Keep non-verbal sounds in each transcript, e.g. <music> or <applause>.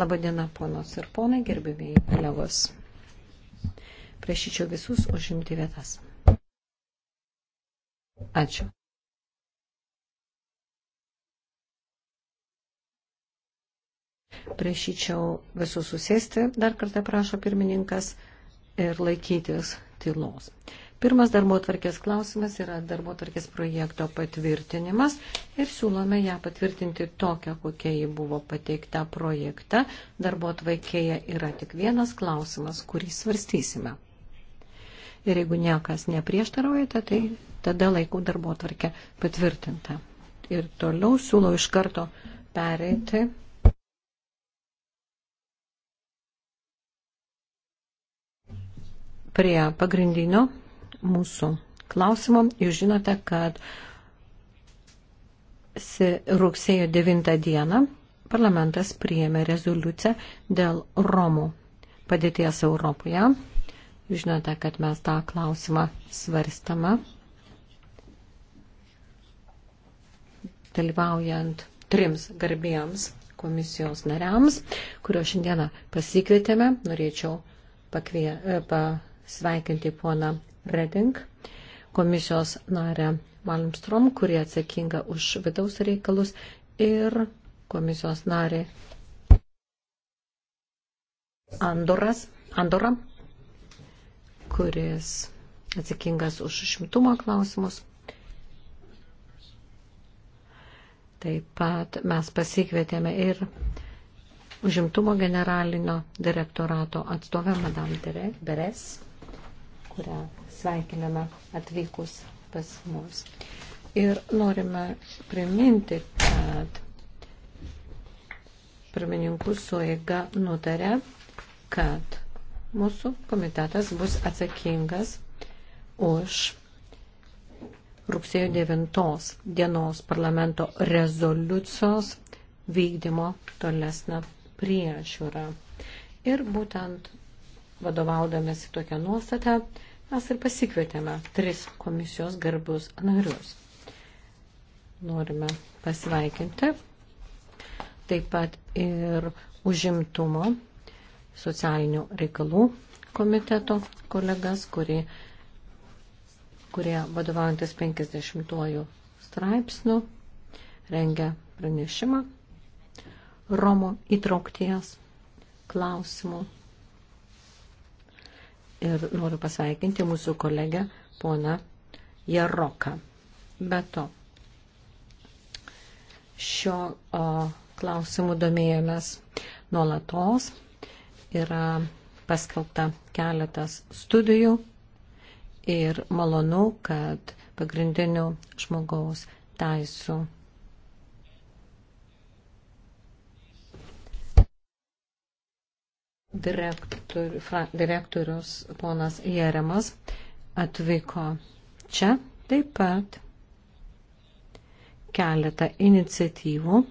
Labadiena, ponos ir ponai, gerbėmiai kolegos. Prašyčiau visus užimti vietas. Ačiū. Prašyčiau visus susėsti, dar kartą prašo pirmininkas, ir laikytis tylos. Pirmas darbo tvarkės klausimas yra darbo tvarkės projekto patvirtinimas ir siūlome ją patvirtinti tokią, kokia ji buvo pateikta projekte. Darbo tvarkėje yra tik vienas klausimas, kurį svarstysime. Ir jeigu niekas neprieštaraujate, tai tada laikau darbo tvarkę patvirtintą. Ir toliau siūlau iš karto pereiti prie pagrindinio mūsų klausimo. Jūs žinote, kad rugsėjo 9 dieną parlamentas priėmė rezoliuciją dėl Romų padėties Europoje. Jūs žinote, kad mes tą klausimą svarstame. Dalyvaujant trims garbėjams komisijos nariams, kurio šiandieną pasikvietėme, norėčiau pakvie, e, pasveikinti poną Reding, komisijos narę Malmstrom, kurie atsakinga už vidaus reikalus ir komisijos narį Andoras, Andorą, kuris atsakingas už šimtumo klausimus. Taip pat mes pasikvietėme ir užimtumo generalinio direktorato atstovę Madame Beres kurią sveikiname atvykus pas mus. Ir norime priminti, kad pirmininkų suėga nutarė, kad mūsų komitetas bus atsakingas už rugsėjo 9 dienos parlamento rezoliucijos vykdymo tolesnę priežiūrą. Ir būtent vadovaudamėsi tokią nuostatą, mes ir pasikvietėme tris komisijos garbus narius. Norime pasveikinti taip pat ir užimtumo socialinių reikalų komiteto kolegas, kurie, kurie vadovaujantis 50 straipsnių rengia pranešimą Romo įtraukties klausimų ir noriu pasveikinti mūsų kolegę poną Jaroką. Be to, šio o, klausimų domėjomės nuolatos. Yra paskelbta keletas studijų ir malonu, kad pagrindinių žmogaus teisų direktor, fra, direktorius ponas Jeremas atvyko čia taip pat keletą iniciatyvų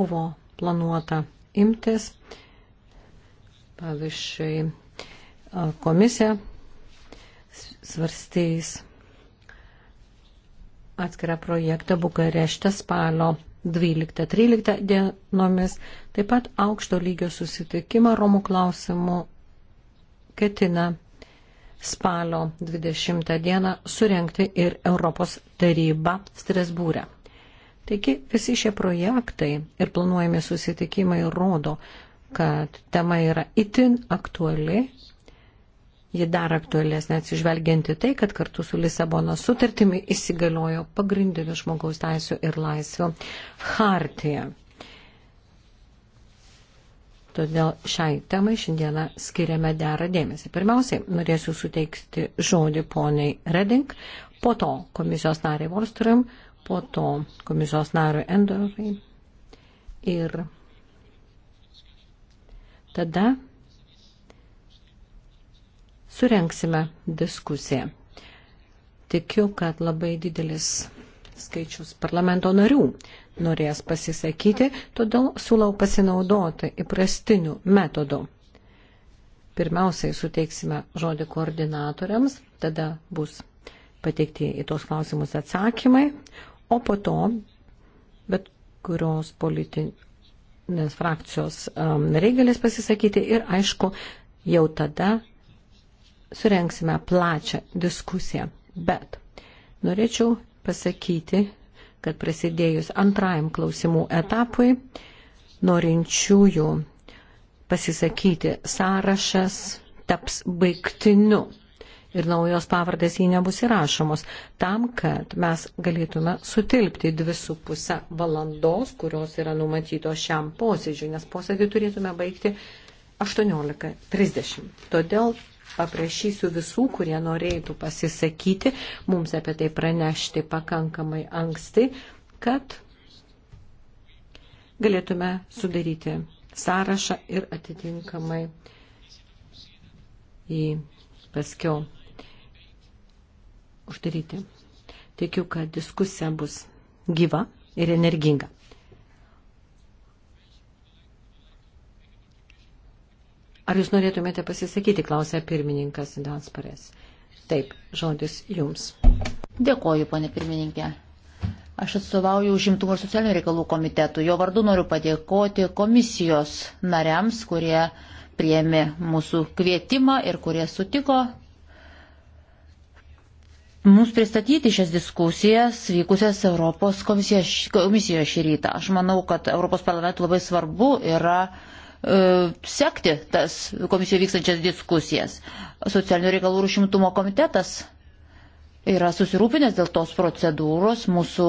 buvo planuota imtis. Pavyzdžiui, komisija svarstys atskirą projektą Bukarešte spalio 12-13 dienomis, taip pat aukšto lygio susitikimą Romų klausimų ketina spalio 20 dieną surenkti ir Europos taryba Strasbūrė. Taigi visi šie projektai ir planuojami susitikimai rodo, kad tema yra itin aktuali ji dar aktualesnė atsižvelgianti tai, kad kartu su Lisabono sutartimi įsigaliojo pagrindinių žmogaus teisų ir laisvių hartija. Todėl šiai temai šiandieną skiriame derą dėmesį. Pirmiausiai, norėsiu suteikti žodį poniai Reding, po to komisijos nariai Volstrum, po to komisijos nariai Endorai ir tada surenksime diskusiją. Tikiu, kad labai didelis skaičius parlamento narių norės pasisakyti, todėl siūlau pasinaudoti įprastiniu metodu. Pirmiausiai suteiksime žodį koordinatoriams, tada bus pateikti į tos klausimus atsakymai, o po to, bet kurios politinės frakcijos um, nariai galės pasisakyti ir aišku, jau tada surenksime plačią diskusiją, bet norėčiau pasakyti, kad prasidėjus antrajam klausimų etapui, norinčiųjų pasisakyti sąrašas taps baigtiniu ir naujos pavardės jį nebus įrašomos, tam, kad mes galėtume sutilpti dvi su pusę valandos, kurios yra numatytos šiam posėdžiui, nes posėdį turėtume baigti 18.30. Todėl paprašysiu visų, kurie norėtų pasisakyti, mums apie tai pranešti pakankamai anksti, kad galėtume sudaryti sąrašą ir atitinkamai į paskiau uždaryti. Tikiu, kad diskusija bus gyva ir energinga. Ar jūs norėtumėte pasisakyti, klausė pirmininkas Dansparės. Taip, žodis jums. Dėkoju, ponė pirmininkė. Aš atstovauju užimtumo ir socialinių reikalų komitetų. Jo vardu noriu padėkoti komisijos nariams, kurie priemi mūsų kvietimą ir kurie sutiko mums pristatyti šias diskusijas vykusias Europos komisijoje šį rytą. Aš manau, kad Europos parlamentui labai svarbu yra E, sekti tas komisijoje vykstančias diskusijas. Socialinių reikalų ir šimtumo komitetas yra susirūpinęs dėl tos procedūros. Mūsų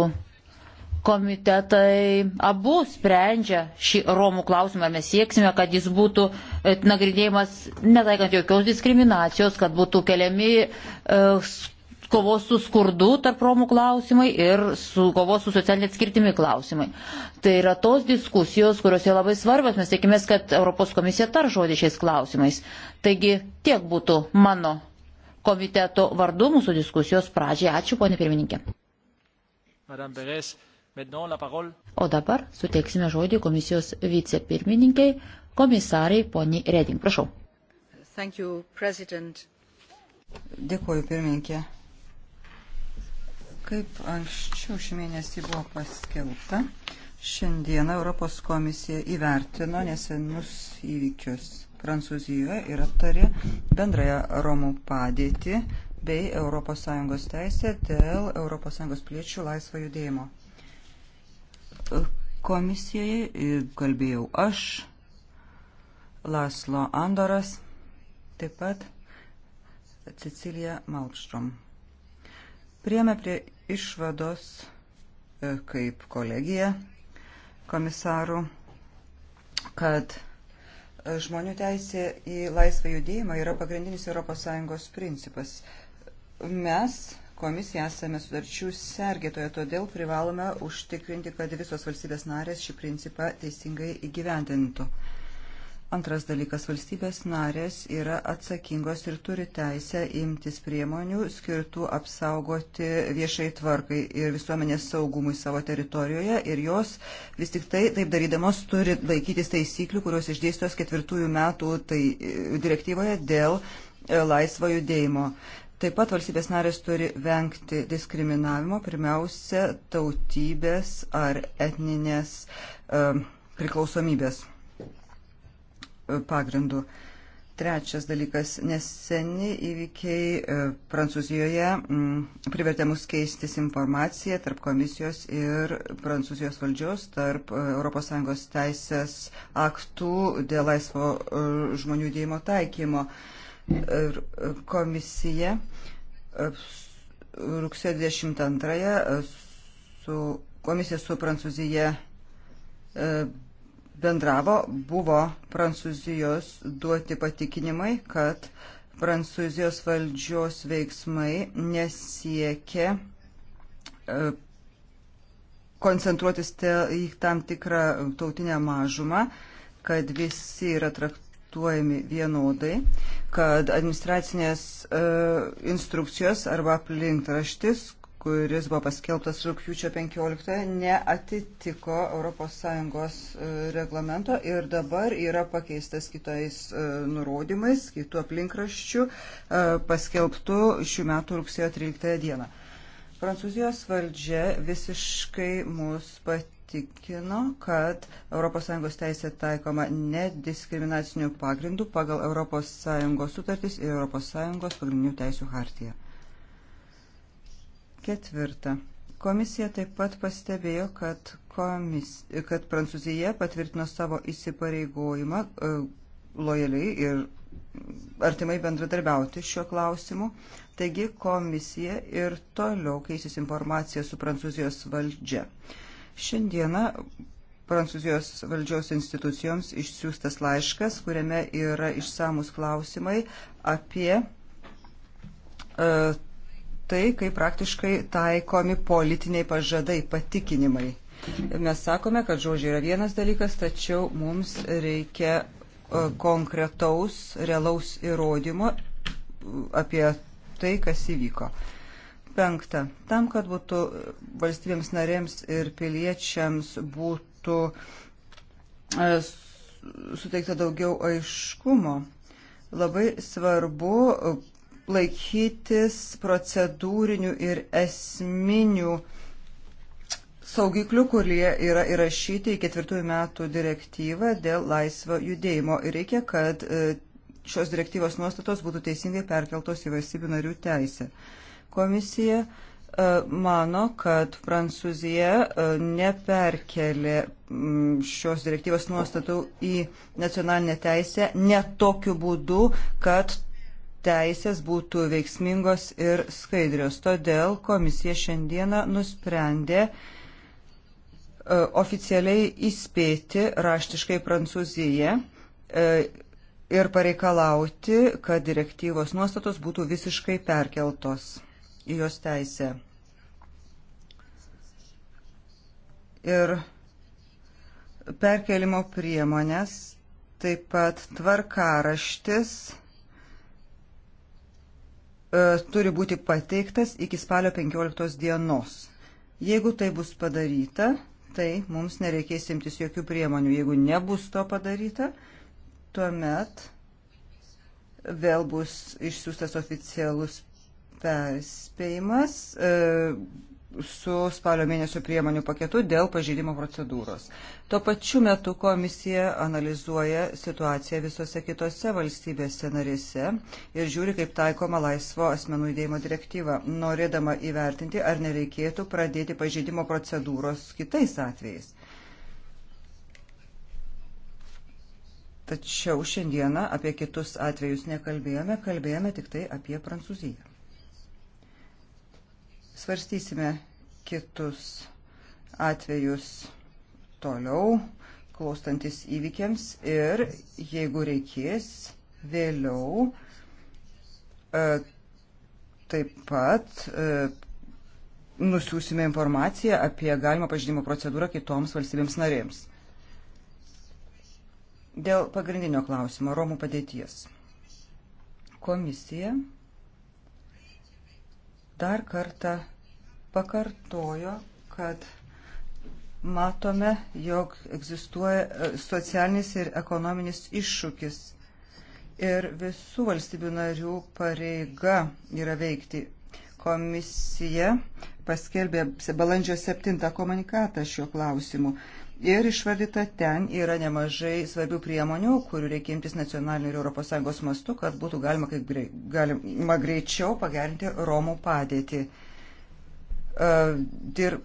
komitetai abu sprendžia šį Romų klausimą. Mes sieksime, kad jis būtų e, nagrinėjimas netaikant jokios diskriminacijos, kad būtų keliami uh, kovos su skurdu tarp romų klausimai ir su kovos su socialinė atskirtimi klausimai. Tai yra tos diskusijos, kurios yra labai svarbios. Mes tikimės, kad Europos komisija tar žodį šiais klausimais. Taigi tiek būtų mano komiteto vardu mūsų diskusijos pradžiai. Ačiū, ponė pirmininkė. O dabar suteiksime žodį komisijos vicepirmininkiai, komisariai poniai Reding. Prašau. You, Dėkuoju, pirmininkė. Kaip anksčiau šį mėnesį buvo paskelbta, šiandieną Europos komisija įvertino nesenus įvykius Prancūzijoje ir aptarė bendrąją Romų padėtį bei ES teisę dėl ES piliečių laisvo judėjimo. Komisijoje kalbėjau aš, Laslo Andoras, taip pat Cecilija Malmstrom. Prieme prie išvados e, kaip kolegija komisarų, kad e, žmonių teisė į laisvą judėjimą yra pagrindinis ES principas. Mes, komisija, esame sudarčių sergėtoje, todėl privalome užtikrinti, kad visos valstybės narės šį principą teisingai įgyvendintų. Antras dalykas, valstybės narės yra atsakingos ir turi teisę imtis priemonių skirtų apsaugoti viešai tvarkai ir visuomenės saugumui savo teritorijoje ir jos vis tik tai, taip darydamos, turi laikytis taisyklių, kurios išdėstos ketvirtųjų metų tai, direktyvoje dėl e, laisvo judėjimo. Taip pat valstybės narės turi vengti diskriminavimo, pirmiausia, tautybės ar etninės e, priklausomybės pagrindų. Trečias dalykas - neseni įvykiai e, Prancūzijoje mm, privertė mus keistis informaciją tarp komisijos ir Prancūzijos valdžios, tarp ES teisės aktų dėl laisvo e, žmonių dėjimo taikymo. Ir e, komisija rugsėjo 22 su komisija su Prancūzija bendravo, buvo Prancūzijos duoti patikinimai, kad Prancūzijos valdžios veiksmai nesiekia e, koncentruotis į tam tikrą tautinę mažumą, kad visi yra traktuojami vienodai, kad administracinės e, instrukcijos arba aplinkraštis, kuris buvo paskelbtas rūpjūčio 15, neatitiko ES e, reglamento ir dabar yra pakeistas kitais e, nurodymais, kitų aplinkraščių e, paskelbtų šių metų rugsėjo 13 dieną. Prancūzijos valdžia visiškai mus patikino, kad ES teisė taikoma nediskriminacinių pagrindų pagal ES sutartis ir ES pagrindinių teisų hartiją. Ketvirta. Komisija taip pat pastebėjo, kad, komis, kad Prancūzija patvirtino savo įsipareigojimą e, lojaliai ir artimai bendradarbiauti šiuo klausimu. Taigi komisija ir toliau keisys informaciją su Prancūzijos valdžia. Šiandieną Prancūzijos valdžios institucijoms išsiųstas laiškas, kuriame yra išsamus klausimai apie uh, tai, kaip praktiškai taikomi politiniai pažadai, patikinimai. Mes sakome, kad žodžiai yra vienas dalykas, tačiau mums reikia e, konkretaus, realaus įrodymo mm, apie tai, kas įvyko. Penkta. Tam, kad būtų valstybėms narėms ir piliečiams būtų e, suteikta daugiau aiškumo, labai svarbu laikytis procedūrinių ir esminių saugiklių, kurie yra įrašyti į ketvirtųjų metų direktyvą dėl laisvo judėjimo. Ir reikia, kad e, šios direktyvos nuostatos būtų teisingai perkeltos į valstybių narių teisę. Komisija e, mano, kad Prancūzija e, neperkelė šios direktyvos nuostatų į nacionalinę teisę ne tokiu būdu, kad teisės būtų veiksmingos ir skaidrios. Todėl komisija šiandieną nusprendė e, oficialiai įspėti raštiškai Prancūziją e, ir pareikalauti, kad direktyvos nuostatos būtų visiškai perkeltos į jos teisę. Ir perkelimo priemonės, taip pat tvarkaraštis, E, turi būti pateiktas iki spalio 15 dienos. Jeigu tai bus padaryta, tai mums nereikės imtis jokių priemonių. Jeigu nebus to padaryta, tuomet vėl bus išsiųstas oficialus perspėjimas. E, su spalio mėnesio priemonių paketu dėl pažydimo procedūros. Tuo pačiu metu komisija analizuoja situaciją visose kitose valstybėse narėse ir žiūri, kaip taikoma laisvo asmenų judėjimo direktyva, norėdama įvertinti, ar nereikėtų pradėti pažydimo procedūros kitais atvejais. Tačiau šiandieną apie kitus atvejus nekalbėjome, kalbėjome tik tai apie Prancūziją. Svarstysime kitus atvejus toliau, klaustantis įvykiams ir, jeigu reikės, vėliau e, taip pat e, nusiųsime informaciją apie galimą pažydimo procedūrą kitoms valstybėms narėms. Dėl pagrindinio klausimo Romų padėties. Komisija dar kartą pakartojo, kad matome, jog egzistuoja e, socialinis ir ekonominis iššūkis. Ir visų valstybių narių pareiga yra veikti. Komisija paskelbė balandžio 7 komunikatą šiuo klausimu. Ir išvardyta ten yra nemažai svarbių priemonių, kurių reikia imtis nacionaliniu ir ES mastu, kad būtų galima, kaip grei, galima greičiau pagerinti Romų padėtį dir,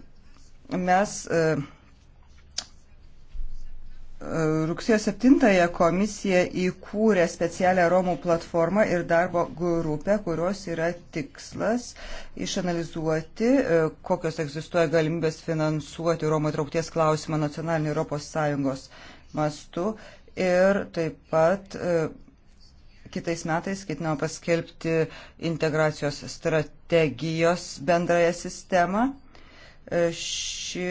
e, mes e, e, rugsėjo 7-ąją komisija įkūrė specialią Romų platformą ir darbo grupę, kurios yra tikslas išanalizuoti, kokios egzistuoja galimybės finansuoti Romų traukties klausimą nacionalinį Europos Sąjungos mastu ir taip pat kitais metais ketinama paskelbti integracijos strategijos bendrąją sistemą. E, ši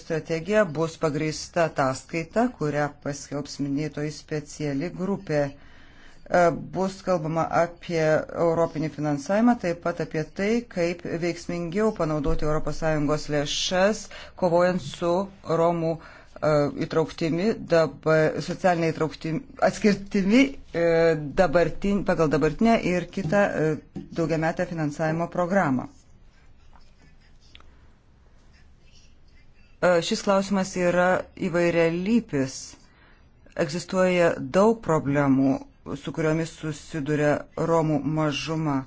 strategija bus pagrįsta ataskaita, kurią paskelbs minėtoji speciali grupė e, bus kalbama apie europinį finansavimą, taip pat apie tai, kaip veiksmingiau panaudoti ES lėšas, kovojant su Romų E, įtrauktimi, dabar, socialinė įtrauktimi, atskirtimi e, dabartin, pagal dabartinę ir kitą e, daugiametę finansavimo programą. Šis klausimas yra įvairialypis. Egzistuoja daug problemų, su kuriomis susiduria Romų mažuma.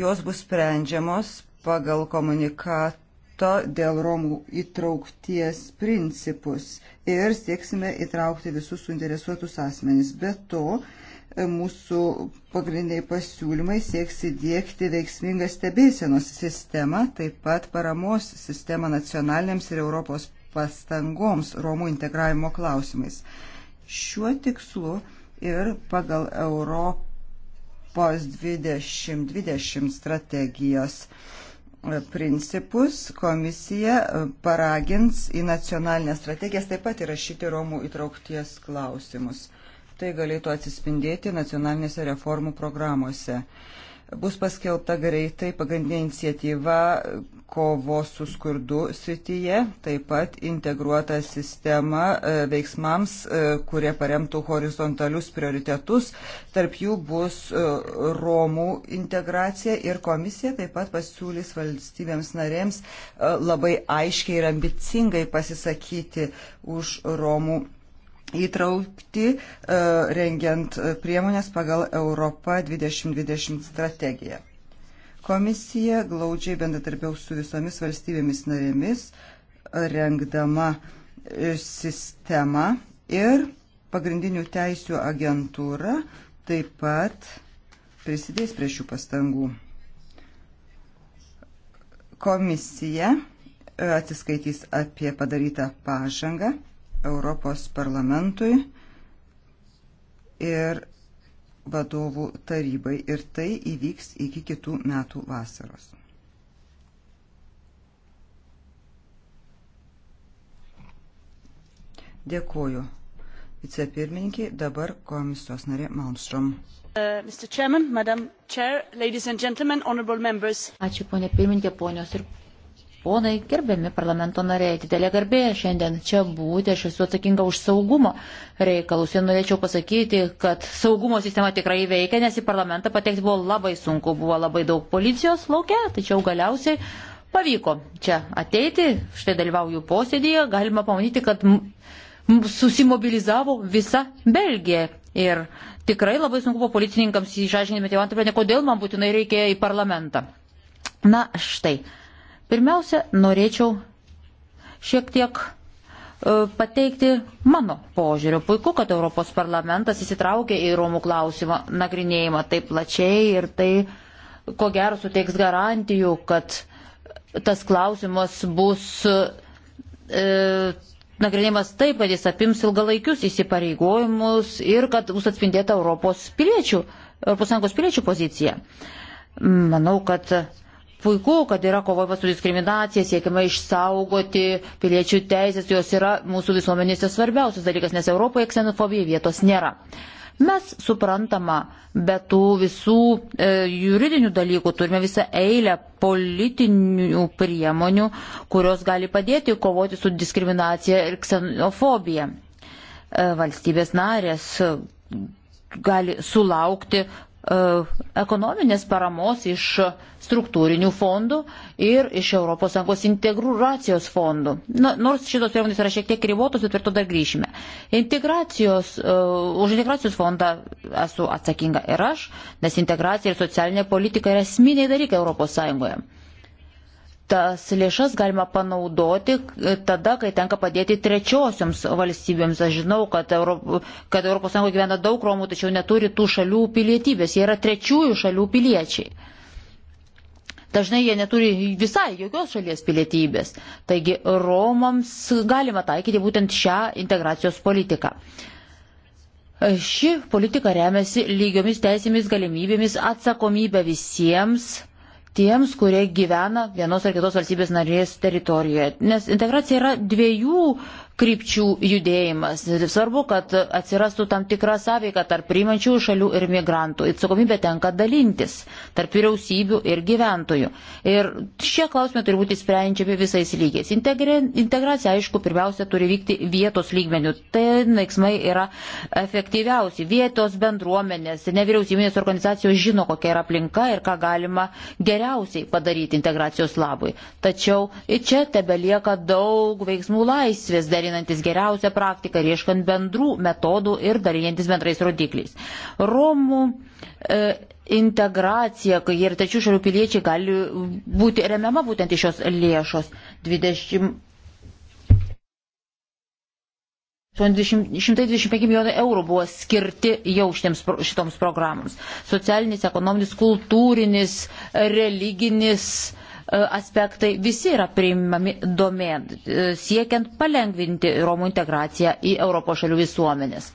Jos bus sprendžiamos pagal komunikatą pakto dėl Romų įtraukties principus ir sieksime įtraukti visus suinteresuotus asmenys. Be to, mūsų pagrindiniai pasiūlymai sieks įdėkti veiksmingą stebėsienos sistemą, taip pat paramos sistemą nacionaliniams ir Europos pastangoms Romų integravimo klausimais. Šiuo tikslu ir pagal Europos 2020 strategijos uh, principus komisija e, paragins į nacionalinės strategijas taip pat įrašyti Romų įtraukties klausimus. Tai galėtų atsispindėti nacionalinėse reformų programuose bus paskelbta greitai pagrindinė iniciatyva kovos su skurdu srityje, taip pat integruota sistema e, veiksmams, e, kurie paremtų horizontalius prioritetus. Tarp jų bus e, Romų integracija ir komisija taip pat pasiūlys valstybėms narėms labai aiškiai ir ambicingai pasisakyti už Romų integraciją įtraukti e, rengiant priemonės pagal Europą 2020 strategiją. Komisija glaudžiai bendradarbiaus su visomis valstybėmis narėmis, rengdama e, sistemą ir pagrindinių teisių agentūra taip pat prisidės prie šių pastangų. Komisija e, atsiskaitys apie padarytą pažangą Europos parlamentui ir vadovų tarybai ir tai įvyks iki kitų metų vasaros. Dėkuoju. Vicepirmininkė, dabar komisijos narė Malmstrom. Uh, Chairman, Chair, Ačiū, ponė pirmininkė, ponios ir ponai, gerbiami parlamento nariai, didelė garbė šiandien čia būti, aš esu atsakinga už saugumo reikalus ir norėčiau pasakyti, kad saugumo sistema tikrai veikia, nes į parlamentą patekti buvo labai sunku, buvo labai daug policijos laukia, tačiau galiausiai pavyko čia ateiti, štai dalyvauju posėdėje, galima pamanyti, kad susimobilizavo visa Belgija. Ir tikrai labai sunku buvo policininkams išaiškinti, kodėl man būtinai reikėjo į parlamentą. Na štai. Pirmiausia, norėčiau šiek tiek e, pateikti mano požiūrio. Puiku, kad Europos parlamentas įsitraukė į Romų klausimą nagrinėjimą taip plačiai ir tai, ko gero, suteiks garantijų, kad tas klausimas bus e, nagrinėjimas taip, kad jis apims ilgalaikius įsipareigojimus ir kad bus atspindėta Europos piliečių, ES piliečių pozicija. Manau, kad Puiku, kad yra kovojama su diskriminacija, siekiama išsaugoti piliečių teisės, jos yra mūsų visuomenėse svarbiausias dalykas, nes Europoje ksenofobija vietos nėra. Mes suprantama, be tų visų e, juridinių dalykų turime visą eilę politinių priemonių, kurios gali padėti kovoti su diskriminacija ir ksenofobija. E, valstybės narės gali sulaukti E, ekonominės paramos iš struktūrinių fondų ir iš ES integracijos fondų. Na, nors šitos priemonės yra šiek tiek ribotos, bet prie to dar grįšime. Integracijos, uh, už integracijos fondą esu atsakinga ir aš, nes integracija ir socialinė politika yra esminiai dalykai ES tas lėšas galima panaudoti e, tada, kai tenka padėti trečiosioms valstybėms. Aš žinau, kad, Europ, kad ES gyvena daug romų, tačiau neturi tų šalių pilietybės. Jie yra trečiųjų šalių piliečiai. Dažnai jie neturi visai jokios šalies pilietybės. Taigi romams galima taikyti būtent šią integracijos politiką. Ši politika remiasi lygiomis teisėmis, galimybėmis, atsakomybė visiems tiems, kurie gyvena vienos ar kitos valstybės narės teritorijoje. Nes integracija yra dviejų krypčių judėjimas. Svarbu, kad atsirastų tam tikra sąveika tarp priimančių šalių ir migrantų. Atsakomybė tenka dalintis tarp vyriausybių ir gyventojų. Ir šie klausimai turi būti sprendžiami visais lygiais. Integri... Integracija, aišku, pirmiausia turi vykti vietos lygmenių. Tai veiksmai yra efektyviausi. Vietos bendruomenės, nevyriausybinės organizacijos žino, kokia yra aplinka ir ką galima geriausiai padaryti integracijos labui. Tačiau čia tebe lieka daug veiksmų laisvės derinti einantis geriausią praktiką ir ieškant bendrų metodų ir dalyjantis bendrais rodikliais. Romų e, integracija, kai ir tačių šalių piliečiai gali būti remiama būtent iš šios lėšos 20. 125 milijonai eurų buvo skirti jau šitiems, šitoms programoms. Socialinis, ekonominis, kultūrinis, religinis E, aspektai visi yra priimami domėn, e, siekiant palengvinti Romų integraciją į Europos šalių visuomenės.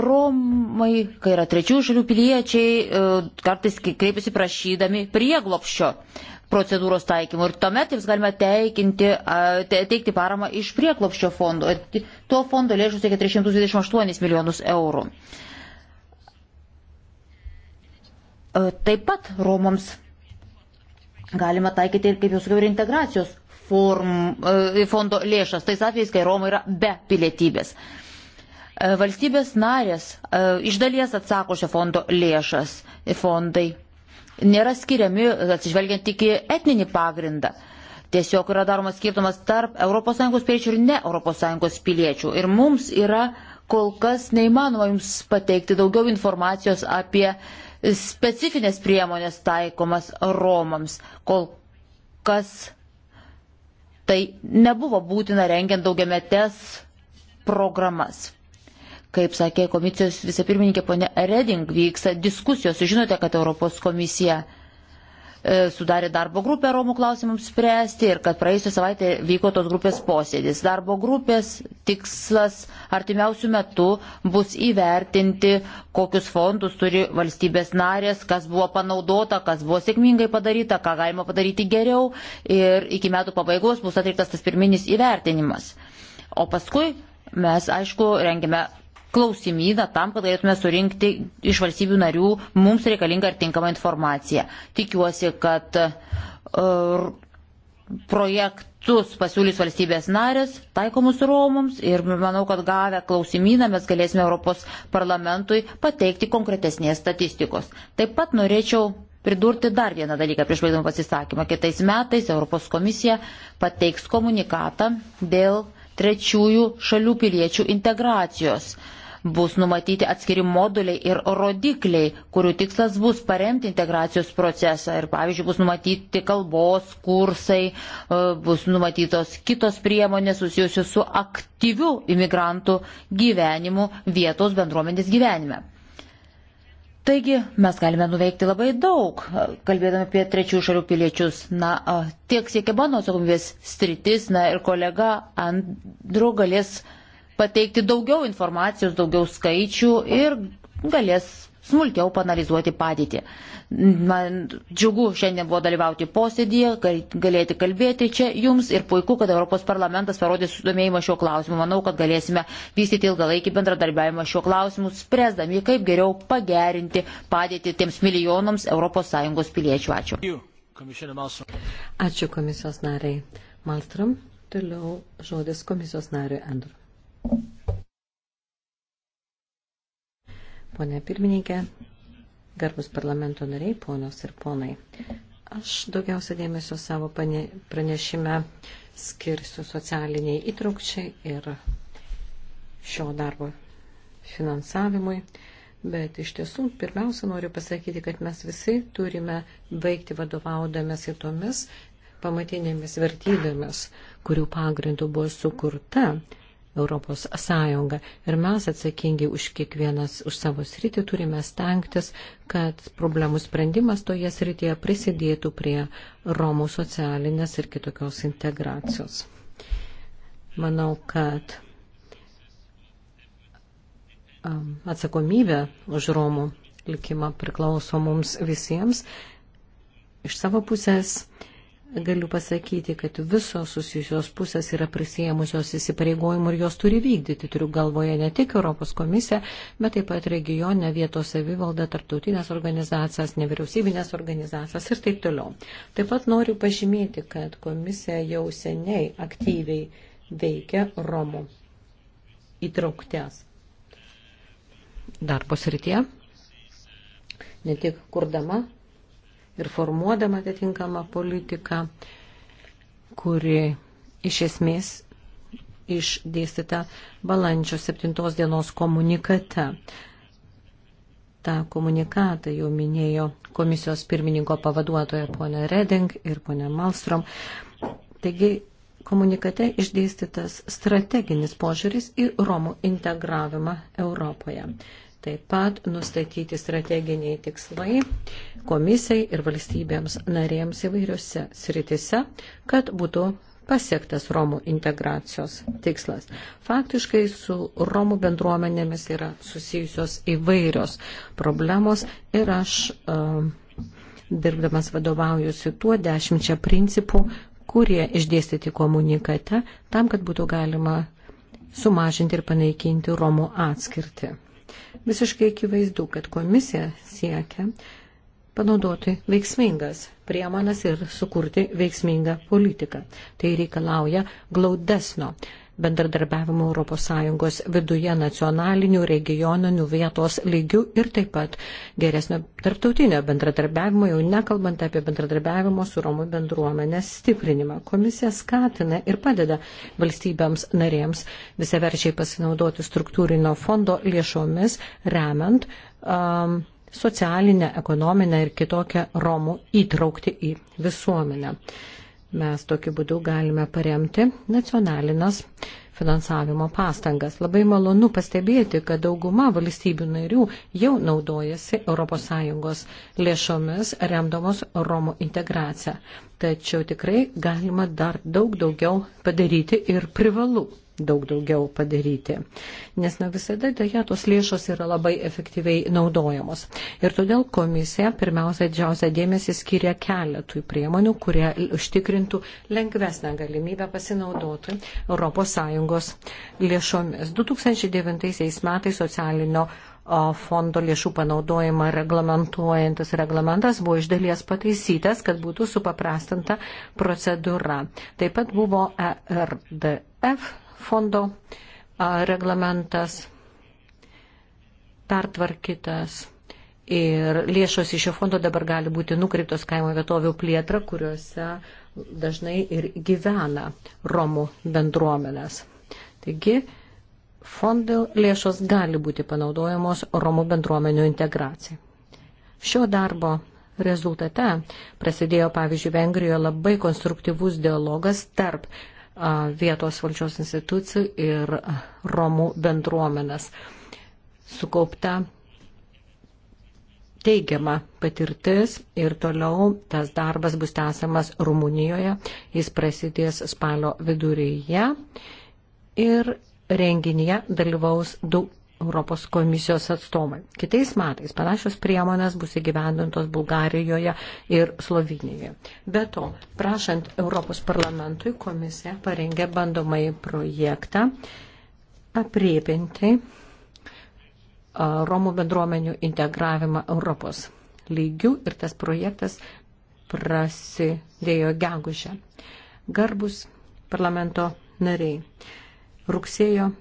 Romai, kai yra trečių šalių piliečiai, e, kartais kreipiasi prašydami prieglopščio procedūros taikymų ir tuomet jiems galima teikinti, teikti paramą iš prieglopščio fondo. Tuo fondo lėšų siekia 328 milijonus eurų. Taip pat Romams Galima taikyti ir, kaip jau sakiau, ir integracijos form, e, fondo lėšas, tais atvejais, kai Roma yra be pilietybės. E, valstybės narės e, iš dalies atsako šio fondo lėšas, fondai nėra skiriami atsižvelgiant tik į etninį pagrindą. Tiesiog yra daromas skirtumas tarp ES piliečių ir ne ES piliečių. Ir mums yra kol kas neįmanoma jums pateikti daugiau informacijos apie specifinės priemonės taikomas Romams, kol kas tai nebuvo būtina rengiant daugiametes programas. Kaip sakė komisijos vicepirmininkė ponė Reding, vyksta diskusijos. Žinote, kad Europos komisija E, sudarė darbo grupę Romų klausimams spręsti ir kad praėjusią savaitę vyko tos grupės posėdis. Darbo grupės tikslas artimiausių metų bus įvertinti, kokius fondus turi valstybės narės, kas buvo panaudota, kas buvo sėkmingai padaryta, ką galima padaryti geriau ir iki metų pabaigos bus atliktas tas pirminis įvertinimas. O paskui mes, aišku, rengime klausimyną tam, kad galėtume surinkti iš valstybių narių mums reikalingą ir tinkamą informaciją. Tikiuosi, kad uh, projektus pasiūlys valstybės narės, taikomus Romams ir manau, kad gavę klausimyną mes galėsime Europos parlamentui pateikti konkretesnės statistikos. Taip pat norėčiau pridurti dar vieną dalyką prieš baigdamą pasisakymą. Kitais metais Europos komisija pateiks komunikatą dėl trečiųjų šalių piliečių integracijos. Uh, bus numatyti atskiri moduliai ir rodikliai, kurių tikslas bus paremti integracijos procesą. Ir pavyzdžiui, bus numatyti kalbos kursai, e, bus numatytos kitos priemonės susijusios su aktyviu imigrantų gyvenimu vietos bendruomenės gyvenime. Taigi mes galime nuveikti labai daug, e, kalbėdami apie trečių šalių piliečius. Na, e, tiek siekia mano atsakomybės stritis, na ir kolega Andru galės pateikti daugiau informacijos, daugiau skaičių ir galės smulkiau panalizuoti padėtį. Man džiugu šiandien buvo dalyvauti posėdėje, galėti kalbėti čia jums ir puiku, kad Europos parlamentas parodė sudomėjimą šiuo klausimu. Manau, kad galėsime vystyti ilgalaikį bendradarbiavimą šiuo klausimu, spręsdami, kaip geriau pagerinti padėtį tiems milijonams ES piliečių. Ačiū. Ačiū komisijos nariai. Maltram, toliau žodis komisijos nariui Andru. Pone pirmininkė, garbus parlamento nariai, ponios ir ponai. Aš daugiausia dėmesio savo pranešime skirsiu socialiniai įtraukčiai ir šio darbo finansavimui. Bet iš tiesų, pirmiausia, noriu pasakyti, kad mes visi turime veikti vadovaudamės į tomis pamatinėmis vertybėmis, kurių pagrindų buvo sukurta Europos Sąjungą. Ir mes atsakingi už kiekvienas, už savo sritį turime stengtis, kad problemų sprendimas toje srityje prisidėtų prie Romų socialinės ir kitokios integracijos. Manau, kad um, atsakomybė už Romų likimą priklauso mums visiems. Iš savo pusės galiu pasakyti, kad visos susijusios pusės yra prisėmusios įsipareigojimų ir jos turi vykdyti. Turiu galvoje ne tik Europos komisiją, bet taip pat regionę, vietos savivaldą, tarptautinės organizacijas, nevyriausybinės organizacijas ir taip toliau. Taip pat noriu pažymėti, kad komisija jau seniai aktyviai veikia Romų įtraukties darbo srityje, ne tik kurdama ir formuodama atitinkamą politiką, kuri iš esmės išdėstyta balandžio 7 dienos komunikate. Ta komunikatą jau minėjo komisijos pirmininko pavaduotoja ponė Reding ir ponė Malstrom. Taigi komunikate išdėstytas strateginis požiūris į Romų integravimą Europoje. Taip pat nustatyti strateginiai tikslai komisijai ir valstybėms narėms įvairiose sritise, kad būtų pasiektas Romų integracijos tikslas. Faktiškai su Romų bendruomenėmis yra susijusios įvairios problemos ir aš e, dirbdamas vadovaujusi tuo dešimčia principų, kurie išdėstyti komunikate tam, kad būtų galima sumažinti ir panaikinti Romų atskirtį. Visiškai akivaizdu, kad komisija siekia panaudoti veiksmingas priemonas ir sukurti veiksmingą politiką. Tai reikalauja glaudesnio bendradarbiavimo ES viduje nacionalinių, regioninių vietos lygių ir taip pat geresnio tarptautinio bendradarbiavimo, jau nekalbant apie bendradarbiavimo su Romų bendruomenės stiprinimą. Komisija skatina ir padeda valstybėms narėms visaverčiai pasinaudoti struktūrinio fondo lėšomis, remiant um, socialinę, ekonominę ir kitokią Romų įtraukti į visuomenę. Uh, Mes tokiu būdu galime paremti nacionalinas finansavimo pastangas. Labai malonu pastebėti, kad dauguma valstybių narių jau naudojasi ES lėšomis remdamos Romų integraciją. Tačiau tikrai galima dar daug daugiau padaryti ir privalu daug daugiau padaryti. Nes ne visada dėja tos lėšos yra labai efektyviai naudojamos. Ir todėl komisija pirmiausia didžiausia dėmesį skiria keletui priemonių, kurie užtikrintų lengvesnę galimybę pasinaudoti ES lėšomis. 2009 metais socialinio fondo lėšų panaudojimą reglamentuojantis reglamentas buvo iš dalies pataisytas, kad būtų supaprastinta procedūra. Taip pat buvo ERDF fondo reglamentas pertvarkytas ir lėšos iš šio fondo dabar gali būti nukreiptos kaimo vietovių plėtra, kuriuose dažnai ir gyvena Romų bendruomenės. Taigi, fondų lėšos gali būti panaudojamos Romų bendruomenių integracijai. Šio darbo rezultate prasidėjo, pavyzdžiui, Vengrijoje labai konstruktyvus dialogas tarp vietos valdžios institucijų ir Romų bendruomenės. Sukaupta teigiama patirtis ir toliau tas darbas bus tęsiamas Rumunijoje. Jis prasidės spalio viduryje ir renginyje dalyvaus daug Europos komisijos atstovai. Kitais metais panašios priemonės bus įgyvendintos Bulgarijoje ir Slovenijoje. Be to, prašant Europos parlamentui, komisija parengė bandomai projektą apriepinti Romų bendruomenių integravimą Europos lygių ir tas projektas prasidėjo gegužę. Garbus parlamento nariai. Rugsėjo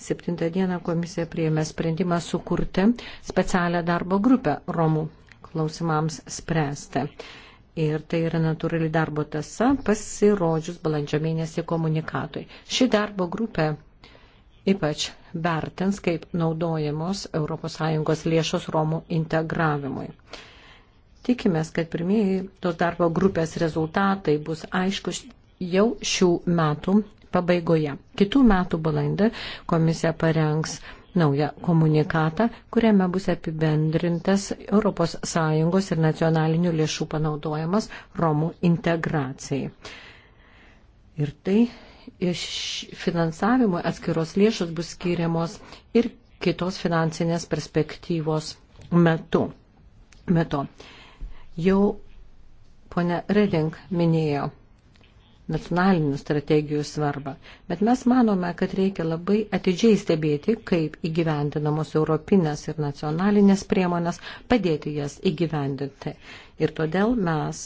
7 dieną komisija prieėmė sprendimą sukurti specialią darbo grupę Romų klausimams spręsti. Ir tai yra natūrali darbo tasa pasirodžius balandžio mėnesį komunikatui. Ši darbo grupė ypač vertins, kaip naudojamos ES lėšos Romų integravimui. Tikimės, kad pirmieji tos darbo grupės rezultatai bus aiškus jau šių metų pabaigoje. Kitų metų balandį komisija parengs naują komunikatą, kuriame bus apibendrintas ES ir nacionalinių lėšų panaudojimas Romų integracijai. Ir tai iš finansavimo atskiros lėšos bus skiriamos ir kitos finansinės perspektyvos metu. metu. Jau ponia Reding minėjo nacionalinių strategijų svarbą. Bet mes manome, kad reikia labai atidžiai stebėti, kaip įgyvendinamos europinės ir nacionalinės priemonės, padėti jas įgyvendinti. Ir todėl mes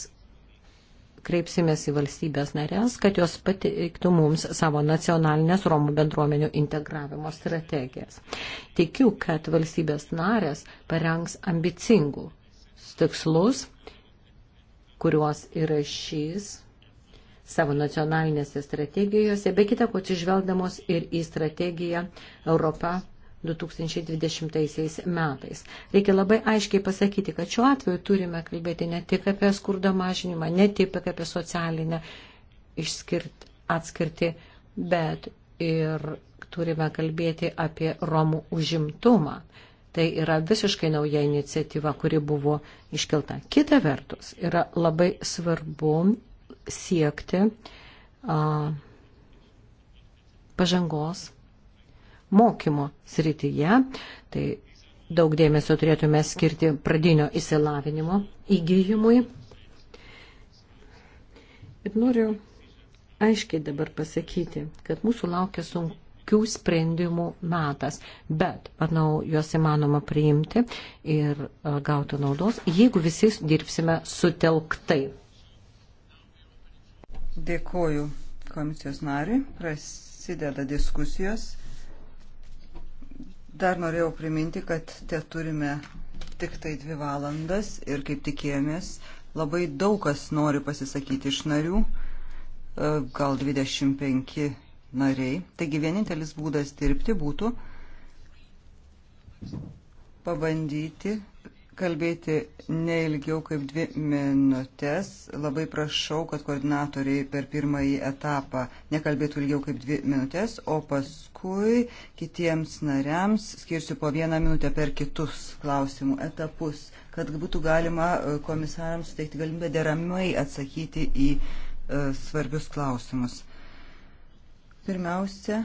kreipsimės į valstybės narės, kad jos pateiktų mums savo nacionalinės Romų bendruomenių integravimo strategijas. Tikiu, kad valstybės narės parengs ambicingų tikslus, kuriuos įrašys savo nacionalinėse strategijose, be kita ko atsižvelgdamos ir į strategiją Europą 2020 metais. Reikia labai aiškiai pasakyti, kad šiuo atveju turime kalbėti ne tik apie skurdo mažinimą, ne tik apie socialinę išskirt, atskirti, bet ir turime kalbėti apie Romų užimtumą. Tai yra visiškai nauja iniciatyva, kuri buvo iškelta. Kita vertus, yra labai svarbu siekti a, pažangos mokymo srityje. Tai daug dėmesio turėtume skirti pradinio įsilavinimo įgyjimui. Ir noriu aiškiai dabar pasakyti, kad mūsų laukia sunkių sprendimų metas, bet, manau, juos įmanoma priimti ir gauti naudos, jeigu visi dirbsime sutelktai. Dėkoju komisijos nariui. Prasideda diskusijos. Dar norėjau priminti, kad te turime tik tai dvi valandas ir kaip tikėjomės, labai daug kas nori pasisakyti iš narių, e, gal 25 nariai. Taigi vienintelis būdas dirbti būtų pabandyti kalbėti neilgiau kaip dvi minutės. Labai prašau, kad koordinatoriai per pirmąjį etapą nekalbėtų ilgiau kaip dvi minutės, o paskui kitiems nariams skirsiu po vieną minutę per kitus klausimų etapus, kad būtų galima e, komisarams suteikti galimybę deramai atsakyti į e, svarbius klausimus. Pirmiausia,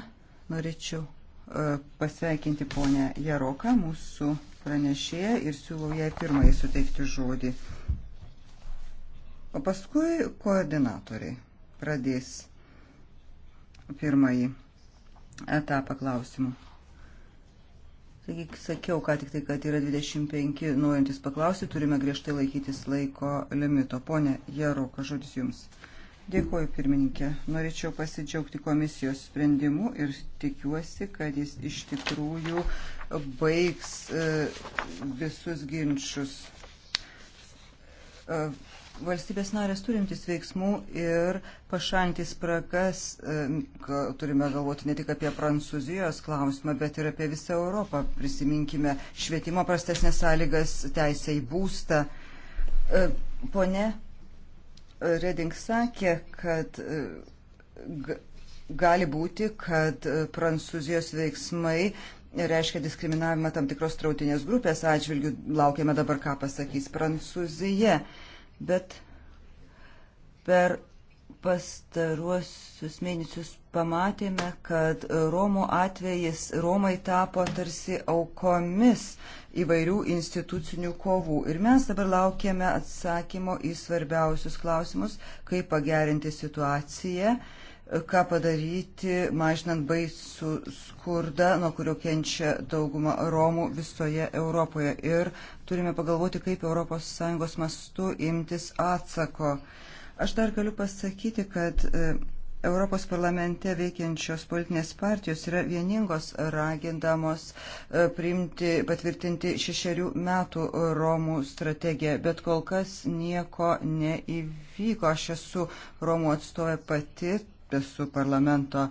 norėčiau e, pasveikinti ponę Jaroką, mūsų pranešėja ir siūlau jai pirmąjį suteikti žodį. O paskui koordinatoriai pradės pirmąjį etapą klausimų. Taigi, sakiau, ką tik tai, kad yra 25 norintis paklausti, turime griežtai laikytis laiko limito. Pone Jaroka, žodis Jums. Dėkuoju, pirmininkė. Norėčiau pasidžiaugti komisijos sprendimu ir tikiuosi, kad jis iš tikrųjų baigs e, visus ginčius. E, valstybės narės turintis veiksmų ir pašantis sprakas, e, turime galvoti ne tik apie Prancūzijos klausimą, bet ir apie visą Europą. Prisiminkime švietimo prastesnės sąlygas, teisę į būstą. Pone Reding sakė, kad gali būti, kad Prancūzijos veiksmai reiškia diskriminavimą tam tikros trautinės grupės atžvilgių. Laukiame dabar, ką pasakys Prancūzija. Bet per pastaruosius mėnesius pamatėme, kad Romų atvejais Romai tapo tarsi aukomis įvairių institucinių kovų. Ir mes dabar laukiame atsakymo į svarbiausius klausimus, kaip pagerinti situaciją ką padaryti, mažinant baisų skurdą, nuo kurio kenčia dauguma Romų visoje Europoje. Ir turime pagalvoti, kaip ES mastu imtis atsako. Aš dar galiu pasakyti, kad e, Europos parlamente veikiančios politinės partijos yra vieningos ragindamos e, priimti, patvirtinti šešerių metų Romų strategiją, bet kol kas nieko neįvyko. Aš esu Romų atstovė pati, esu parlamento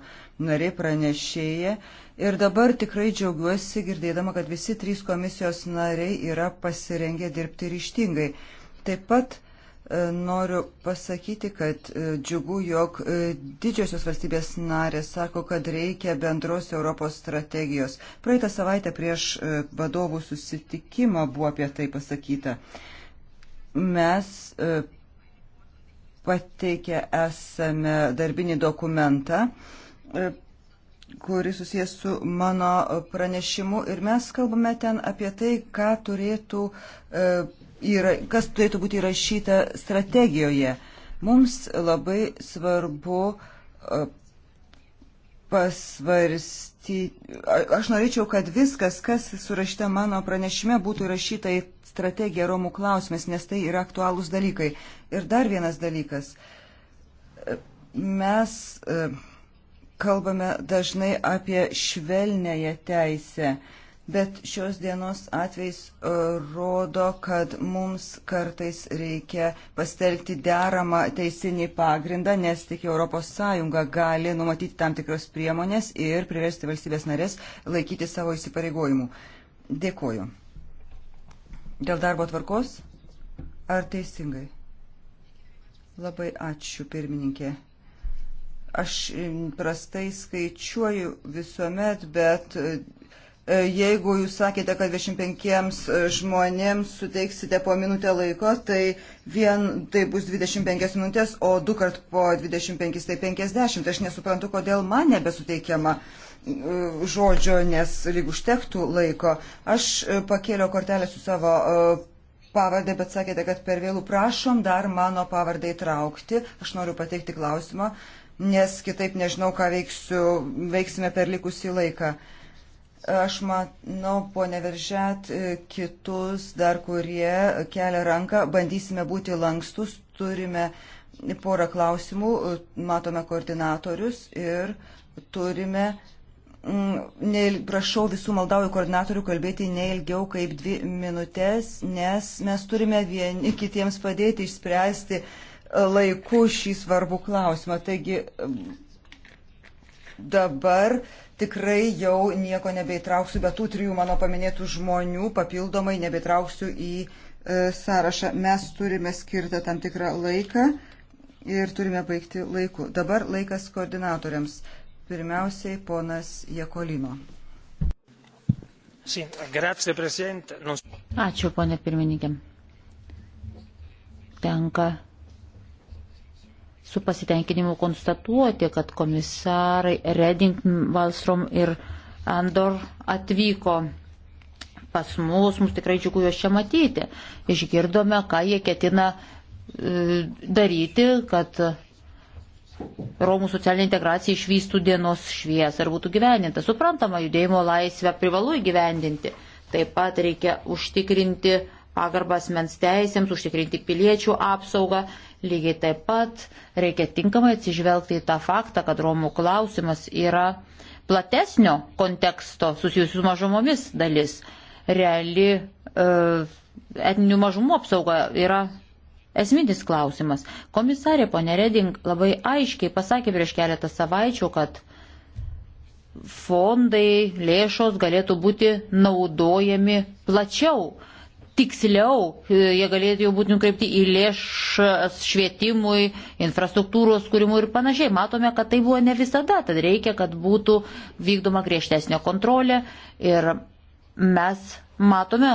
narė pranešėja. Ir dabar tikrai džiaugiuosi girdėdama, kad visi trys komisijos nariai yra pasirengę dirbti ryštingai. Taip pat e, noriu pasakyti, kad e, džiugu, jog e, didžiosios valstybės narės sako, kad reikia bendros Europos strategijos. Praeitą savaitę prieš vadovų susitikimą buvo apie tai pasakyta. Mes pateikę esame darbinį dokumentą, e, kuris susijęs su mano pranešimu ir mes kalbame ten apie tai, ką turėtų, e, kas turėtų būti įrašyta strategijoje. Mums labai svarbu e, pasvarstyti. Aš norėčiau, kad viskas, kas surašyta mano pranešime, būtų įrašyta į strategiją Romų klausimais, nes tai yra aktualūs dalykai. Ir dar vienas dalykas. E, mes e, kalbame dažnai apie švelnėje teisę bet šios dienos atvejs e, rodo, kad mums kartais reikia pastelgti deramą teisinį pagrindą, nes tik ES gali numatyti tam tikros priemonės ir priversti valstybės narės laikyti savo įsipareigojimų. Dėkoju. Dėl darbo tvarkos? Ar teisingai? Labai ačiū, pirmininkė aš prastai skaičiuoju visuomet, bet E, jeigu jūs sakėte, kad 25 e, žmonėms suteiksite po minutę laiko, tai vien tai bus 25 minutės, o du kart po 25 tai 50. Aš nesuprantu, kodėl man nebesuteikiama e, žodžio, nes lyg užtektų laiko. Aš pakėliau kortelę su savo pavardę, bet sakėte, kad per vėlų prašom dar mano pavardę įtraukti. Aš noriu pateikti klausimą, nes kitaip nežinau, ką veiksiu, veiksime per likusį laiką. Uh, Aš manau, ponė Veržet, kitus dar, kurie kelia ranką, bandysime būti lankstus, turime porą klausimų, matome koordinatorius ir turime, mm, neil, prašau visų maldauju koordinatorių kalbėti neilgiau kaip dvi minutės, nes mes turime vieni kitiems padėti išspręsti laiku šį svarbų klausimą. Taigi mm, dabar tikrai jau nieko nebeitrauksiu, bet tų trijų mano paminėtų žmonių papildomai nebeitrauksiu į e, sąrašą. Mes turime skirtą tam tikrą laiką ir turime baigti laiku. Dabar laikas koordinatoriams. Pirmiausiai ponas Jekolino. Ačiū, ponė pirmininkė. Tenka su pasitenkinimu konstatuoti, kad komisarai Reding, Valstrom ir Andor atvyko pas mus, mums tikrai džiugu juos čia matyti. Išgirdome, ką jie ketina e, daryti, kad Romų socialinė integracija išvystų dienos šviesą ir būtų gyveninta. Suprantama, judėjimo laisvę privalu įgyvendinti. Taip pat reikia užtikrinti pagarbą asmens teisėms, užtikrinti piliečių apsaugą Lygiai taip pat reikia tinkamai atsižvelgti į tą faktą, kad Romų klausimas yra platesnio konteksto susijusių mažumomis dalis. Reali e, etninių mažumų apsauga yra esminis klausimas. Komisarė ponė Reding labai aiškiai pasakė prieš keletą savaičių, kad fondai, lėšos galėtų būti naudojami plačiau tiksliau, e, jie galėtų jau būti nukreipti į lėšas švietimui, infrastruktūros kūrimui ir panašiai. Matome, kad tai buvo ne visada, tad reikia, kad būtų vykdoma griežtesnė kontrolė ir mes matome,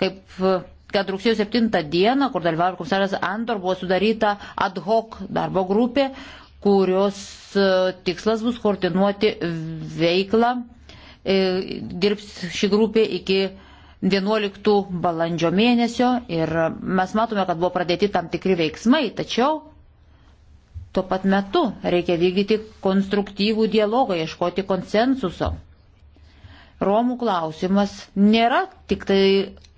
kaip kad rugsėjo 7 dieną, kur dalyvavo komisaras Andor, buvo sudaryta ad hoc darbo grupė, kurios e, tikslas bus koordinuoti veiklą, e, dirbs ši grupė iki 11 balandžio mėnesio ir mes matome, kad buvo pradėti tam tikri veiksmai, tačiau tuo pat metu reikia vykdyti konstruktyvų dialogą, ieškoti konsensuso. Romų klausimas nėra tik tai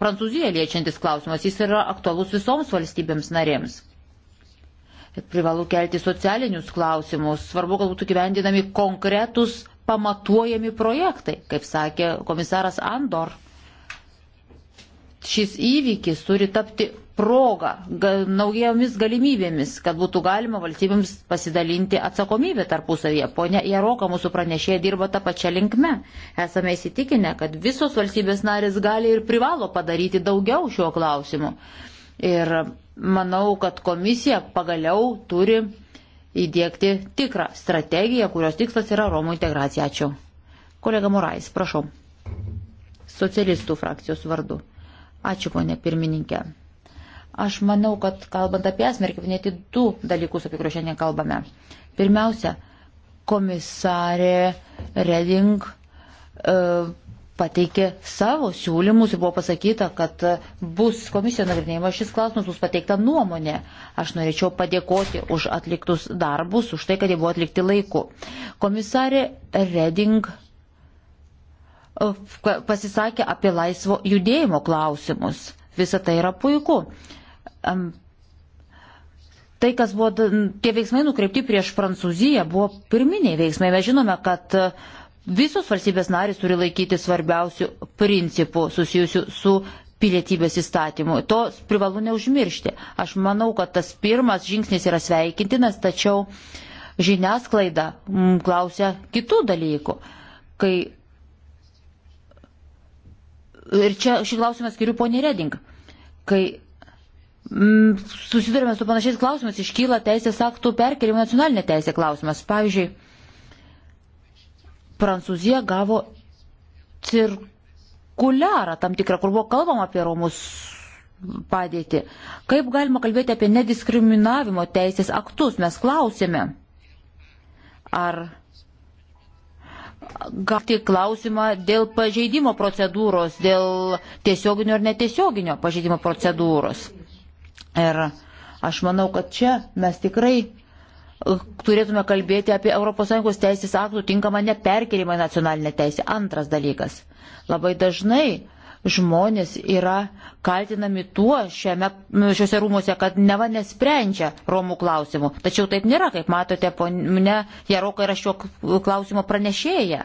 Prancūziją liečiantis klausimas, jis yra aktualus visoms valstybėms narėms. Privalu kelti socialinius klausimus, svarbu, kad būtų gyvendinami konkretus pamatuojami projektai, kaip sakė komisaras Andor šis įvykis turi tapti progą, naujomis galimybėmis, kad būtų galima valstybėms pasidalinti atsakomybę tarpusavyje. Pone Jaroka, mūsų pranešėja dirba tą pačią linkmę. Esame įsitikinę, kad visos valstybės narės gali ir privalo padaryti daugiau šiuo klausimu. Ir manau, kad komisija pagaliau turi įdėkti tikrą strategiją, kurios tikslas yra Romų integracija. Ačiū. Kolega Morais, prašau. Socialistų frakcijos vardu. Ačiū, ponė pirmininkė. Aš manau, kad kalbant apie esmę, reikia paminėti du dalykus, apie kuriuos šiandien kalbame. Pirmiausia, komisarė Reding e, pateikė savo siūlymus ir buvo pasakyta, kad bus komisija nagrinėjama šis klausimas, bus pateikta nuomonė. Aš norėčiau padėkoti už atliktus darbus, už tai, kad jie buvo atlikti laiku. Komisarė Reding pasisakė apie laisvo judėjimo klausimus. Visa tai yra puiku. Tai, kas buvo, tie veiksmai nukreipti prieš Prancūziją, buvo pirminiai veiksmai. Mes žinome, kad e, visos valstybės narys turi laikyti svarbiausių principų susijusių su pilietybės įstatymu. To privalu neužmiršti. Aš manau, kad tas pirmas žingsnis yra sveikintinas, tačiau žiniasklaida m, klausia kitų dalykų. Kai Ir čia šį klausimą skiriu poniai Reding. Kai mm, susidurime su panašiais klausimais, iškyla teisės aktų perkelimo nacionalinė teisė klausimas. Pavyzdžiui, Prancūzija gavo cirkuliarą tam tikrą, kur buvo kalbama apie Romus padėtį. Kaip galima kalbėti apie nediskriminavimo teisės aktus? Mes klausėme, ar gauti klausimą dėl pažeidimo procedūros, dėl tiesioginio ar netiesioginio pažeidimo procedūros. Ir aš manau, kad čia mes tikrai turėtume kalbėti apie ES teisės aktų tinkamą neperkelimą į nacionalinę teisę. Antras dalykas. Labai dažnai žmonės yra kaltinami tuo šiame, šiuose rūmose, kad neva nesprendžia Romų klausimų. Tačiau taip nėra, kaip matote, ponia Jaroka yra šio klausimo pranešėja.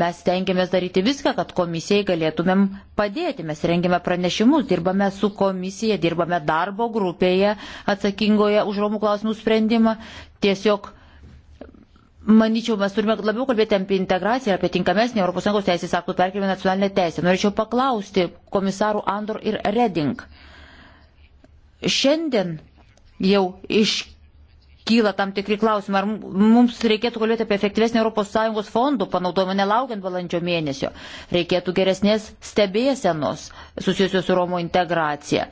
Mes tengiamės daryti viską, kad komisijai galėtumėm padėti. Mes rengiame pranešimus, dirbame su komisija, dirbame darbo grupėje atsakingoje už Romų klausimų sprendimą. Tiesiog Manyčiau, mes turime labiau kalbėti apie integraciją, apie tinkamesnį ES teisės aktų perkelimą nacionalinę teisę. Norėčiau paklausti komisarų Andor ir Reding. Šiandien jau iškyla tam tikri klausimai, ar mums reikėtų kalbėti apie efektyvesnį ES fondų panaudojimą nelaukiant balandžio mėnesio. Reikėtų geresnės stebėsenos susijusios su Romo integracija.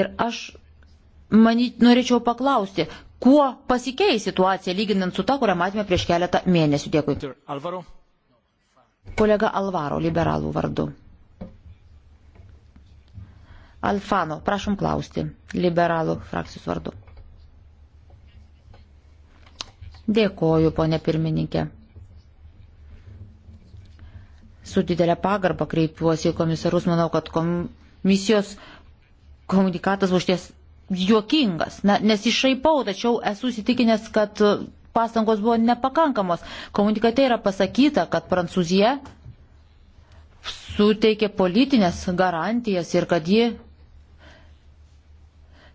Ir aš Manyt, norėčiau paklausti, kuo pasikeis situacija lyginant su ta, kurią matėme prieš keletą mėnesių. Dėkui. Alvaro. Kolega Alvaro, liberalų vardu. Alfano, prašom klausti, liberalų frakcijos vardu. Dėkoju, ponė pirmininkė. Su didelė pagarba kreipiuosi į komisarus. Manau, kad komisijos komunikatas už ties juokingas, na, nesišaipau, tačiau esu įsitikinęs, kad e, pastangos buvo nepakankamos. Komunikate yra pasakyta, kad Prancūzija suteikė politinės garantijas ir kad ji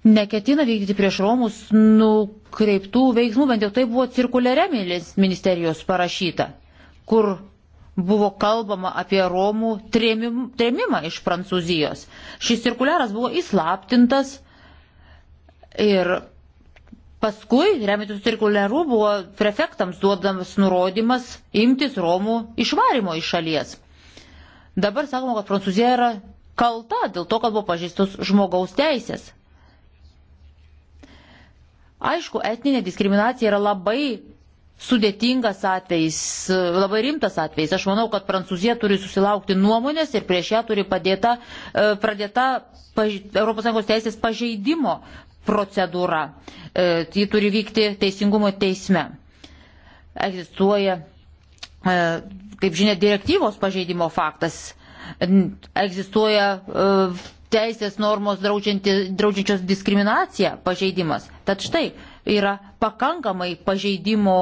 neketina vykdyti prieš Romus nukreiptų veiksmų, bent jau tai buvo cirkuliare ministerijos parašyta, kur buvo kalbama apie Romų trėmimą iš Prancūzijos. Šis cirkuliaras buvo įslaptintas Ir paskui, remiantis cirkuliaru, buvo prefektams duodamas nurodymas imtis Romų išvarimo iš šalies. Dabar sakoma, kad Prancūzija yra kalta dėl to, kad buvo pažįstos žmogaus teisės. Aišku, etninė diskriminacija yra labai sudėtingas atvejis, labai rimtas atvejis. Aš manau, kad Prancūzija turi susilaukti nuomonės ir prieš ją turi padėta, e, pradėta ES teisės pažeidimo procedūra. E, ji turi vykti teisingumo teisme. Egzistuoja, e, kaip žinia, direktyvos pažeidimo faktas. Egzistuoja e, teisės normos draudžiančios diskriminaciją pažeidimas. Tad štai yra pakankamai pažeidimo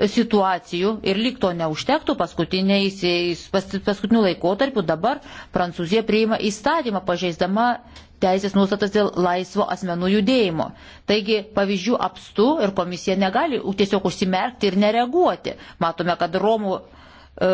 situacijų ir likto neužtektų paskutiniu laikotarpiu dabar Prancūzija priima įstatymą pažeisdama teisės nuostatas dėl laisvo asmenų judėjimo. Taigi pavyzdžių apstu ir komisija negali tiesiog užsimerkti ir nereaguoti. Matome, kad Romų, e,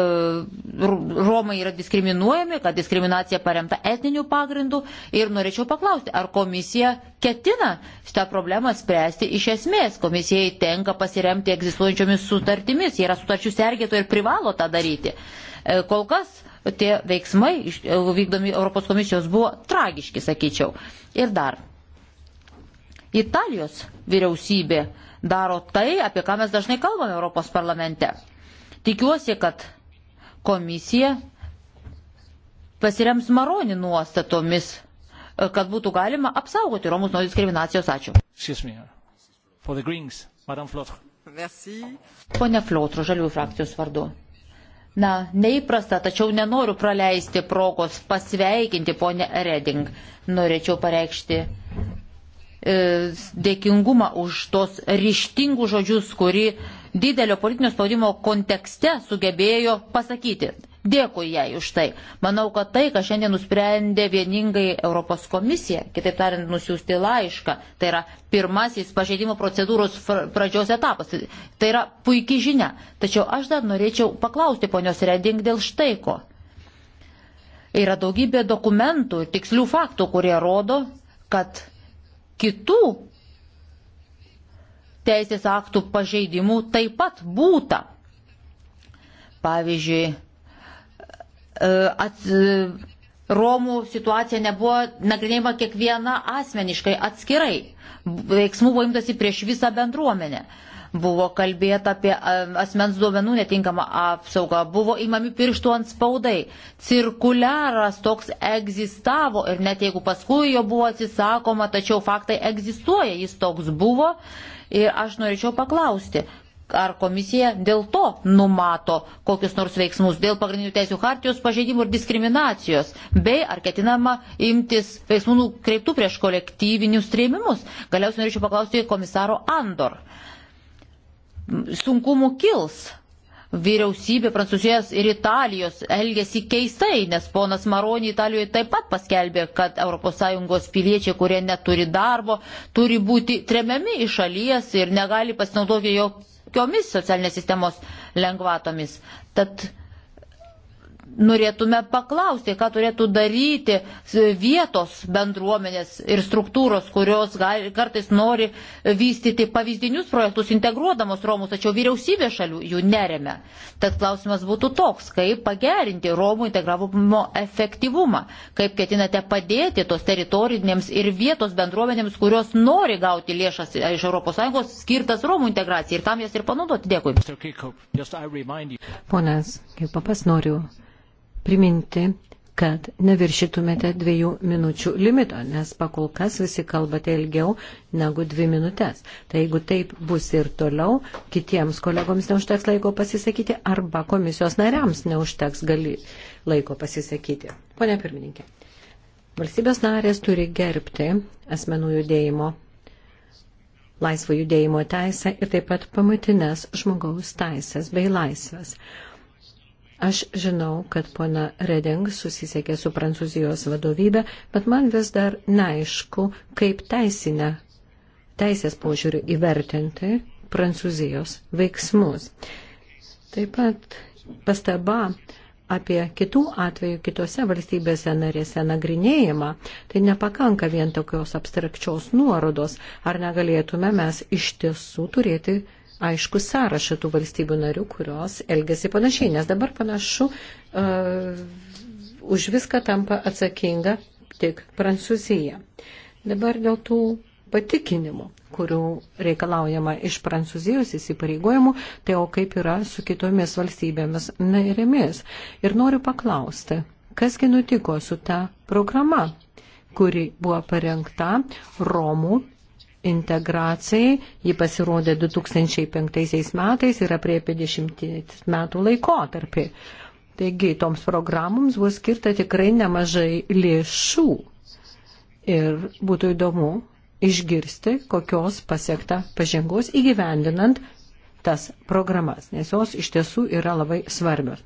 Romai yra diskriminuojami, kad diskriminacija paremta etniniu pagrindu ir norėčiau paklausti, ar komisija ketina šitą problemą spręsti iš esmės. Komisijai tenka pasiremti egzistuojančiomis sutartimis, jie yra sutarčių sergėtojai ir privalo tą daryti. E, kol kas tie veiksmai e, vykdomi Europos komisijos buvo tragiški, sakyčiau. Ir dar. Italijos vyriausybė daro tai, apie ką mes dažnai kalbame Europos parlamente. Tikiuosi, kad komisija pasirems Maroni nuostatomis, e, kad būtų galima apsaugoti Romus nuo diskriminacijos. Ačiū. Greens, Pone Fliotro, žaliųjų frakcijos vardu na, neįprasta, tačiau nenoriu praleisti progos pasveikinti ponę Reding. Norėčiau pareikšti e, dėkingumą už tos ryštingų žodžius, kuri didelio politinio spaudimo kontekste sugebėjo pasakyti. Dėkui jai už tai. Manau, kad tai, ką šiandien nusprendė vieningai Europos komisija, kitaip tariant, nusiųsti laišką, tai yra pirmasis pažeidimo procedūros pradžios etapas, tai yra puikiai žinia. Tačiau aš dar norėčiau paklausti ponios Reding dėl štai ko. Yra daugybė dokumentų ir tikslių faktų, kurie rodo, kad kitų teisės aktų pažeidimų taip pat būta. Pavyzdžiui, at, Romų situacija nebuvo nagrinėjama kiekviena asmeniškai atskirai. Veiksmų buvo imtasi prieš visą bendruomenę. Buvo kalbėta apie asmens duomenų netinkamą apsaugą, buvo įmami pirštų ant spaudai. Cirkuliaras toks egzistavo ir net jeigu paskui jo buvo atsisakoma, tačiau faktai egzistuoja, jis toks buvo. Ir aš norėčiau paklausti, ar komisija dėl to numato kokius nors veiksmus dėl pagrindinių teisų hartijos pažeidimų ir diskriminacijos, bei ar ketinama imtis veiksmų nukreiptų prieš kolektyvinius trėmimus. Galiausiai norėčiau paklausti komisaro Andor. Sunkumų kils. Vyriausybė Prancūzijos ir Italijos elgesi keistai, nes ponas Maronį Italijoje taip pat paskelbė, kad ES piliečiai, kurie neturi darbo, turi būti tremiami iš šalies ir negali pasinaudoti jokio kitokiomis socialinės sistemos lengvatomis. Tad norėtume paklausti, ką turėtų daryti vietos bendruomenės ir struktūros, kurios kartais nori vystyti pavyzdinius projektus integruodamos Romus, tačiau vyriausybė šalių jų neremia. Tad klausimas būtų toks, kaip pagerinti Romų integravimo efektyvumą, kaip ketinate padėti tos teritorinėms ir vietos bendruomenėms, kurios nori gauti lėšas iš ES skirtas Romų integracijai ir tam jas ir panaudoti. Dėkui. Ponas Kipopas, noriu priminti, kad neviršytumėte dviejų minučių limito, nes pakol kas visi kalbate ilgiau negu dvi minutės. Tai jeigu taip bus ir toliau, kitiems kolegoms neužteks laiko pasisakyti arba komisijos nariams neužteks gali laiko pasisakyti. Pone pirmininkė, valstybės narės turi gerbti asmenų judėjimo laisvo judėjimo teisę ir taip pat pamatinės žmogaus teisės bei laisvės. Aš žinau, kad pona Reding susisiekė su Prancūzijos vadovybė, bet man vis dar neaišku, kaip teisinę, teisės požiūrį įvertinti Prancūzijos veiksmus. Taip pat pastaba apie kitų atvejų kitose valstybėse narėse nagrinėjimą, tai nepakanka vien tokios abstrakčios nuorodos, ar negalėtume mes iš tiesų turėti aišku sąrašą tų valstybių narių, kurios elgesi panašiai, nes dabar panašu uh, už viską tampa atsakinga tik Prancūzija. Dabar dėl tų patikinimų, kurių reikalaujama iš Prancūzijos įsipareigojimų, tai o kaip yra su kitomis valstybėmis narėmis. Ir noriu paklausti, kasgi nutiko su ta programa, kuri buvo parengta Romų integracijai. Ji pasirodė 2005 metais ir apriepė 10 metų laikotarpį. Taigi toms programoms bus skirta tikrai nemažai lėšų. Ir būtų įdomu išgirsti, kokios pasiekta pažangos įgyvendinant tas programas, nes jos iš tiesų yra labai svarbios.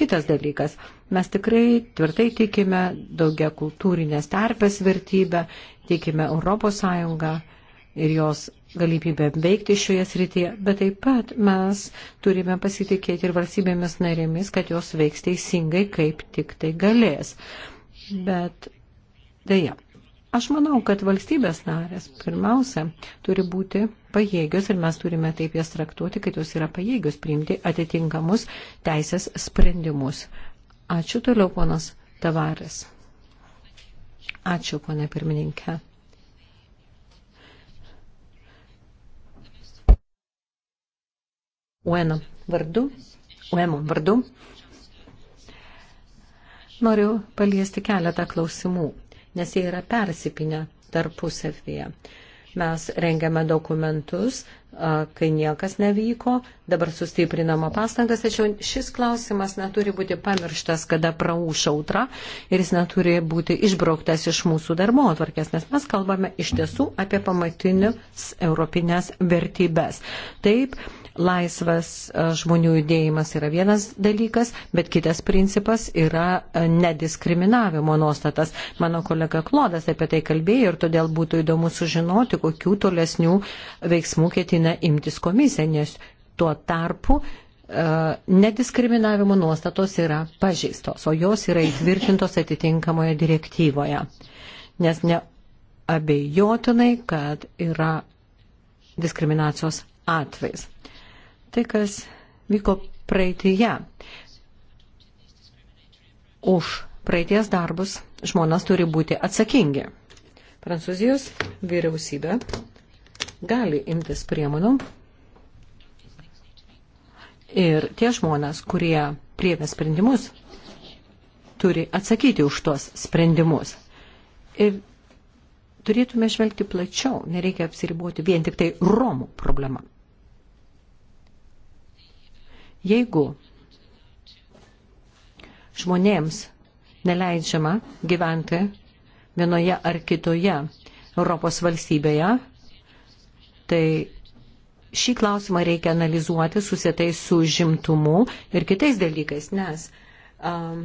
Kitas dalykas, mes tikrai tvirtai tikime daugia kultūrinės terpės vertybę, tikime Europos Sąjungą ir jos galimybę veikti šioje srityje, bet taip pat mes turime pasitikėti ir valstybėmis narėmis, kad jos veiks teisingai, kaip tik tai galės. Bet dėja, aš manau, kad valstybės narės pirmiausia turi būti pajėgios ir mes turime taip jas traktuoti, kad jos yra pajėgios priimti atitinkamus teisės sprendimus. Ačiū toliau, ponas Tavarės. Ačiū, ponė pirmininkė. Ueno vardu. Uemo vardu. Noriu paliesti keletą klausimų, nes jie yra persipinę tarpusavyje. Mes rengiame dokumentus, kai niekas nevyko, dabar sustiprinama pastangas, tačiau šis klausimas neturi būti pamirštas, kada prauš autra ir jis neturi būti išbrauktas iš mūsų darbo atvarkės, nes mes kalbame iš tiesų apie pamatinius europinės vertybės. Taip, laisvas e, žmonių judėjimas yra vienas dalykas, bet kitas principas yra e, nediskriminavimo nuostatas. Mano kolega Klodas apie tai kalbėjo ir todėl būtų įdomu sužinoti, kokių tolesnių veiksmų ketina imtis komisija, nes tuo tarpu e, nediskriminavimo nuostatos yra pažeistos, o jos yra įtvirtintos atitinkamoje direktyvoje. Nes neabejotinai, kad yra diskriminacijos atvejs tai, kas vyko praeitįje. Už praeities darbus žmonės turi būti atsakingi. Prancūzijos vyriausybė gali imtis priemonių ir tie žmonės, kurie priemė sprendimus, turi atsakyti už tuos sprendimus. Ir turėtume žvelgti plačiau, nereikia apsiriboti vien tik tai Romų problema. Jeigu žmonėms neleidžiama gyventi vienoje ar kitoje Europos valstybėje, tai šį klausimą reikia analizuoti susietai su žimtumu ir kitais dalykais, nes um,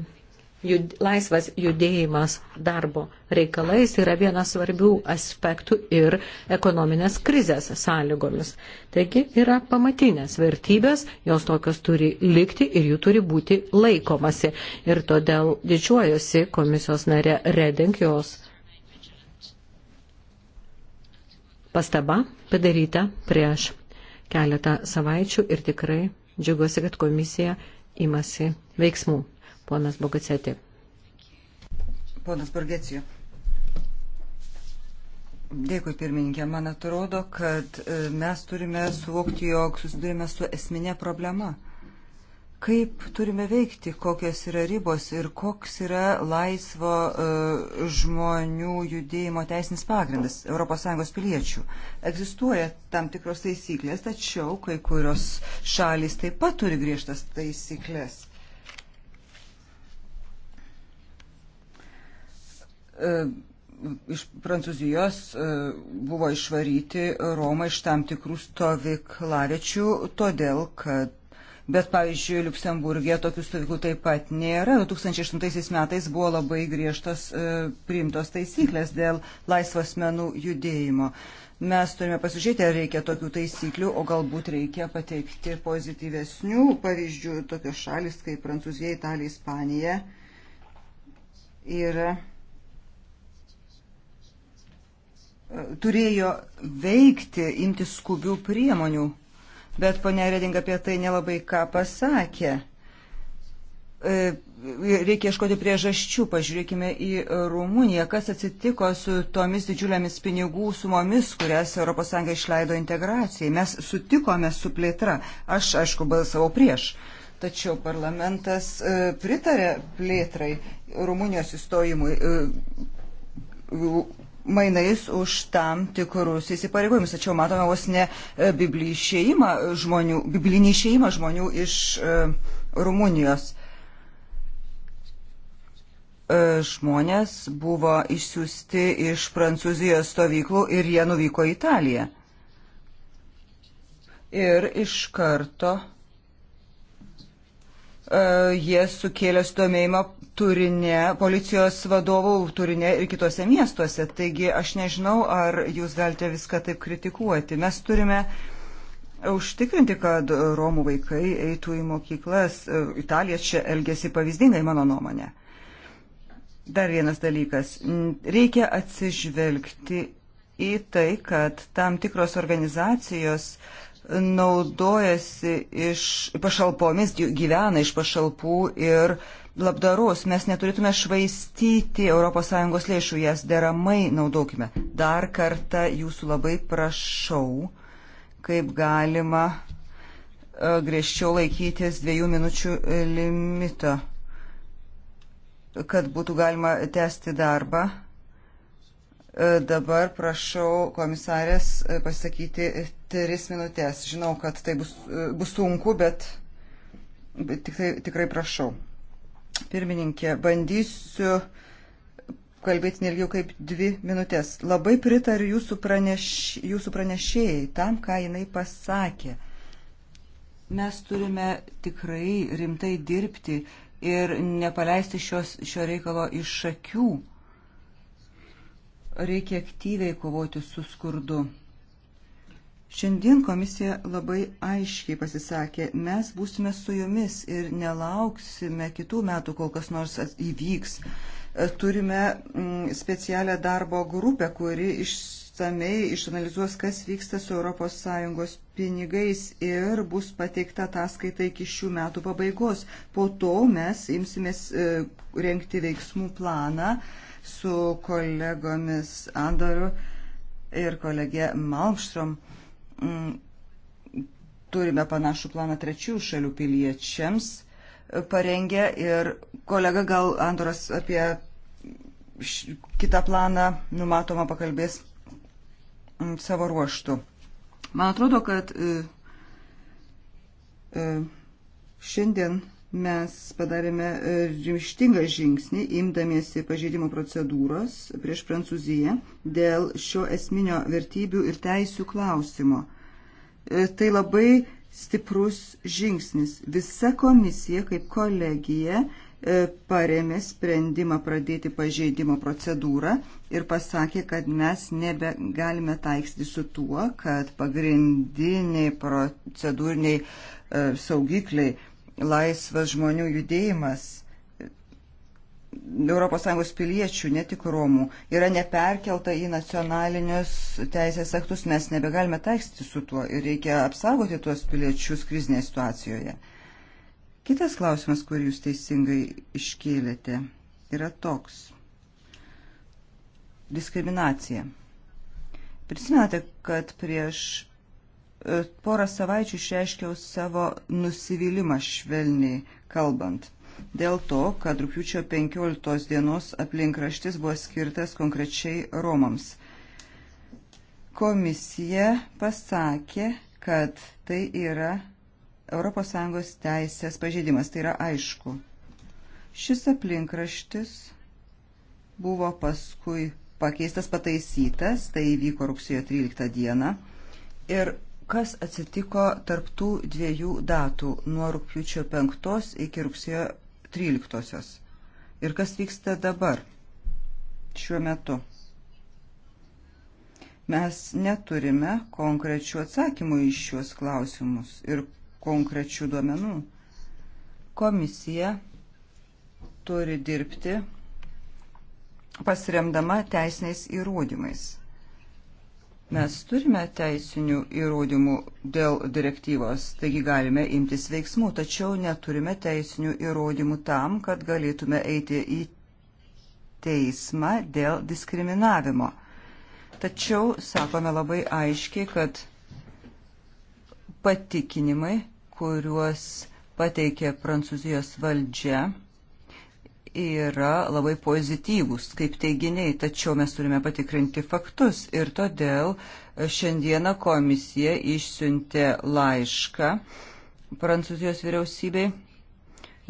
jud, laisvas judėjimas darbo reikalais yra vienas svarbių aspektų ir ekonominės krizės sąlygomis. Taigi yra pamatinės vertybės, jos tokios turi likti ir jų turi būti laikomasi. Ir todėl didžiuojosi komisijos narė Redink jos pastaba padaryta prieš keletą savaičių ir tikrai džiugiuosi, kad komisija imasi veiksmų. Ponas Bogacetė. Ponas Borgecijo. Dėkui, pirmininkė. Man atrodo, kad e, mes turime suvokti, jog susidurime su esminė problema. Kaip turime veikti, kokios yra ribos ir koks yra laisvo uh, žmonių judėjimo teisinis pagrindas ES piliečių. Egzistuoja tam tikros taisyklės, tačiau kai kurios šalys taip pat turi griežtas taisyklės. E, iš Prancūzijos e, buvo išvaryti Romą iš tam tikrų stovyklavečių, todėl kad Bet, pavyzdžiui, Luksemburgė tokių stovyklų taip pat nėra. 2008 metais buvo labai griežtos e, priimtos taisyklės dėl laisvas menų judėjimo. Mes turime pasižiūrėti, ar reikia tokių taisyklių, o galbūt reikia pateikti pozityvesnių pavyzdžių. Tokios šalis kaip Prancūzija, Italija, Ispanija yra turėjo veikti, imti skubių priemonių, bet ponia Reding apie tai nelabai ką pasakė. E, reikia ieškoti priežasčių, pažiūrėkime į Rumuniją, kas atsitiko su tomis didžiulėmis pinigų sumomis, kurias ES išleido integracijai. Mes sutikome su plėtra. Aš, aišku, balsavau prieš. Tačiau parlamentas e, pritarė plėtrai Rumunijos įstojimui e, mainais už tam tikrus įsipareigojimus. Tačiau matome vos ne e, biblinį išėjimą žmonių, biblinį išėjimą žmonių iš e, Rumunijos. E, žmonės buvo išsiųsti iš Prancūzijos stovyklų ir jie nuvyko į Italiją. Ir iš karto E, jie sukėlė stomėjimą turinė, policijos vadovų turinė ir kitose miestuose. Taigi aš nežinau, ar jūs galite viską taip kritikuoti. Mes turime užtikrinti, kad Romų vaikai eitų į mokyklas. E, Italija čia elgesi pavyzdingai, mano nuomonė. Dar vienas dalykas. Reikia atsižvelgti į tai, kad tam tikros organizacijos uh, naudojasi iš pašalpomis, gyvena iš pašalpų ir labdaros. Mes neturėtume švaistyti ES lėšų, jas deramai naudokime. Dar kartą jūsų labai prašau, kaip galima e, griežčiau laikytis dviejų minučių e, limito, kad būtų galima tęsti darbą. E, dabar prašau komisarės e, pasakyti tris minutės. Žinau, kad tai bus, e, bus sunku, bet, bet tikrai, tikrai prašau. Pirmininkė, bandysiu kalbėti nelgiau kaip dvi minutės. Labai pritariu jūsų, praneš, jūsų pranešėjai tam, ką jinai pasakė. Mes turime tikrai rimtai dirbti ir nepaleisti šios, šio reikalo iš akių reikia aktyviai kovoti su skurdu. Šiandien komisija labai aiškiai pasisakė, mes būsime su jumis ir nelauksime kitų metų, kol kas nors įvyks. E, turime mm, specialią darbo grupę, kuri išsamei išanalizuos, kas vyksta su ES pinigais ir bus pateikta ataskaita iki šių metų pabaigos. Po to mes imsimės e, rengti veiksmų planą su kolegomis Andoru ir kolegė Malmstrom. Mm, turime panašų planą trečių šalių piliečiams parengę ir kolega gal Andoras apie kitą planą numatomą pakalbės mm, savo ruoštų. Man atrodo, kad e, e, šiandien mes padarėme e, rimštingą žingsnį, imdamiesi pažeidimo procedūros prieš Prancūziją dėl šio esminio vertybių ir teisių klausimo. E, tai labai stiprus žingsnis. Visa komisija kaip kolegija e, paremė sprendimą pradėti pažeidimo procedūrą ir pasakė, kad mes nebegalime taiksti su tuo, kad pagrindiniai procedūriniai saugikliai laisvas žmonių judėjimas ES piliečių, ne tik Romų, yra neperkelta į nacionalinius teisės aktus. Mes nebegalime taikstyti su tuo ir reikia apsaugoti tuos piliečius krizinėje situacijoje. Kitas klausimas, kurį jūs teisingai iškėlėte, yra toks. Diskriminacija. Prisimenate, kad prieš E, porą savaičių išreiškiau savo nusivylimą švelniai kalbant. Dėl to, kad rūpiučio 15 dienos aplinkraštis buvo skirtas konkrečiai Romams. Komisija pasakė, kad tai yra ES teisės pažeidimas, tai yra aišku. Šis aplinkraštis buvo paskui pakeistas, pataisytas, tai įvyko rugsėjo 13 dieną. Ir kas atsitiko tarptų dviejų datų nuo rūpjūčio 5 iki rugsėjo 13. Ir kas vyksta dabar, šiuo metu. Mes neturime konkrečių atsakymų į šiuos klausimus ir konkrečių duomenų. Komisija turi dirbti pasiremdama teisiniais įrodymais. Mes turime teisinių įrodymų dėl direktyvos, taigi galime imtis veiksmų, tačiau neturime teisinių įrodymų tam, kad galėtume eiti į teismą dėl diskriminavimo. Tačiau sakome labai aiškiai, kad patikinimai, kuriuos pateikė Prancūzijos valdžia, yra labai pozityvūs kaip teiginiai, tačiau mes turime patikrinti faktus ir todėl šiandieną komisija išsiuntė laišką Prancūzijos vyriausybei.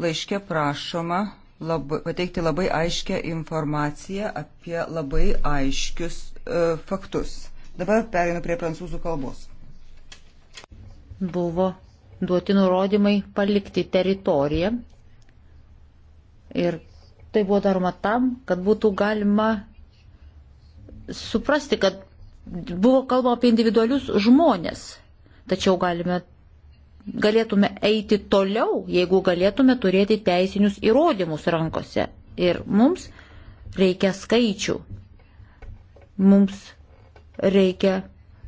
Laiškė prašoma labai, pateikti labai aiškę informaciją apie labai aiškius e, faktus. Dabar perinu prie prancūzų kalbos. Buvo duoti nurodymai palikti teritoriją ir Tai buvo daroma tam, kad būtų galima suprasti, kad buvo kalba apie individualius žmonės. Tačiau galime, galėtume eiti toliau, jeigu galėtume turėti teisinius įrodymus rankose. Ir mums reikia skaičių. Mums reikia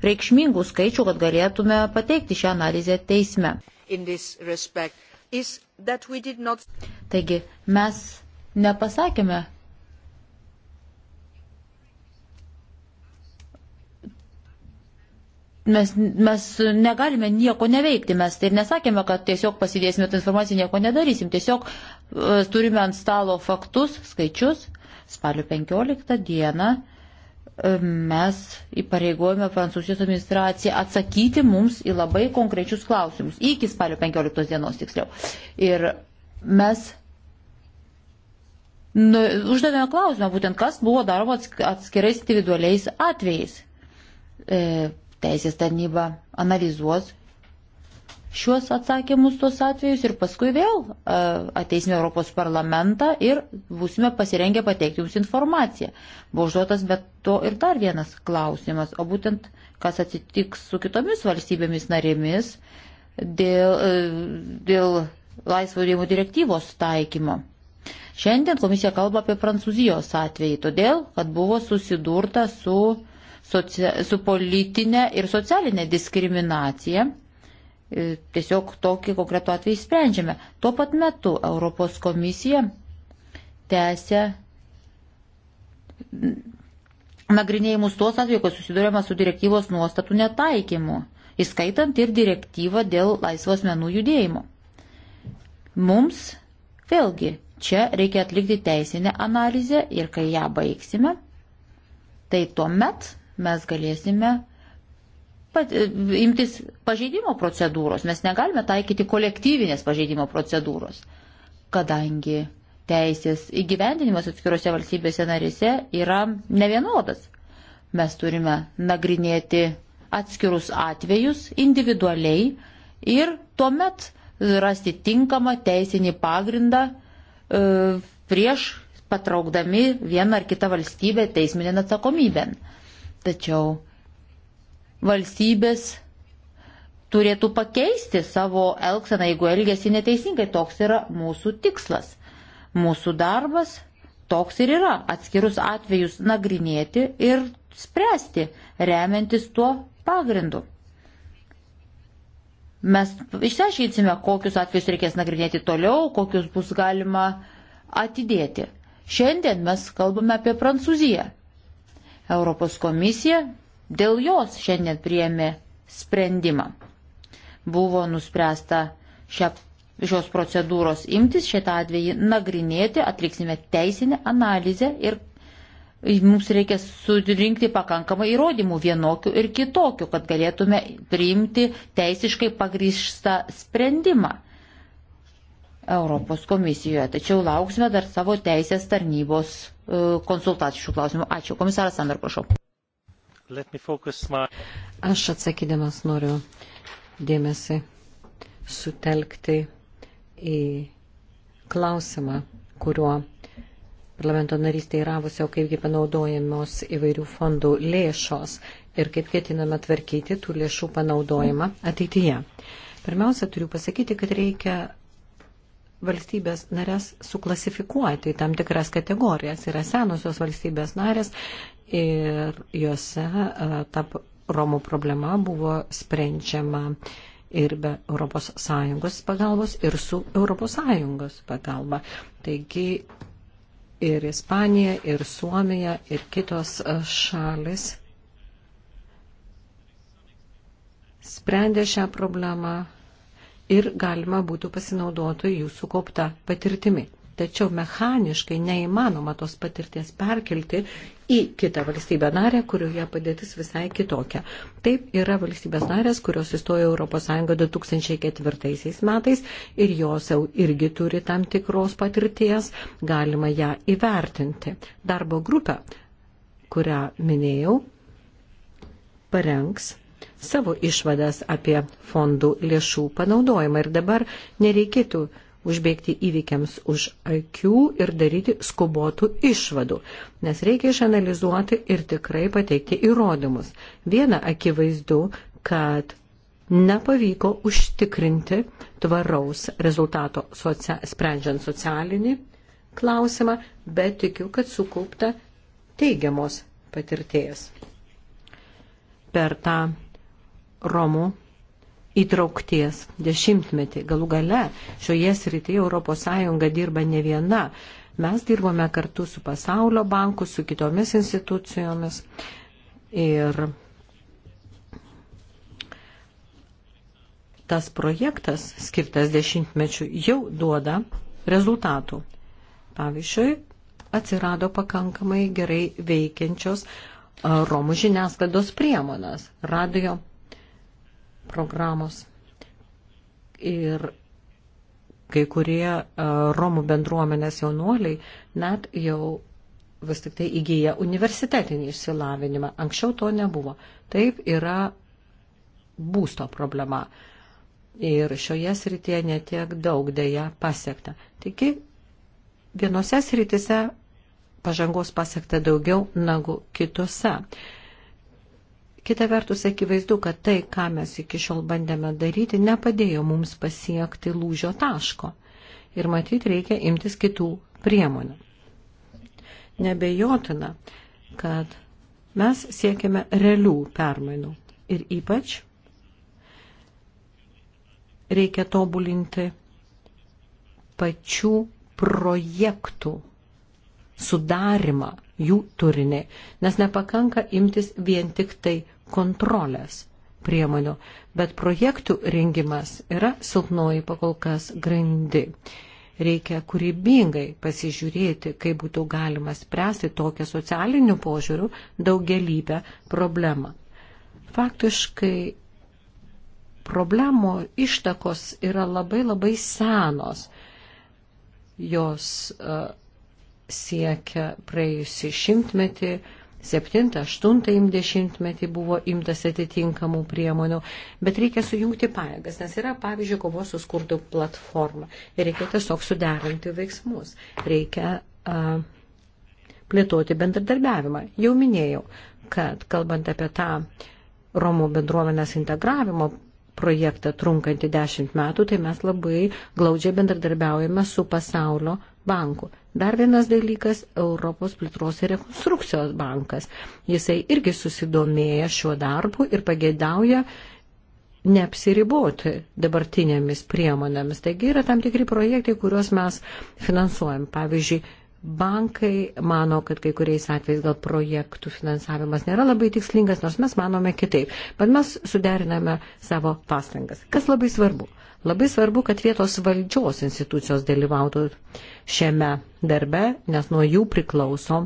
reikšmingų skaičių, kad galėtume pateikti šią analizę teisme. Respect, not... Taigi mes nepasakėme. Mes, mes negalime nieko neveikti, mes tai nesakėme, kad tiesiog pasidėsime tą informaciją, nieko nedarysim. Tiesiog e, turime ant stalo faktus, skaičius. Spalio 15 dieną e, mes įpareigojame Prancūzijos administraciją atsakyti mums į labai konkrečius klausimus. Iki spalio 15 dienos tiksliau. Ir mes nu, uždavėme klausimą, būtent kas buvo daroma atskirais individualiais atvejais. E, teisės tarnyba analizuos šiuos atsakymus tuos atvejus ir paskui vėl e, ateisime Europos parlamentą ir būsime pasirengę pateikti jums informaciją. Buvo užduotas bet to ir dar vienas klausimas, o būtent kas atsitiks su kitomis valstybėmis narėmis dėl, e, dėl laisvo judėjimo direktyvos taikymo Šiandien komisija kalba apie Prancūzijos atvejį, todėl, kad buvo susidurta su, socia, su politinė ir socialinė diskriminacija. E, tiesiog tokį konkretų atvejį sprendžiame. Tuo pat metu Europos komisija tęsia mm, nagrinėjimus tuos atvejus, kai susidurėma su direktyvos nuostatų netaikymu, įskaitant ir direktyvą dėl laisvos menų judėjimo. Mums vėlgi Čia reikia atlikti teisinę analizę ir kai ją baigsime, tai tuomet mes galėsime pat, e, imtis pažeidimo procedūros. Mes negalime taikyti kolektyvinės pažeidimo procedūros, kadangi teisės įgyvendinimas atskirose valstybėse narėse yra nevienodas. Mes turime nagrinėti atskirus atvejus individualiai ir tuomet rasti tinkamą teisinį pagrindą E, prieš patraukdami vieną ar kitą valstybę teisminę atsakomybę. Tačiau valstybės turėtų pakeisti savo elgseną, jeigu elgesi neteisingai. Toks yra mūsų tikslas. Mūsų darbas toks ir yra - atskirus atvejus nagrinėti ir spręsti, remiantis tuo pagrindu. Mes išsiaiškinsime, kokius atvejus reikės nagrinėti toliau, kokius bus galima atidėti. Šiandien mes kalbame apie Prancūziją. Europos komisija dėl jos šiandien priėmė sprendimą. Buvo nuspręsta šią šios procedūros imtis, šitą atvejį nagrinėti, atliksime teisinę analizę ir mums reikia surinkti pakankamai įrodymų vienokių ir kitokių, kad galėtume priimti teisiškai pagrįžtą sprendimą Europos komisijoje. Tačiau lauksime dar savo teisės tarnybos e, konsultacijų šių klausimų. Ačiū. Komisaras Sandar, prašau. My... Aš atsakydamas noriu dėmesį sutelkti į klausimą, kuriuo parlamento narys teiravusio, kaipgi panaudojamos įvairių fondų lėšos ir kaip ketiname tvarkyti tų lėšų panaudojimą ateityje. Pirmiausia, turiu pasakyti, kad reikia valstybės narės suklasifikuoti į tam tikras kategorijas. Yra senosios valstybės narės ir juose e, ta Romų problema buvo sprendžiama ir be ES pagalbos, ir su ES pagalba. Taigi ir Ispanija, ir Suomija, ir kitos e, šalis sprendė šią problemą ir galima būtų pasinaudoti jūsų kopta patirtimi tačiau mechaniškai neįmanoma tos patirties perkelti į kitą valstybę narę, kurioje padėtis visai kitokia. Taip yra valstybės narės, kurios įstojo Europos Sąjungą 2004 metais ir jos jau irgi turi tam tikros patirties, galima ją įvertinti. Darbo grupė, kurią minėjau, parengs savo išvadas apie fondų lėšų panaudojimą ir dabar nereikėtų užbėgti įvykiams už akių ir daryti skubotų išvadų, nes reikia išanalizuoti ir tikrai pateikti įrodymus. Viena akivaizdu, kad nepavyko užtikrinti tvaraus rezultato socia sprendžiant socialinį klausimą, bet tikiu, kad sukaupta teigiamos patirties. Per tą Romų įtraukties dešimtmetį. Galų gale šioje srityje ES dirba ne viena. Mes dirbome kartu su Pasaulio banku, su kitomis institucijomis ir tas projektas skirtas dešimtmečių jau duoda rezultatų. Pavyzdžiui, atsirado pakankamai gerai veikiančios Romų žiniasklaidos priemonas - radio programos. Ir kai kurie e, Romų bendruomenės jaunuoliai net jau vis tik tai įgyja universitetinį išsilavinimą. Anksčiau to nebuvo. Taip yra būsto problema. Ir šioje srityje netiek daug dėja pasiekta. Taigi, vienose srityse pažangos pasiekta daugiau negu kitose. Kita vertus, akivaizdu, kad tai, ką mes iki šiol bandėme daryti, nepadėjo mums pasiekti lūžio taško. Ir matyt, reikia imtis kitų priemonių. Nebejotina, kad mes siekiame realių permainų. Ir ypač reikia tobulinti pačių projektų sudarimą jų turinį, nes nepakanka imtis vien tik tai kontrolės priemonių, bet projektų rengimas yra silpnoji pakolkas grandi. Reikia kūrybingai pasižiūrėti, kaip būtų galima spręsti tokią socialinių požiūrių daugelybę problemą. Faktiškai problemų ištakos yra labai labai senos. Jos uh, siekia praėjusį šimtmetį, 7-80 buvo imtas atitinkamų priemonių, bet reikia sujungti pajėgas, nes yra, pavyzdžiui, kovos su skurdu platforma ir reikia tiesiog suderinti veiksmus, reikia uh, plėtoti bendradarbiavimą. Jau minėjau, kad kalbant apie tą Romų bendruomenės integravimo projektą trunkantį 10 metų, tai mes labai glaudžiai bendradarbiaujame su pasaulio banku. Dar vienas dalykas - Europos plėtros ir rekonstrukcijos bankas. Jisai irgi susidomėja šiuo darbu ir pagėdauja neapsiriboti dabartinėmis priemonėmis. Taigi yra tam tikri projektai, kuriuos mes finansuojam. Pavyzdžiui, bankai mano, kad kai kuriais atvejais gal projektų finansavimas nėra labai tikslingas, nors mes manome kitaip. Bet mes suderiname savo pastangas. Kas labai svarbu? Labai svarbu, kad vietos valdžios institucijos dalyvautų šiame darbe, nes nuo jų priklauso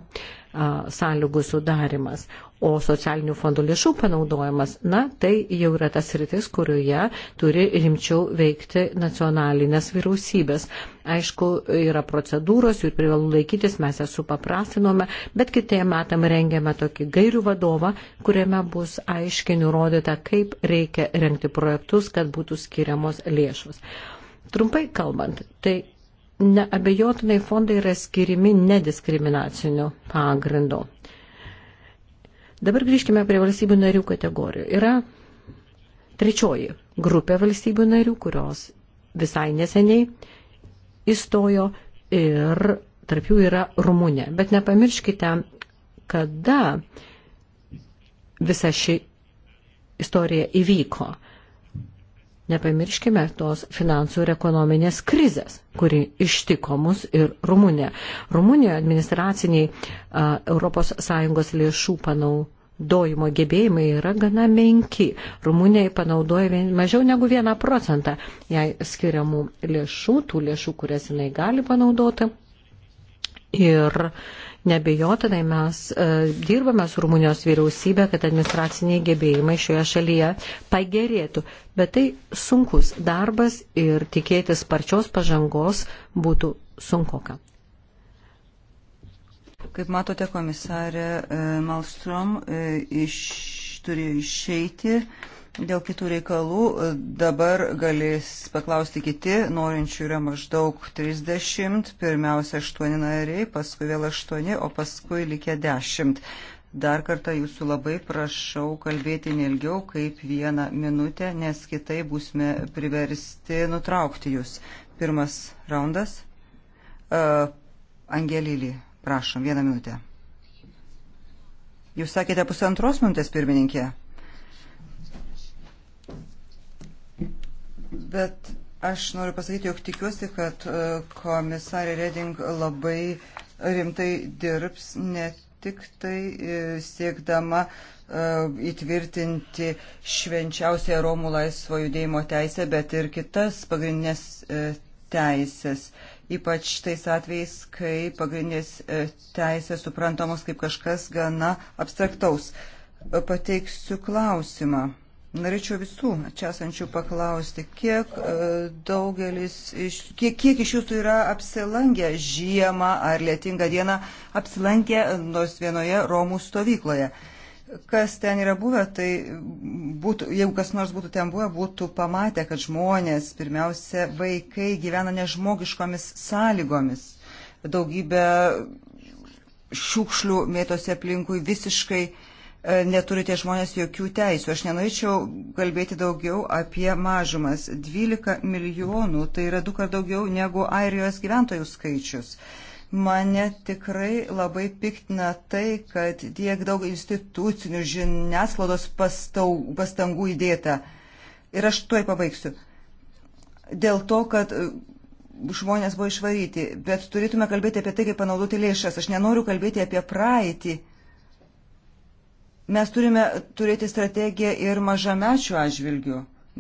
sąlygų sudarimas. O socialinių fondų lėšų panaudojimas, na, tai jau yra tas rytis, kurioje turi rimčiau veikti nacionalinės vyriausybės. Aišku, yra procedūros, jų privalu laikytis, mes jas supaprastinome, bet kitiem metam rengiame tokį gairių vadovą, kuriame bus aiškiai nurodyta, kaip reikia renkti projektus, kad būtų skiriamos lėšos. Trumpai kalbant, tai neabejotinai fondai yra skirimi nediskriminaciniu pagrindu. Dabar grįžkime prie valstybių narių kategorijų. Yra trečioji grupė valstybių narių, kurios visai neseniai įstojo ir tarp jų yra Rumunė. Bet nepamirškite, kada visa ši istorija įvyko. Nepamirškime tos finansų ir ekonominės krizės, kuri ištiko mus ir Rumuniją. Rumunijoje administraciniai ES lėšų panaudojimo gebėjimai yra gana menki. Rumunijai panaudoja mažiau negu 1 procentą jai skiriamų lėšų, tų lėšų, kurias jinai gali panaudoti. Ir Nebejotinai mes e, dirbame su Rumunijos vyriausybė, kad administraciniai gebėjimai šioje šalyje pagerėtų. Bet tai sunkus darbas ir tikėtis sparčios pažangos būtų sunkoka. Kaip matote, komisarė e, Malstrom e, iš, turėjo išeiti. Dėl kitų reikalų e, dabar galės paklausti kiti, norinčių yra maždaug 30, pirmiausia 8 nariai, paskui vėl 8, o paskui likę 10. Dar kartą jūsų labai prašau kalbėti nelgiau kaip vieną minutę, nes kitai būsime priversti nutraukti jūs. Pirmas raundas. Uh, e, Angelilį, prašom, vieną minutę. Jūs sakėte pusantros minutės, pirmininkė? Bet aš noriu pasakyti, jog tikiuosi, kad e, komisarė Reding labai rimtai dirbs, ne tik tai e, siekdama e, įtvirtinti švenčiausią Romų laisvo judėjimo teisę, bet ir kitas pagrindinės teisės. Ypač tais atvejais, kai pagrindinės teisės suprantamos kaip kažkas gana abstraktaus. Pateiksiu klausimą. Norėčiau visų čia esančių paklausti, kiek e, daugelis, iš, kiek, kiek iš jūsų yra apsilankę žiemą ar lietingą dieną, apsilankę nors vienoje Romų stovykloje. Kas ten yra buvę, tai būtų, jeigu kas nors būtų ten buvę, būtų pamatę, kad žmonės, pirmiausia, vaikai gyvena nežmogiškomis sąlygomis. Daugybė šiukšlių mėtosi aplinkui visiškai uh, E, neturi tie žmonės jokių teisų. Aš nenorėčiau kalbėti daugiau apie mažumas. 12 milijonų tai yra du kart daugiau negu Airijos gyventojų skaičius. Mane tikrai labai piktina tai, kad tiek daug institucinių žiniasklaidos pastangų įdėta. Ir aš tuoj pabaigsiu. Dėl to, kad e, žmonės buvo išvaryti, bet turėtume kalbėti apie tai, kaip panaudoti lėšas. Aš nenoriu kalbėti apie praeitį Mes turime turėti strategiją ir mažamečių atžvilgių,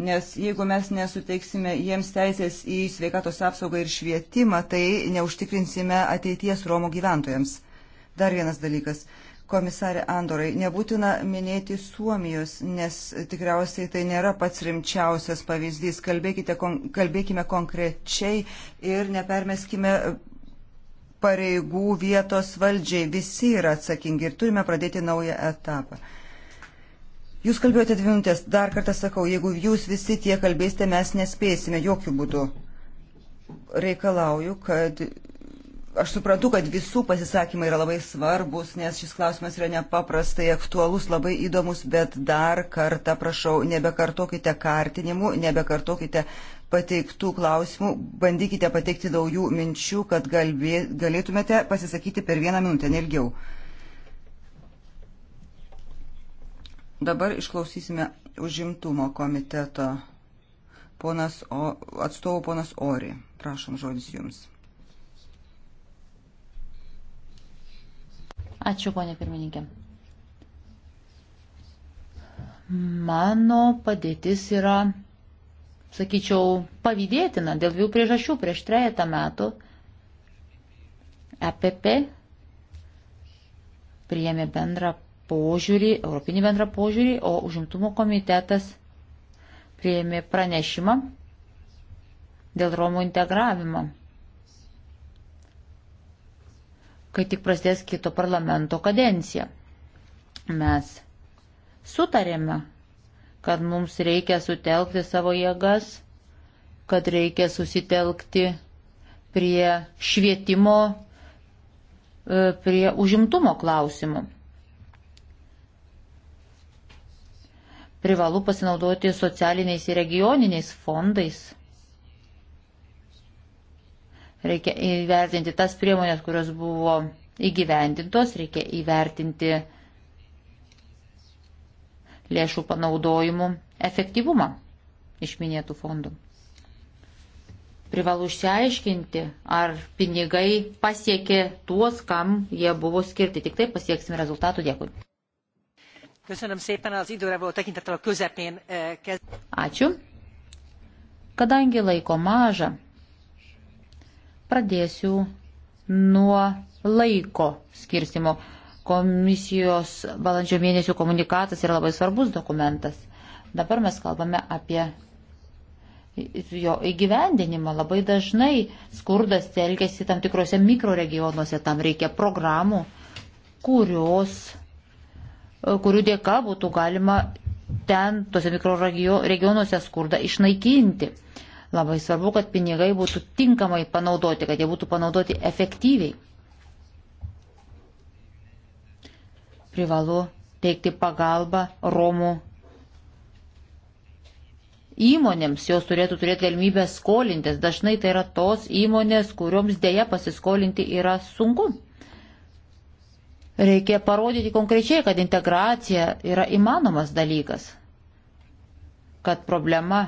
nes jeigu mes nesuteiksime jiems teisės į sveikatos apsaugą ir švietimą, tai neužtikrinsime ateities Romų gyventojams. Dar vienas dalykas. Komisarė Andorai, nebūtina minėti Suomijos, nes tikriausiai tai nėra pats rimčiausias pavyzdys. Kalbėkite, kon, kalbėkime konkrečiai ir nepermeskime pareigų vietos valdžiai. Visi yra atsakingi ir turime pradėti naują etapą. Jūs kalbėjote dvi minutės. Dar kartą sakau, jeigu jūs visi tie kalbėsite, mes nespėsime jokių būdų. Reikalauju, kad aš suprantu, kad visų pasisakymai yra labai svarbus, nes šis klausimas yra nepaprastai aktualus, labai įdomus, bet dar kartą prašau, nebekartokite kartinimų, nebekartokite pateiktų klausimų. Bandykite pateikti naujų minčių, kad galbė, galėtumėte pasisakyti per vieną minutę, nelgiau. Dabar išklausysime užimtumo komiteto ponas o, atstovų ponas Ori. Prašom žodis jums. Ačiū, ponė pirmininkė. Mano padėtis yra sakyčiau, pavydėtina dėl dviejų priežasčių. Prieš trejata metų EPP priėmė bendrą požiūrį, europinį bendrą požiūrį, o užimtumo komitetas priėmė pranešimą dėl Romų integravimo. Kai tik prasidės kito parlamento kadencija, mes sutarėme kad mums reikia sutelkti savo jėgas, kad reikia susitelkti prie švietimo, e, prie užimtumo klausimų. Privalu pasinaudoti socialiniais ir regioniniais fondais. Reikia įvertinti tas priemonės, kurios buvo įgyvendintos, reikia įvertinti uh, lėšų panaudojimų efektyvumą iš minėtų fondų. Privalu išsiaiškinti, ar pinigai pasiekė tuos, kam jie buvo skirti. Tik taip pasieksime rezultatų. Dėkui. Eh, Ačiū. Kadangi laiko maža, pradėsiu nuo laiko skirstimo. Komisijos balandžio mėnesio komunikatas yra labai svarbus dokumentas. Dabar mes kalbame apie jo įgyvendinimą. Labai dažnai skurdas telkėsi tam tikrose mikroregionuose, tam reikia programų, kurios, kurių dėka būtų galima ten, tuose mikroregionuose skurdą išnaikinti. Labai svarbu, kad pinigai būtų tinkamai panaudoti, kad jie būtų panaudoti efektyviai. privalu teikti pagalbą Romų įmonėms. Jos turėtų turėti galimybę skolintis. Dažnai tai yra tos įmonės, kurioms dėja pasiskolinti yra sunku. Reikia parodyti konkrečiai, kad integracija yra įmanomas dalykas, kad problema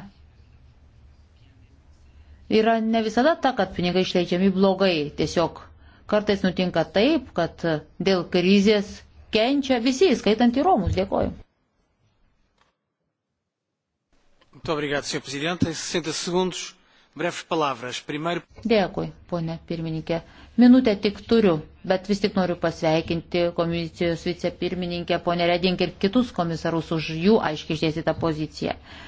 yra ne visada ta, kad pinigai išleidžiami blogai. Tiesiog kartais nutinka taip, kad dėl krizės kenčia visi, skaitant į Romus. Dėkoju. Dėkui, ponė pirmininkė. Minutę tik turiu, bet vis tik noriu pasveikinti komisijos vicepirmininkę, ponę Redink ir kitus komisarus už jų aiškiai išdėstytą poziciją. Uh,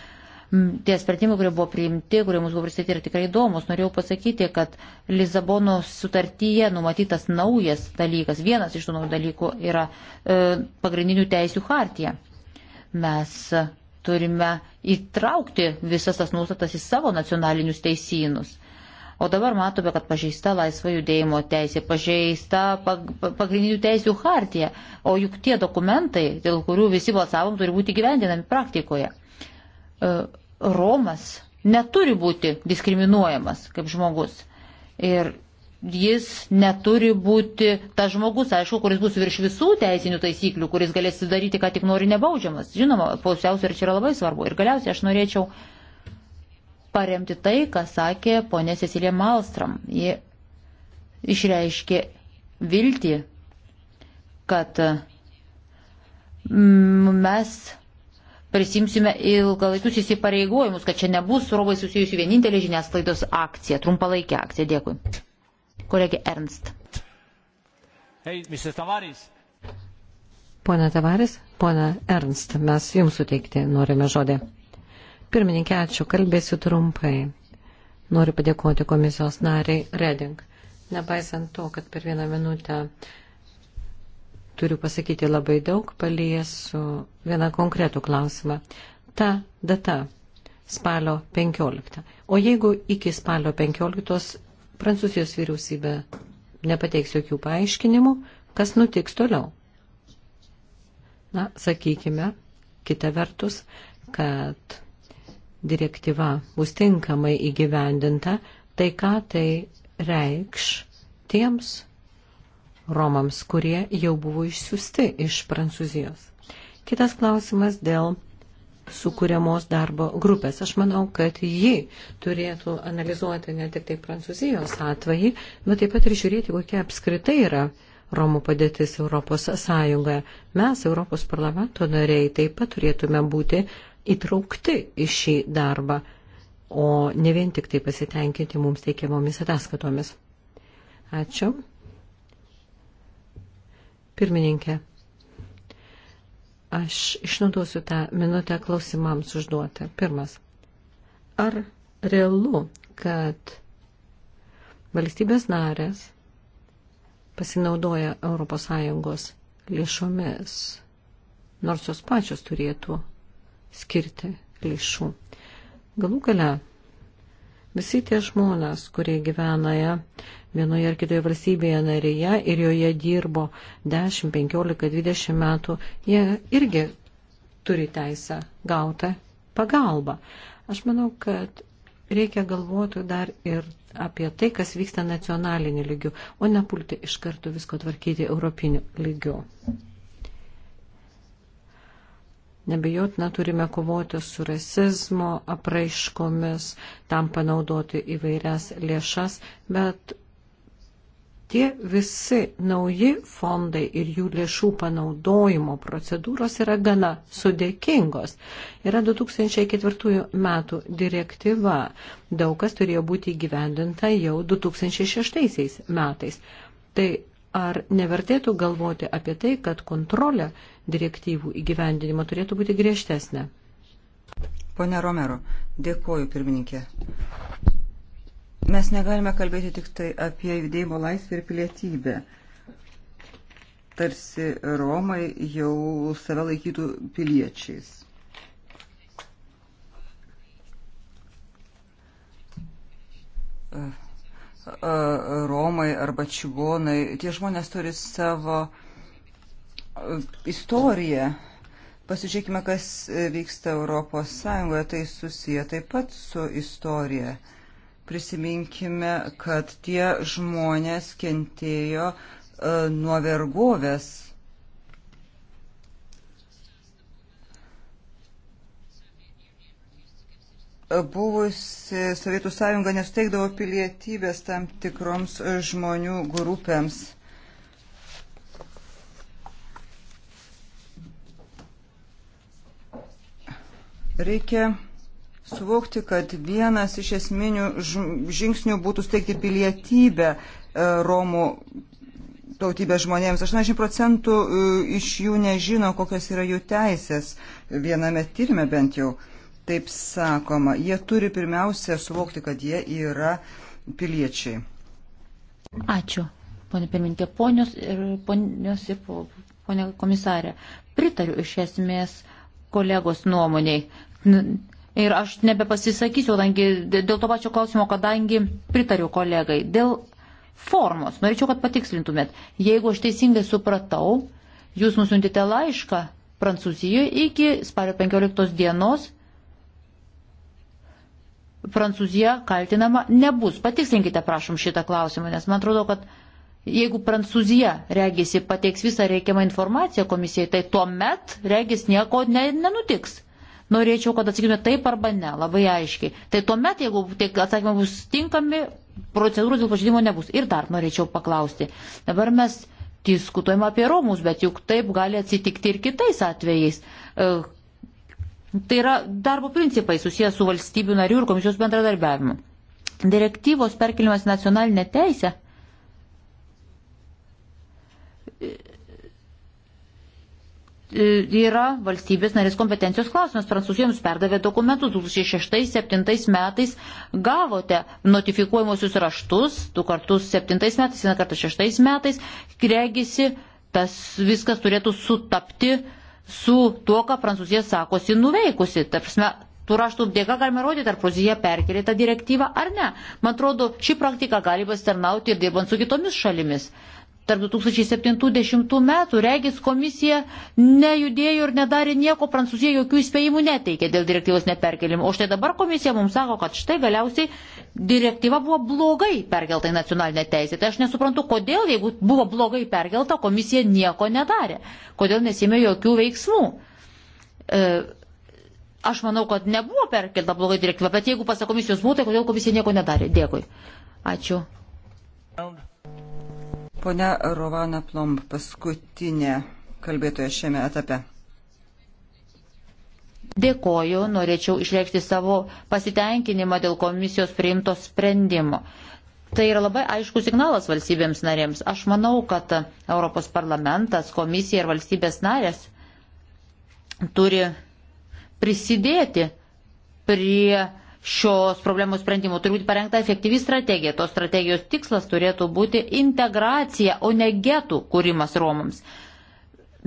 Mm, tie sprendimai, kurie buvo priimti, kurie mums buvo pristatyti, yra tikrai įdomus. Norėjau pasakyti, kad Lizabono sutartyje numatytas naujas dalykas, vienas iš tų naujų dalykų yra e, pagrindinių teisių hartija. Mes turime įtraukti visas tas nuostatas į savo nacionalinius teisynus. O dabar matome, kad pažeista laisvo judėjimo teisė, pažeista pag pagrindinių teisių hartija, o juk tie dokumentai, dėl kurių visi balsavom, turi būti gyvendinami praktikoje. E, Romas neturi būti diskriminuojamas kaip žmogus. Ir jis neturi būti tas žmogus, aišku, kuris bus virš visų teisinių taisyklių, kuris galės daryti, ką tik nori, nebaudžiamas. Žinoma, pausiausio ir čia yra labai svarbu. Ir galiausiai aš norėčiau paremti tai, ką sakė ponė Cecilija Malstram. Ji išreiškė viltį, kad mes prisimsime ilgalaikius įsipareigojimus, kad čia nebus robai susijusi vienintelė žiniasklaidos akcija, trumpalaikė akcija. Dėkui. Kolegė Ernst. Hey, Pone Tavaris, pone Ernst, mes jums suteikti norime žodį. Pirmininkė, ačiū, kalbėsiu trumpai. Noriu padėkoti komisijos nariai Reding. Nepaisant to, kad per vieną minutę turiu pasakyti labai daug, paliesiu vieną konkretų klausimą. Ta data spalio 15. O jeigu iki spalio 15 Prancūzijos vyriausybė nepateiks jokių paaiškinimų, kas nutiks toliau? Na, sakykime, kita vertus, kad direktyva bus tinkamai įgyvendinta, tai ką tai reikš tiems Romams, kurie jau buvo išsiusti iš Prancūzijos. Kitas klausimas dėl sukūriamos darbo grupės. Aš manau, kad ji turėtų analizuoti ne tik tai Prancūzijos atvejį, bet taip pat ir žiūrėti, kokia apskritai yra Romų padėtis Europos Sąjungoje. Mes, Europos parlamento nariai, taip pat turėtume būti įtraukti į šį darbą, o ne vien tik tai pasitenkinti mums teikiamomis ataskatomis. Ačiū. Pirmininkė, aš išnaudosiu tą minutę klausimams užduoti. Pirmas. Ar realu, kad valstybės narės pasinaudoja ES lėšomis, nors jos pačios turėtų skirti lėšų. Galų gale, visi tie žmonės, kurie gyvenoja vienoje ar kitoje valstybėje narėje ir joje dirbo 10, 15, 20 metų, jie irgi turi teisę gauti pagalbą. Aš manau, kad reikia galvoti dar ir apie tai, kas vyksta nacionaliniu lygiu, o nepulti iš karto visko tvarkyti europiniu lygiu. Nebejotina turime kovoti su rasizmo apraiškomis, tam panaudoti įvairias lėšas, bet Tie visi nauji fondai ir jų lėšų panaudojimo procedūros yra gana sudėkingos. Yra 2004 metų direktyva. Daug kas turėjo būti įgyvendinta jau 2006 metais. Tai ar nevertėtų galvoti apie tai, kad kontrolė direktyvų įgyvendinimo turėtų būti griežtesnė? Pone Romero, dėkoju pirmininkė. Mes negalime kalbėti tik tai apie judėjimo laisvę ir pilietybę. Tarsi Romai jau save laikytų piliečiais. Romai arba čigonai, tie žmonės turi savo istoriją. Pasižiūrėkime, kas vyksta Europos Sąjungoje, tai susiję taip pat su istorija. Uh, Prisiminkime, kad tie žmonės kentėjo e, nuo vergovės. Buvusi Sovietų sąjunga nesuteikdavo pilietybės tam tikroms žmonių grupėms. Reikia suvokti, kad vienas iš esminių žingsnių būtų steigti pilietybę e, Romų tautybės žmonėms. 80 procentų e, iš jų nežino, kokios yra jų teisės viename tyrimė bent jau. Taip sakoma, jie turi pirmiausia suvokti, kad jie yra piliečiai. Ačiū, ponė pirmininkė, ponios ir, ponios ir ponė komisarė. Pritariu iš esmės kolegos nuomoniai. Ir aš nebepasisakysiu, kadangi dėl to pačio klausimo, kadangi pritariu kolegai. Dėl formos, norėčiau, kad patikslintumėt. Jeigu aš teisingai supratau, jūs nusintite laišką Prancūzijoje iki spario 15 dienos. Prancūzija kaltinama nebus. Patikslinkite, prašom, šitą klausimą, nes man atrodo, kad Jeigu Prancūzija, regisi, pateiks visą reikiamą informaciją komisijai, tai tuo met, regis, nieko ne, nenutiks norėčiau, kad atsakytumėte taip arba ne, labai aiškiai. Tai tuomet, jeigu tie atsakymai bus tinkami, procedūrų dėl pažydimo nebus. Ir dar norėčiau paklausti. Dabar mes diskutuojam apie Romus, bet juk taip gali atsitikti ir kitais atvejais. E, tai yra darbo principai susijęs su valstybių narių ir komisijos bendradarbiavimu. Direktyvos perkelimas nacionalinė teisė yra valstybės narės kompetencijos klausimas. Prancūzija jums perdavė dokumentus 2006-2007 metais, gavote notifikuojamosius raštus, du kartus 7 metais, vieną kartą 6 metais, regisi, tas viskas turėtų sutapti su tuo, ką Prancūzija sakosi nuveikusi. Tarpsme, tų raštų dėka galime rodyti, ar Prancūzija perkelė tą direktyvą ar ne. Man atrodo, ši praktika gali pasitarnauti ir dirbant su kitomis šalimis. Tarp 2070 metų Regis komisija nejudėjo ir nedarė nieko, Prancūzija jokių įspėjimų neteikė dėl direktyvos neperkelimo. O štai dabar komisija mums sako, kad štai galiausiai direktyva buvo blogai perkelta į nacionalinę teisę. Tai aš nesuprantu, kodėl, jeigu buvo blogai perkelta, komisija nieko nedarė. Kodėl nesėmė jokių veiksmų. E, Aš manau, kad nebuvo perkelta blogai direktyva, bet jeigu pasak komisijos būtų, tai kodėl komisija nieko nedarė. Dėkui. Ačiū. Pone Rovana Plomb, paskutinė kalbėtoja šiame etape. Dėkoju, norėčiau išreikšti savo pasitenkinimą dėl komisijos priimto sprendimo. Tai yra labai aiškus signalas valstybėms narėms. Aš manau, kad Europos parlamentas, komisija ir valstybės narės turi prisidėti prie šios problemos sprendimo. Turi būti parengta efektyvi strategija. Tos strategijos tikslas turėtų būti integracija, o ne getų kūrimas Romams.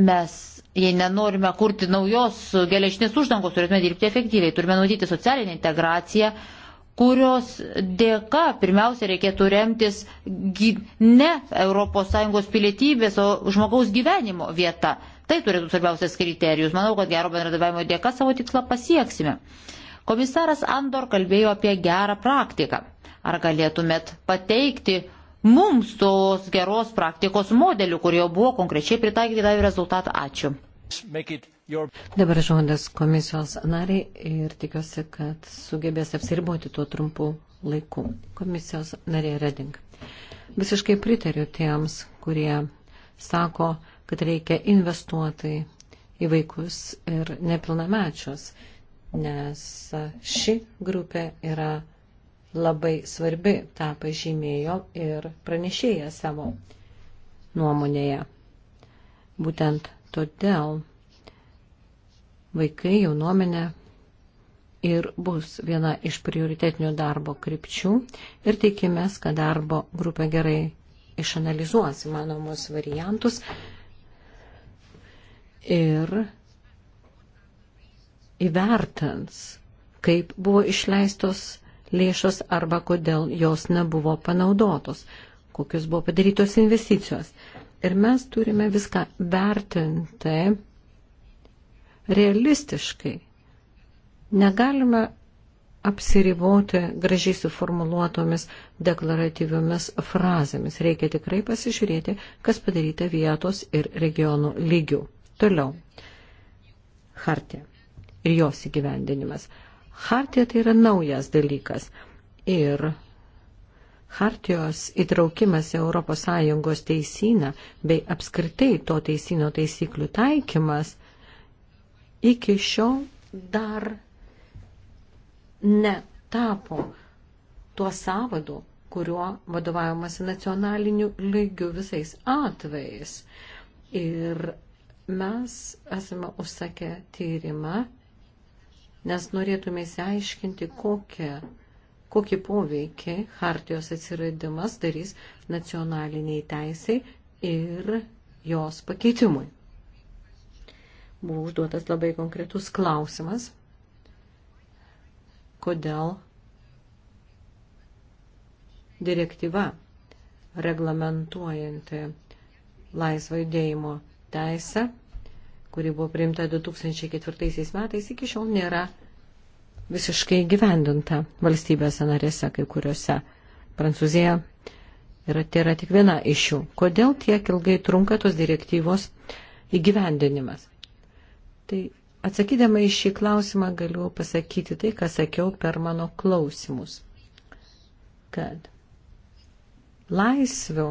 Mes, jei nenorime kurti naujos geležinės uždangos, turėtume dirbti efektyviai, turime naudyti socialinę integraciją, kurios dėka pirmiausia reikėtų remtis ne ES pilietybės, o žmogaus gyvenimo vieta. Tai turėtų svarbiausias kriterijus. Manau, kad gero bendradarbiavimo dėka savo tikslą pasieksime. Uh, Komisaras Andor kalbėjo apie gerą praktiką. Ar galėtumėt pateikti mums tos geros praktikos modelių, kurio buvo konkrečiai pritaikyti davė rezultatą? Ačiū. Your... Dabar žodis komisijos nariai ir tikiuosi, kad sugebės apsiriboti tuo trumpu laiku. Komisijos narė Reding. Visiškai pritariu tiems, kurie sako, kad reikia investuoti į vaikus ir nepilnamečius nes ši grupė yra labai svarbi, tą pažymėjo ir pranešėja savo nuomonėje. Būtent todėl vaikai, jaunuomenė ir bus viena iš prioritetinių darbo krypčių ir tikimės, kad darbo grupė gerai išanalizuos įmanomus variantus ir įvertins, kaip buvo išleistos lėšos arba kodėl jos nebuvo panaudotos, kokius buvo padarytos investicijos. Ir mes turime viską vertinti realistiškai. Negalime apsiriboti gražiai suformuluotomis deklaratyviomis frazėmis. Reikia tikrai pasižiūrėti, kas padaryta vietos ir regionų lygių. Toliau. Hartė ir jos įgyvendinimas. Hartija tai yra naujas dalykas ir Hartijos įtraukimas į ES teisyną bei apskritai to teisino taisyklių taikymas iki šiol dar netapo tuo savadu, kuriuo vadovaujamasi nacionaliniu lygiu visais atvejais. Ir mes esame užsakę tyrimą nes norėtume įsiaiškinti, kokią, kokį poveikį Hartijos atsiradimas darys nacionaliniai teisai ir jos pakeitimui. Buvo užduotas labai konkretus klausimas, kodėl direktyva reglamentuojanti laisvą judėjimo teisę kuri buvo priimta 2004 metais, iki šiol nėra visiškai gyvendinta valstybėse narėse, kai kuriuose. Prancūzija yra, tai yra tik viena iš jų. Kodėl tiek ilgai trunka tos direktyvos įgyvendinimas? Tai atsakydama į šį klausimą galiu pasakyti tai, ką sakiau per mano klausimus. Kad laisvių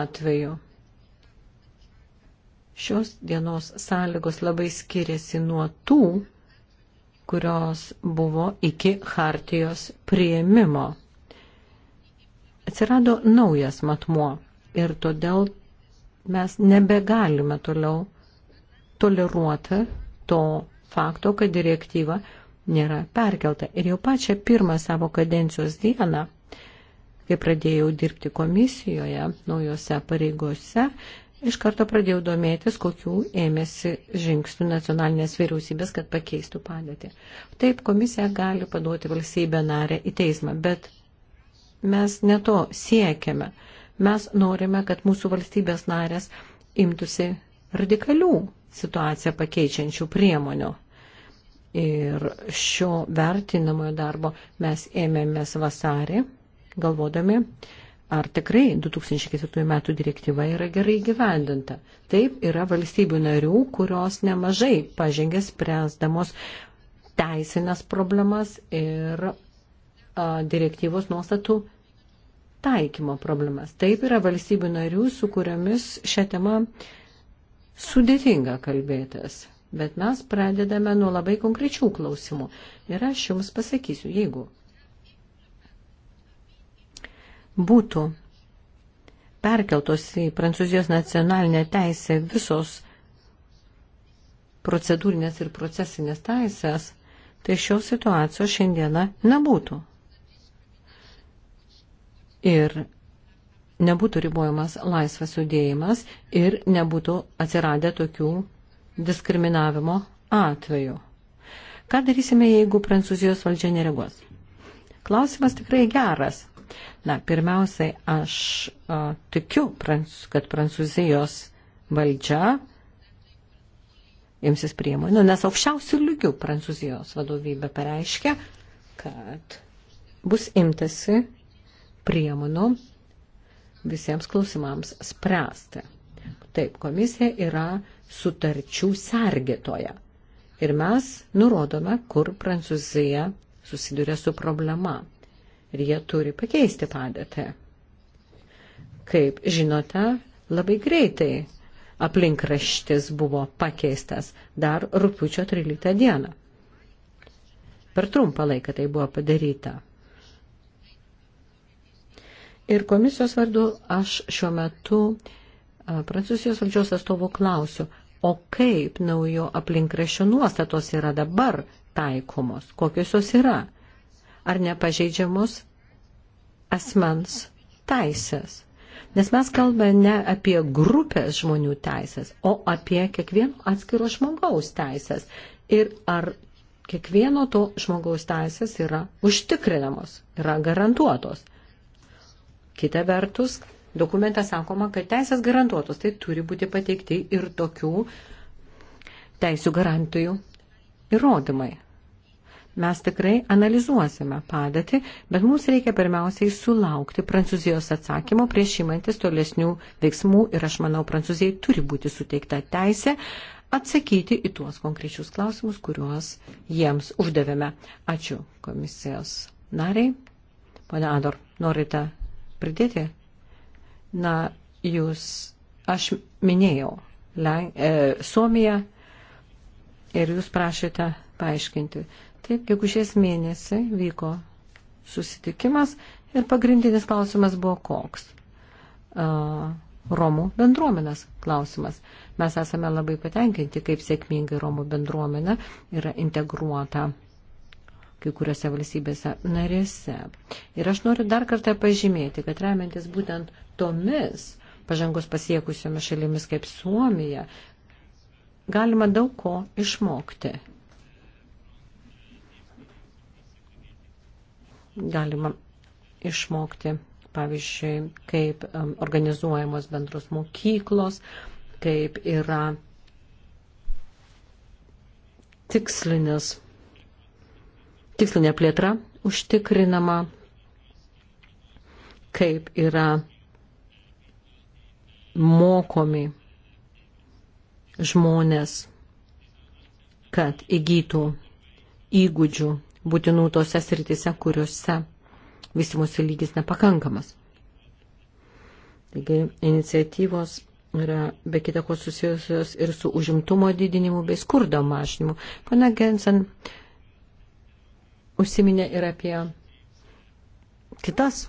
atveju Šios dienos sąlygos labai skiriasi nuo tų, kurios buvo iki hartijos prieimimo. Atsirado naujas matmuo ir todėl mes nebegalime toliau toleruoti to fakto, kad direktyva nėra perkelta. Ir jau pačią pirmą savo kadencijos dieną, kai pradėjau dirbti komisijoje naujose pareigose, iš karto pradėjau domėtis, kokių ėmėsi žingsnių nacionalinės vyriausybės, kad pakeistų padėtį. Taip, komisija gali paduoti valstybę narę į teismą, bet mes ne to siekiame. Mes norime, kad mūsų valstybės narės imtųsi radikalių situaciją pakeičiančių priemonių. Ir šio vertinamojo darbo mes ėmėmės vasarį, galvodami, ar tikrai 2004 metų direktyva yra gerai gyvendinta. Taip yra valstybių narių, kurios nemažai pažengė spręsdamos teisinės problemas ir a, direktyvos nuostatų taikymo problemas. Taip yra valstybių narių, su kuriomis šią temą sudėtinga kalbėtis. Bet mes pradedame nuo labai konkrečių klausimų. Ir aš jums pasakysiu, jeigu būtų perkeltos į Prancūzijos nacionalinę teisę visos procedūrinės ir procesinės teisės, tai šios situacijos šiandieną nebūtų. Ir nebūtų ribojamas laisvas judėjimas ir nebūtų atsiradę tokių diskriminavimo atvejų. Ką darysime, jeigu Prancūzijos valdžia nereaguos? Klausimas tikrai geras. Na, pirmiausiai, aš a, tikiu, kad Prancūzijos valdžia imsis priemonių, nes aukščiausių lygių Prancūzijos vadovybė pareiškia, kad bus imtasi priemonių visiems klausimams spręsti. Taip, komisija yra sutarčių sergėtoja. Ir mes nurodome, kur Prancūzija susiduria su problema ir jie turi pakeisti padėtį. Kaip žinote, labai greitai aplinkraštis buvo pakeistas dar rūpiučio 13 dieną. Per trumpą laiką tai buvo padaryta. Ir komisijos vardu aš šiuo metu Prancūzijos valdžios atstovų klausiu, o kaip naujo aplinkraščio nuostatos yra dabar taikomos, kokios jos yra ar nepažeidžiamus asmens teisės. Nes mes kalbame ne apie grupės žmonių teisės, o apie kiekvieno atskiro žmogaus teisės. Ir ar kiekvieno to žmogaus teisės yra užtikrinamos, yra garantuotos. Kita vertus, dokumente sakoma, kad teisės garantuotos, tai turi būti pateikti ir tokių teisų garantijų įrodymai. Mes tikrai analizuosime padėtį, bet mums reikia pirmiausiai sulaukti Prancūzijos atsakymo prieš imantis tolesnių veiksmų ir aš manau, Prancūzijai turi būti suteikta teisė atsakyti į tuos konkrečius klausimus, kuriuos jiems uždavėme. Ačiū komisijos nariai. Pone Ador, norite pridėti? Na, jūs, aš minėjau Len, e, Suomiją ir jūs prašėte paaiškinti. Taip, gegužės mėnesį vyko susitikimas ir pagrindinis klausimas buvo koks. Uh, Romų bendruomenės klausimas. Mes esame labai patenkinti, kaip sėkmingai Romų bendruomenė yra integruota kai kuriuose valstybėse narėse. Ir aš noriu dar kartą pažymėti, kad remiantis būtent tomis pažangos pasiekusiomis šalimis kaip Suomija, galima daug ko išmokti. galima išmokti, pavyzdžiui, kaip organizuojamos bendros mokyklos, kaip yra tikslinis, tikslinė plėtra užtikrinama, kaip yra mokomi žmonės, kad įgytų įgūdžių būtinų tose sritise, kuriuose vystimosi lygis nepakankamas. Taigi iniciatyvos yra be kitako susijusios ir su užimtumo didinimu bei skurdo mažinimu. Pana Gensen užsiminė ir apie kitas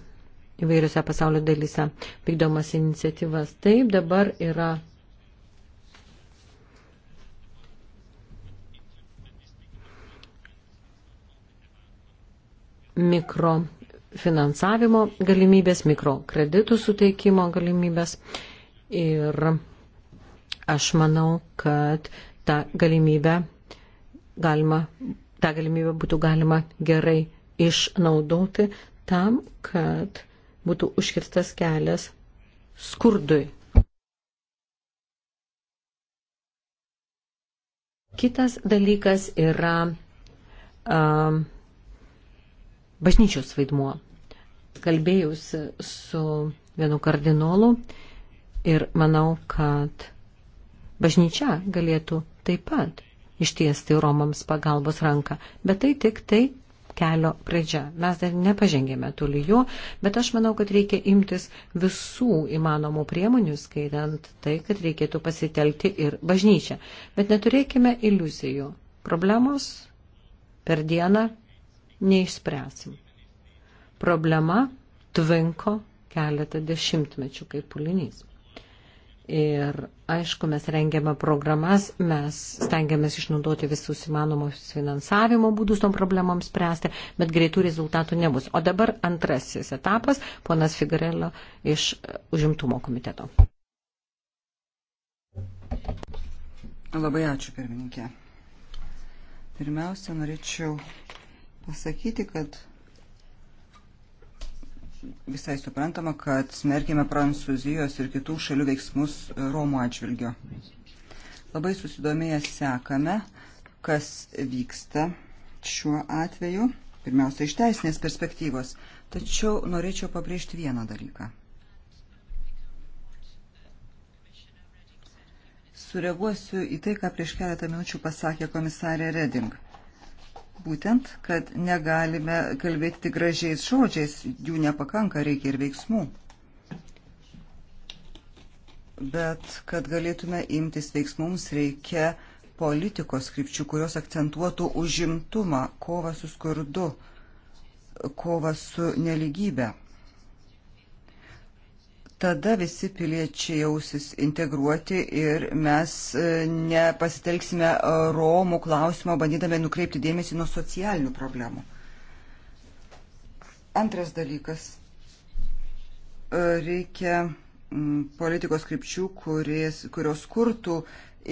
įvairiose pasaulio dalyse vykdomas iniciatyvas. Taip dabar yra mikrofinansavimo galimybės, mikrokreditų suteikimo galimybės. Ir aš manau, kad tą galimybę, galima, tą galimybę būtų galima gerai išnaudoti tam, kad būtų užkirstas kelias skurdui. Kitas dalykas yra um, bažnyčios vaidmuo. Kalbėjausi su vienu kardinolu ir manau, kad bažnyčia galėtų taip pat ištiesti Romams pagalbos ranką, bet tai tik tai kelio pradžia. Mes dar nepažengėme toli jo, bet aš manau, kad reikia imtis visų įmanomų priemonių, skaitant tai, kad reikėtų pasitelti ir bažnyčią. Bet neturėkime iliuzijų. Problemos per dieną neišspręsim. Problema tvinko keletą dešimtmečių kaip pulinys. Ir aišku, mes rengiame programas, mes stengiamės išnaudoti visus įmanomus finansavimo būdus tom problemams spręsti, bet greitų rezultatų nebus. O dabar antrasis etapas, ponas Figarelio iš e, užimtumo komiteto. Labai ačiū, pirmininkė. Pirmiausia, norėčiau pasakyti, kad visai suprantama, kad smerkime Prancūzijos ir kitų šalių veiksmus Romų atžvilgio. Labai susidomėję sekame, kas vyksta šiuo atveju, pirmiausia, iš teisinės perspektyvos. Tačiau norėčiau pabrėžti vieną dalyką. Sureaguosiu į tai, ką prieš keletą minučių pasakė komisarė Reding. Būtent, kad negalime kalbėti tik gražiais žodžiais, jų nepakanka, reikia ir veiksmų. Bet kad galėtume imtis veiksmums, reikia politikos krypčių, kurios akcentuotų užimtumą, kovą su skurdu, kovą su neligybė tada visi piliečiai jausis integruoti ir mes e, nepasitelksime e, Romų klausimo, bandydami nukreipti dėmesį nuo socialinių problemų. Antras dalykas. E, reikia politikos krypčių, kuris, kurios kurtų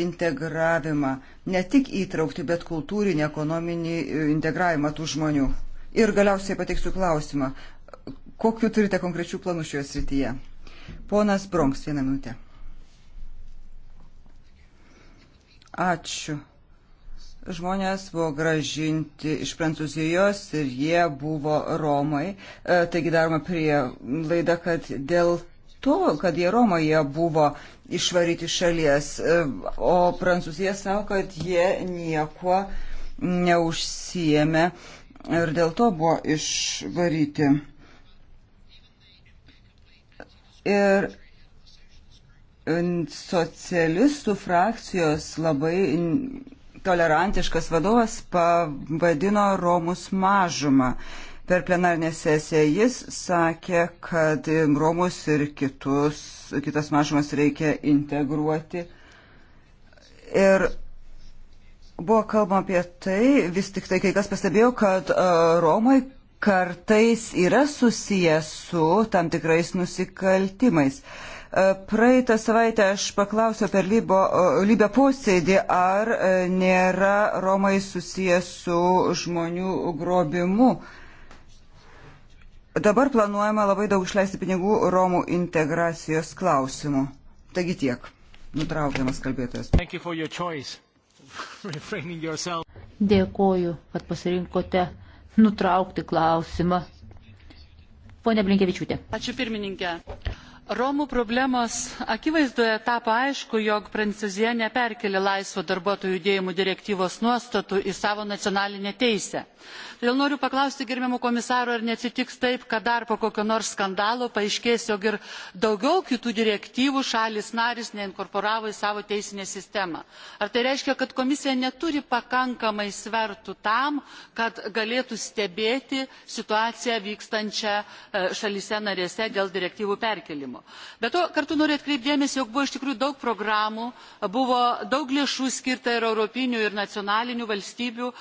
integravimą, ne tik įtraukti, bet kultūrinį, ekonominį integravimą tų žmonių. Ir galiausiai pateiksiu klausimą. Kokiu turite konkrečių planų šioje srityje? Ponas Bronks, vieną minutę. Ačiū. Žmonės buvo gražinti iš Prancūzijos ir jie buvo Romai. E, taigi daroma prie laida, kad dėl to, kad jie Romoje buvo išvaryti šalies, e, o Prancūzija savo, kad jie nieko neužsijėmė ir dėl to buvo išvaryti. Ir socialistų frakcijos labai tolerantiškas vadovas pavadino Romus mažumą. Per plenarnę sesiją jis sakė, kad Romus ir kitus, kitas mažumas reikia integruoti. Ir buvo kalbama apie tai, vis tik tai kai kas pastebėjo, kad e, Romai kartais yra susijęs su tam tikrais nusikaltimais. E, praeitą savaitę aš paklausiau per Lybo, Lybę posėdį, ar e, nėra Romai susijęs su žmonių grobimu. Dabar planuojama labai daug išleisti pinigų Romų integracijos klausimų. Taigi tiek. Nutraukiamas kalbėtojas. You <laughs> Dėkoju, kad pasirinkote nutraukti klausimą. Pone Blinkevičiūtė. Ačiū pirmininkė romų problemos akivaizdoje tapo aišku jog prancūzija neperkėlė laisvo darbuotojų judėjimo direktyvos nuostatų į savo nacionalinę teisę. todėl noriu paklausti gerbiamo komisaro ar neatsitiks taip kad dar po kokio nors skandalo paaiškės jog ir daugiau kitų direktyvų šalys narės neinkorporavo į savo teisinę sistemą. ar tai reiškia kad komisija neturi pakankamai svertų tam kad galėtų stebėti situaciją vykstančią e, šalyse narėse dėl direktyvų perkėlimo? gyvenimo. Be to, kartu noriu atkreipdėmėsi, jog buvo iš tikrųjų daug programų, buvo daug lėšų skirta ir europinių, ir nacionalinių valstybių,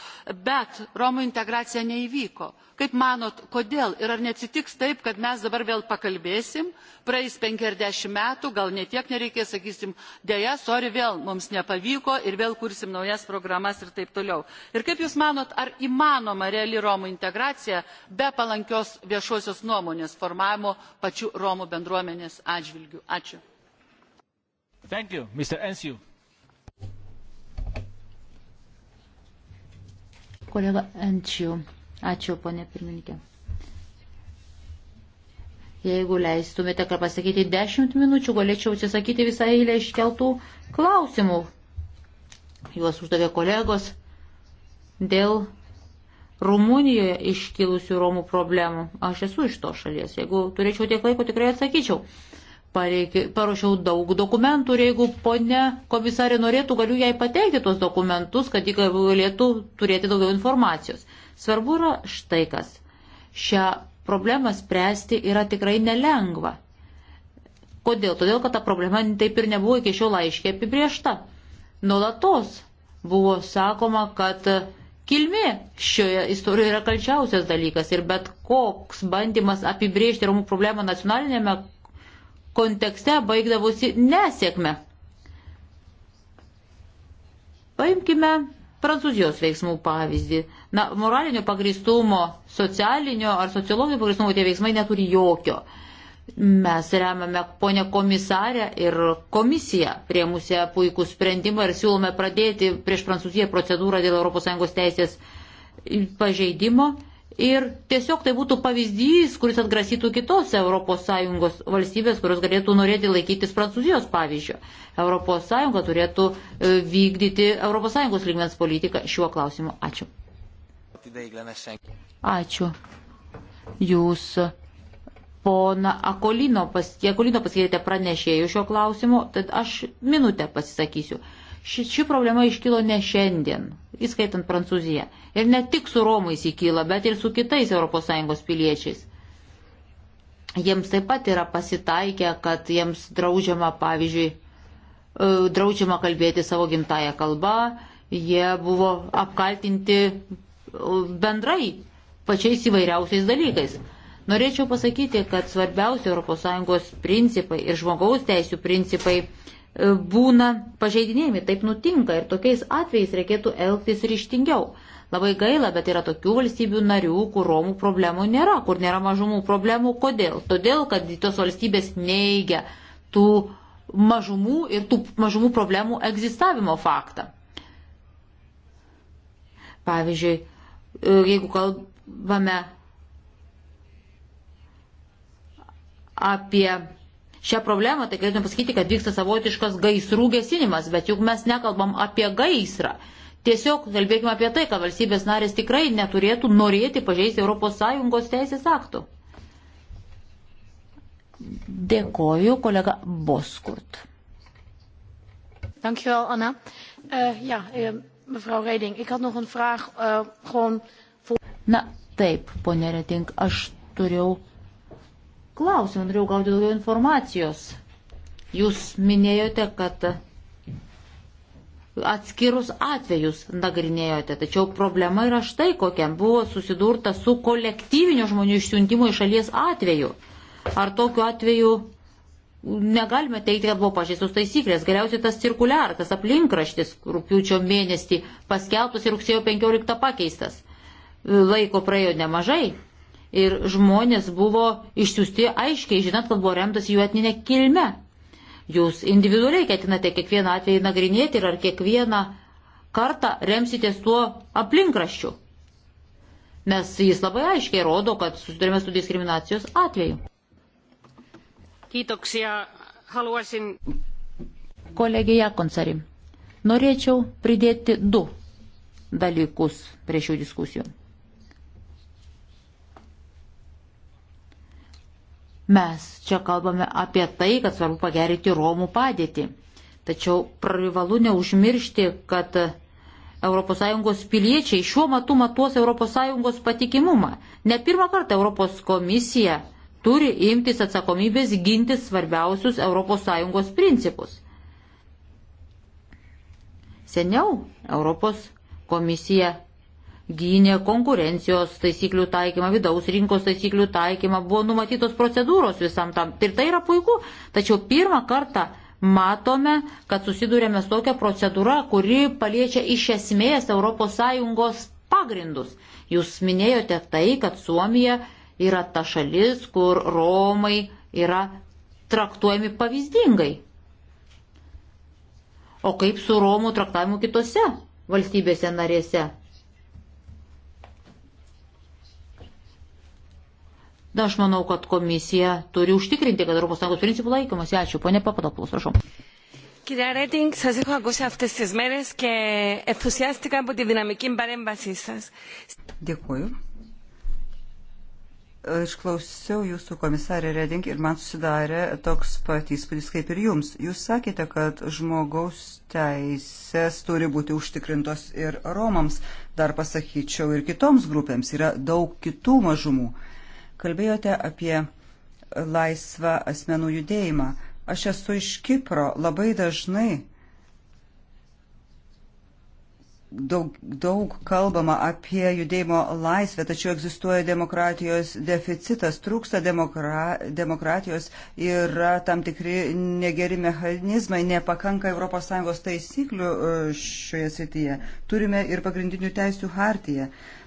bet Romų integracija neįvyko Kaip manot, kodėl ir ar neatsitiks taip, kad mes dabar vėl pakalbėsim, praeis 50 metų, gal netiek nereikės, sakysim, dėja, sorry, vėl mums nepavyko ir vėl kursim naujas programas ir taip toliau. Ir kaip Jūs manot, ar įmanoma reali Romų integracija be palankios viešosios nuomonės formavimo pačių Romų bendruomenės atžvilgių? Ačiū. Thank you, Mr. Ensiu. Kolega Enčiu. Ačiū, ponė pirmininkė. Jeigu leistumėte, ką pasakyti, 10 minučių galėčiau atsisakyti visą eilę iškeltų klausimų. Juos uždavė kolegos dėl Rumunijoje iškilusių Romų problemų. Aš esu iš to šalies. Jeigu turėčiau tiek laiko, tikrai atsakyčiau. Pareikia, paruošiau daug dokumentų ir jeigu ponia komisarė norėtų, galiu jai pateikti tuos dokumentus, kad ji galėtų turėti daugiau informacijos. Svarbu yra štai kas. Šią problemą spręsti yra tikrai nelengva. Kodėl? Todėl, kad ta problema taip ir nebuvo iki šiol aiškiai apibriešta. Nuolatos buvo sakoma, kad kilmė šioje istorijoje yra kalčiausias dalykas ir bet koks bandymas apibriežti romų problemą nacionalinėme kontekste baigdavosi nesėkme. Paimkime Prancūzijos veiksmų pavyzdį. Na, moralinio pagristumo, socialinio ar sociologinio pagristumo tie veiksmai neturi jokio. Mes remiame ponę komisarę ir komisiją, priemusią puikų sprendimą ir siūlome pradėti prieš Prancūziją procedūrą dėl ES teisės pažeidimo Ir tiesiog tai būtų pavyzdys, kuris atgrasytų kitos ES valstybės, kurios galėtų norėti laikytis Prancūzijos pavyzdžio. ES turėtų e, vykdyti ES lygmens politiką šiuo klausimu. Ačiū. Ačiū. Jūs pona Akolino, pas, Akolino pasikėtėte pranešėjų šio klausimu, tad aš minutę pasisakysiu. Ši, ši problema iškilo ne šiandien, įskaitant Prancūziją. Ir ne tik su Romais įkyla, bet ir su kitais ES piliečiais. Jiems taip pat yra pasitaikę, kad jiems draudžiama, pavyzdžiui, e, draudžiama kalbėti savo gimtają kalbą, jie buvo apkaltinti e, bendrai pačiais įvairiausiais dalykais. Norėčiau pasakyti, kad svarbiausi ES principai ir žmogaus teisų principai E, būna pažeidinėjami, taip nutinka ir tokiais atvejais reikėtų elgtis ryštingiau. Labai gaila, bet yra tokių valstybių narių, kur romų problemų nėra, kur nėra mažumų problemų. Kodėl? Todėl, kad tos valstybės neigia tų mažumų ir tų mažumų problemų egzistavimo faktą. Pavyzdžiui, e, jeigu kalbame apie šią problemą, tai galėtume pasakyti, kad vyksta savotiškas gaisrų gesinimas, bet juk mes nekalbam apie gaisrą. Tiesiog kalbėkime apie tai, kad valstybės narės tikrai neturėtų norėti pažeisti ES teisės aktų. Dėkoju, kolega Boskurt. Dankjewel, Anna. Uh, ja, uh, mevrouw Reding, ik had nog een vraag uh, gewoon voor... Na, taip, ponė Reding, aš turėjau klausimų, norėjau gauti daugiau informacijos. Jūs minėjote, kad atskirus atvejus nagrinėjote, tačiau problema yra štai kokia. Buvo susidurta su kolektyviniu žmonių išsiuntimu iš šalies atveju. Ar tokiu atveju negalime teikti, kad buvo pažeistos taisyklės. Galiausiai tas cirkuliaras, tas aplinkraštis rūpiučio mėnesį paskelbtas ir rugsėjo 15 pakeistas. Laiko praėjo nemažai, ir žmonės buvo išsiųsti aiškiai, žinot, kad buvo remtas jų etninė kilme. Jūs individualiai ketinate kiekvieną atvejį nagrinėti ir ar kiekvieną kartą remsitės tuo aplinkraščiu. Nes jis labai aiškiai rodo, kad susidurime su diskriminacijos atveju. Kiitoksia. Haluaisin. Kolegija Konsari, norėčiau pridėti du dalykus prie šių diskusijų. Mes čia kalbame apie tai, kad svarbu pagerinti Romų padėtį. Tačiau privalu neužmiršti, kad ES piliečiai šiuo metu matuos ES patikimumą. Ne pirmą kartą ES komisija turi imtis atsakomybės ginti svarbiausius ES principus. Seniau ES komisija gynė konkurencijos taisyklių taikymą, vidaus rinkos taisyklių taikymą, buvo numatytos procedūros visam tam. Ir tai yra puiku, tačiau pirmą kartą matome, kad susidurėme su tokia procedūra, kuri paliečia iš esmės ES pagrindus. Jūs minėjote tai, kad Suomija yra ta šalis, kur Romai yra traktuojami pavyzdingai. O kaip su Romų traktavimu kitose valstybėse narėse? Da, aš manau, kad komisija turi užtikrinti, kad ES principų laikomasi. Ačiū, ponė Papadopoulos, prašau. Κυρία Ρέτινγκ, σα έχω ακούσει αυτέ τι μέρε και ενθουσιάστηκα από τη δυναμική παρέμβασή σα. Dėkuoju. Išklausiau jūsų komisarė Reding ir man susidarė toks pat įspūdis kaip ir jums. Jūs sakėte, kad žmogaus teisės turi būti užtikrintos ir Romams, dar pasakyčiau, ir kitoms grupėms. Yra daug kitų mažumų. Uh, Kalbėjote apie laisvą asmenų judėjimą. Aš esu iš Kipro labai dažnai. Daug, daug kalbama apie judėjimo laisvę, tačiau egzistuoja demokratijos deficitas, trūksta demokra, demokratijos, yra tam tikri negeri mechanizmai, nepakanka ES taisyklių e, šioje srityje. Turime ir pagrindinių teisų hartiją. Uh,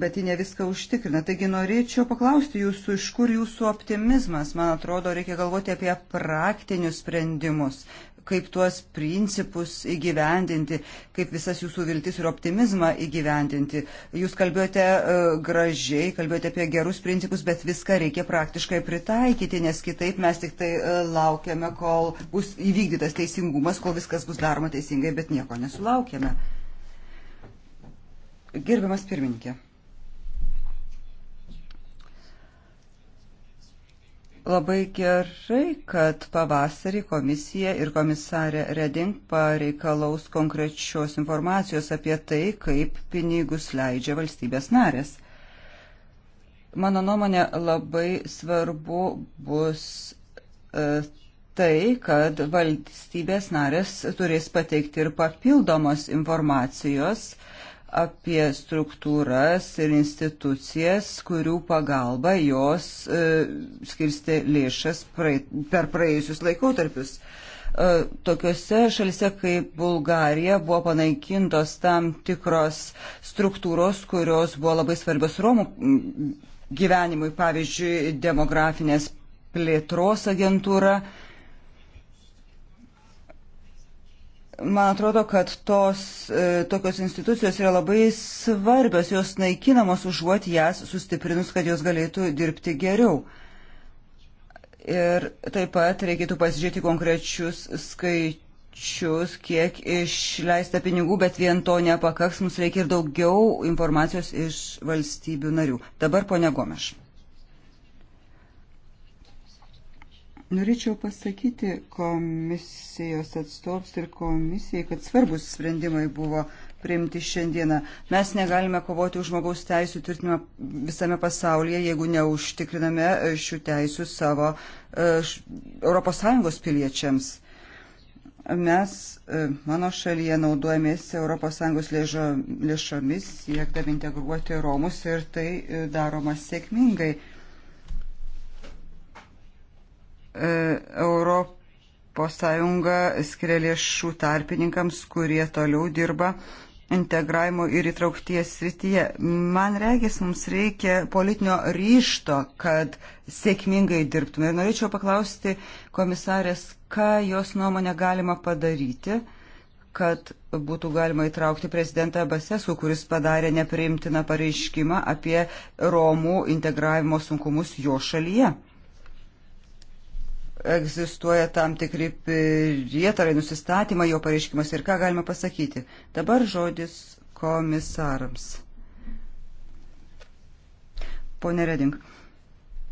bet ji ne viską užtikrina. Taigi norėčiau paklausti jūsų, iš kur jūsų optimizmas, man atrodo, reikia galvoti apie praktinius sprendimus, kaip tuos principus įgyvendinti, kaip visas jūsų viltis ir optimizmą įgyvendinti. Jūs kalbėjote uh, gražiai, kalbėjote apie gerus principus, bet viską reikia praktiškai pritaikyti, nes kitaip mes tik tai uh, laukiame, kol bus įvykdytas teisingumas, kol viskas bus daroma teisingai, bet nieko nesulaukėme. Gerbiamas pirmininkė. Labai gerai, kad pavasarį komisija ir komisarė Reding pareikalaus konkrečios informacijos apie tai, kaip pinigus leidžia valstybės narės. Mano nuomonė labai svarbu bus e, tai, kad valstybės narės turės pateikti ir papildomos informacijos e, apie struktūras ir institucijas, kurių pagalba jos e, skirsti lėšas prae, per praėjusius laikotarpius. E, tokiuose šalise kaip Bulgarija buvo panaikintos tam tikros struktūros, kurios buvo labai svarbios Romų gyvenimui, pavyzdžiui, demografinės plėtros agentūra. E, Man atrodo, kad tos e, tokios institucijos yra labai svarbios, jos naikinamos užuot jas sustiprinus, kad jos galėtų dirbti geriau. Ir taip pat reikėtų pasižiūrėti konkrečius skaičius, kiek išleista pinigų, bet vien to nepakaks, mums reikia ir daugiau informacijos iš valstybių narių. Dabar ponia Gomeš. Norėčiau pasakyti komisijos atstovams ir komisijai, kad svarbus sprendimai buvo priimti šiandieną. Mes negalime kovoti už žmogaus teisų tvirtinimą visame pasaulyje, jeigu neužtikriname šių teisų savo ES piliečiams. Mes e, mano šalyje naudojamės ES lėšomis, siekdami integruoti Romus ir tai e, daroma sėkmingai E, Europos Sąjunga skiria lėšų tarpininkams, kurie toliau dirba integravimo ir įtraukties srityje. Man regis, mums reikia politinio ryšto, kad sėkmingai dirbtume. Ir norėčiau paklausti komisarės, ką jos nuomonė galima padaryti, kad būtų galima įtraukti prezidentą Basesų, kuris padarė nepriimtiną pareiškimą apie Romų integravimo sunkumus jo šalyje egzistuoja tam tikri prietarai, nusistatymai jo pareiškimas ir ką galima pasakyti. Dabar žodis komisarams. Pone Reding,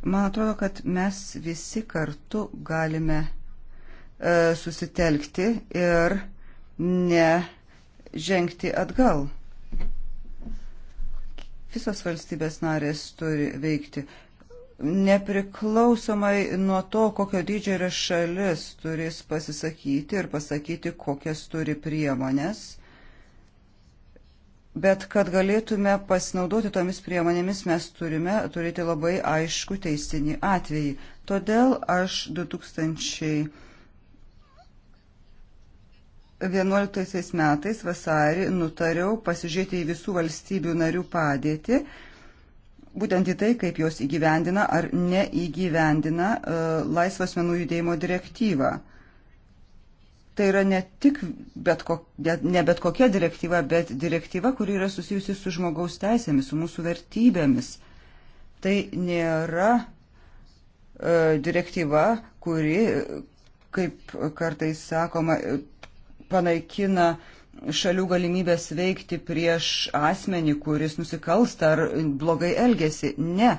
man atrodo, kad mes visi kartu galime e, susitelkti ir ne žengti atgal. Visos valstybės narės turi veikti. E, nepriklausomai nuo to, kokio dydžio yra šalis, turės pasisakyti ir pasakyti, kokias turi priemonės. Bet kad galėtume pasinaudoti tomis priemonėmis, mes turime turėti labai aišku teisinį atvejį. Todėl aš 2011 metais vasarį nutariau pasižiūrėti į visų valstybių narių padėtį būtent į tai, kaip jos įgyvendina ar neįgyvendina e, laisvas menų judėjimo direktyvą. Tai yra ne, tik bet ko, ne bet kokia direktyva, bet direktyva, kuri yra susijusi su žmogaus teisėmis, su mūsų vertybėmis. Tai nėra e, direktyva, kuri, kaip kartais sakoma, panaikina uh, šalių galimybės veikti prieš asmenį, kuris nusikalsta ar blogai elgesi. Ne.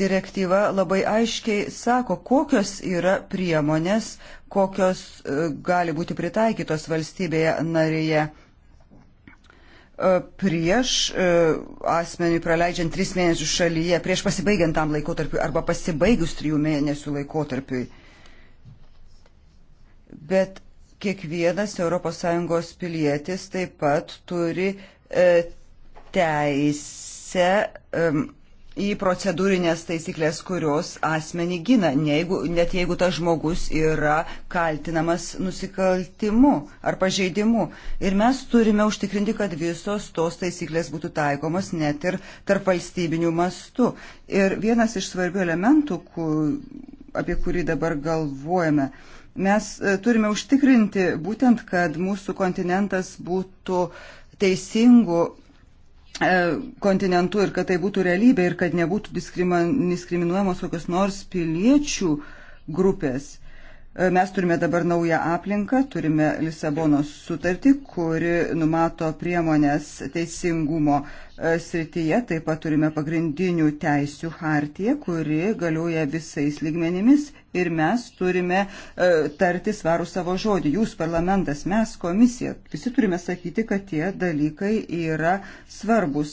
Direktyva labai aiškiai sako, kokios yra priemonės, kokios e, gali būti pritaikytos valstybėje narėje e, prieš e, asmenį praleidžiant tris mėnesius šalyje, prieš pasibaigiant tam laikotarpiu arba pasibaigus trijų mėnesių laikotarpiui. Bet kiekvienas ES pilietis taip pat turi e, teisę į procedūrinės taisyklės, kurios asmenį gina, jeigu, net jeigu tas žmogus yra kaltinamas nusikaltimu ar pažeidimu. Ir mes turime užtikrinti, kad visos tos taisyklės būtų taikomos net ir tarp valstybinių mastų. Ir vienas iš svarbių elementų, kur, apie kurį dabar galvojame, Mes e, turime užtikrinti būtent, kad mūsų kontinentas būtų teisingų e, kontinentų ir kad tai būtų realybė ir kad nebūtų diskriminuojamos kokios nors piliečių grupės. E, mes turime dabar naują aplinką, turime Lisabonos sutartį, kuri numato priemonės teisingumo e, srityje, taip pat turime pagrindinių teisių hartiją, kuri galioja visais lygmenimis ir mes turime e, tarti svarų savo žodį. Jūs parlamentas, mes komisija, visi turime sakyti, kad tie dalykai yra svarbus.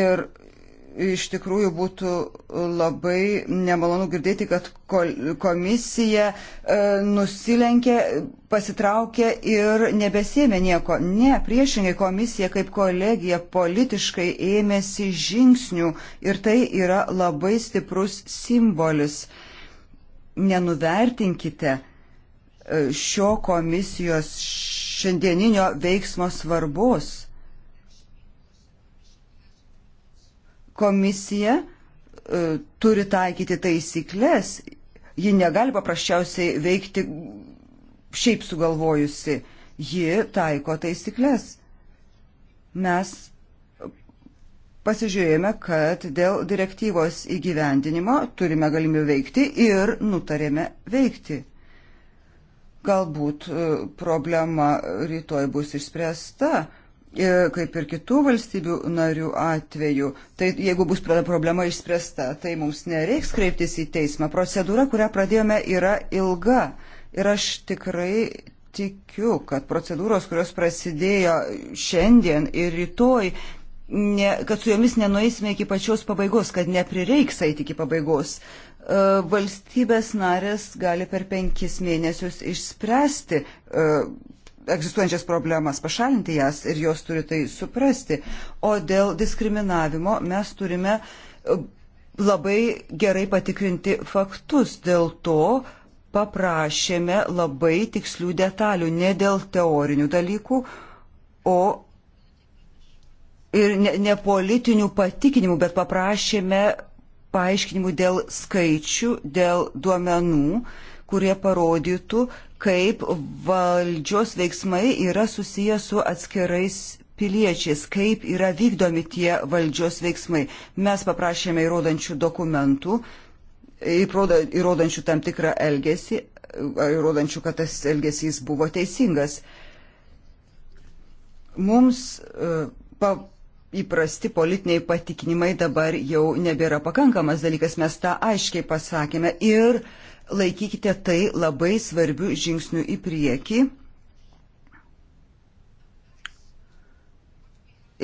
Ir iš tikrųjų būtų labai nemalonu girdėti, kad komisija e, nusilenkė, pasitraukė ir nebesėmė nieko. Ne, priešingai komisija kaip kolegija politiškai ėmėsi žingsnių ir tai yra labai stiprus simbolis. Nenuvertinkite e, šio komisijos šiandieninio veiksmo svarbos komisija e, turi taikyti taisyklės, ji negali paprasčiausiai veikti šiaip sugalvojusi, ji taiko taisyklės. Mes pasižiūrėjome, kad dėl direktyvos įgyvendinimo turime galimybę veikti ir nutarėme veikti. Galbūt e, problema rytoj bus išspręsta E, kaip ir kitų valstybių narių atveju. Tai jeigu bus problema išspręsta, tai mums nereiks kreiptis į teismą. Procedūra, kurią pradėjome, yra ilga. Ir aš tikrai tikiu, kad procedūros, kurios prasidėjo šiandien ir rytoj, ne, kad su jomis nenueisime iki pačios pabaigos, kad neprireiks eiti iki pabaigos. E, valstybės narės gali per penkis mėnesius išspręsti e, egzistuojančias problemas, pašalinti jas ir jos turi tai suprasti. O dėl diskriminavimo mes turime e, labai gerai patikrinti faktus. Dėl to paprašėme labai tikslių detalių, ne dėl teorinių dalykų, o ir ne, ne politinių patikinimų, bet paprašėme paaiškinimų dėl skaičių, dėl duomenų kurie parodytų, kaip valdžios veiksmai yra susiję su atskirais piliečiais, kaip yra vykdomi tie valdžios veiksmai. Mes paprašėme įrodančių dokumentų, įrodančių tam tikrą elgesį, įrodančių, kad tas elgesys buvo teisingas. Mums e, pa, įprasti politiniai patikinimai dabar jau nebėra pakankamas dalykas, mes tą aiškiai pasakėme ir uh, laikykite tai labai svarbių žingsnių į priekį.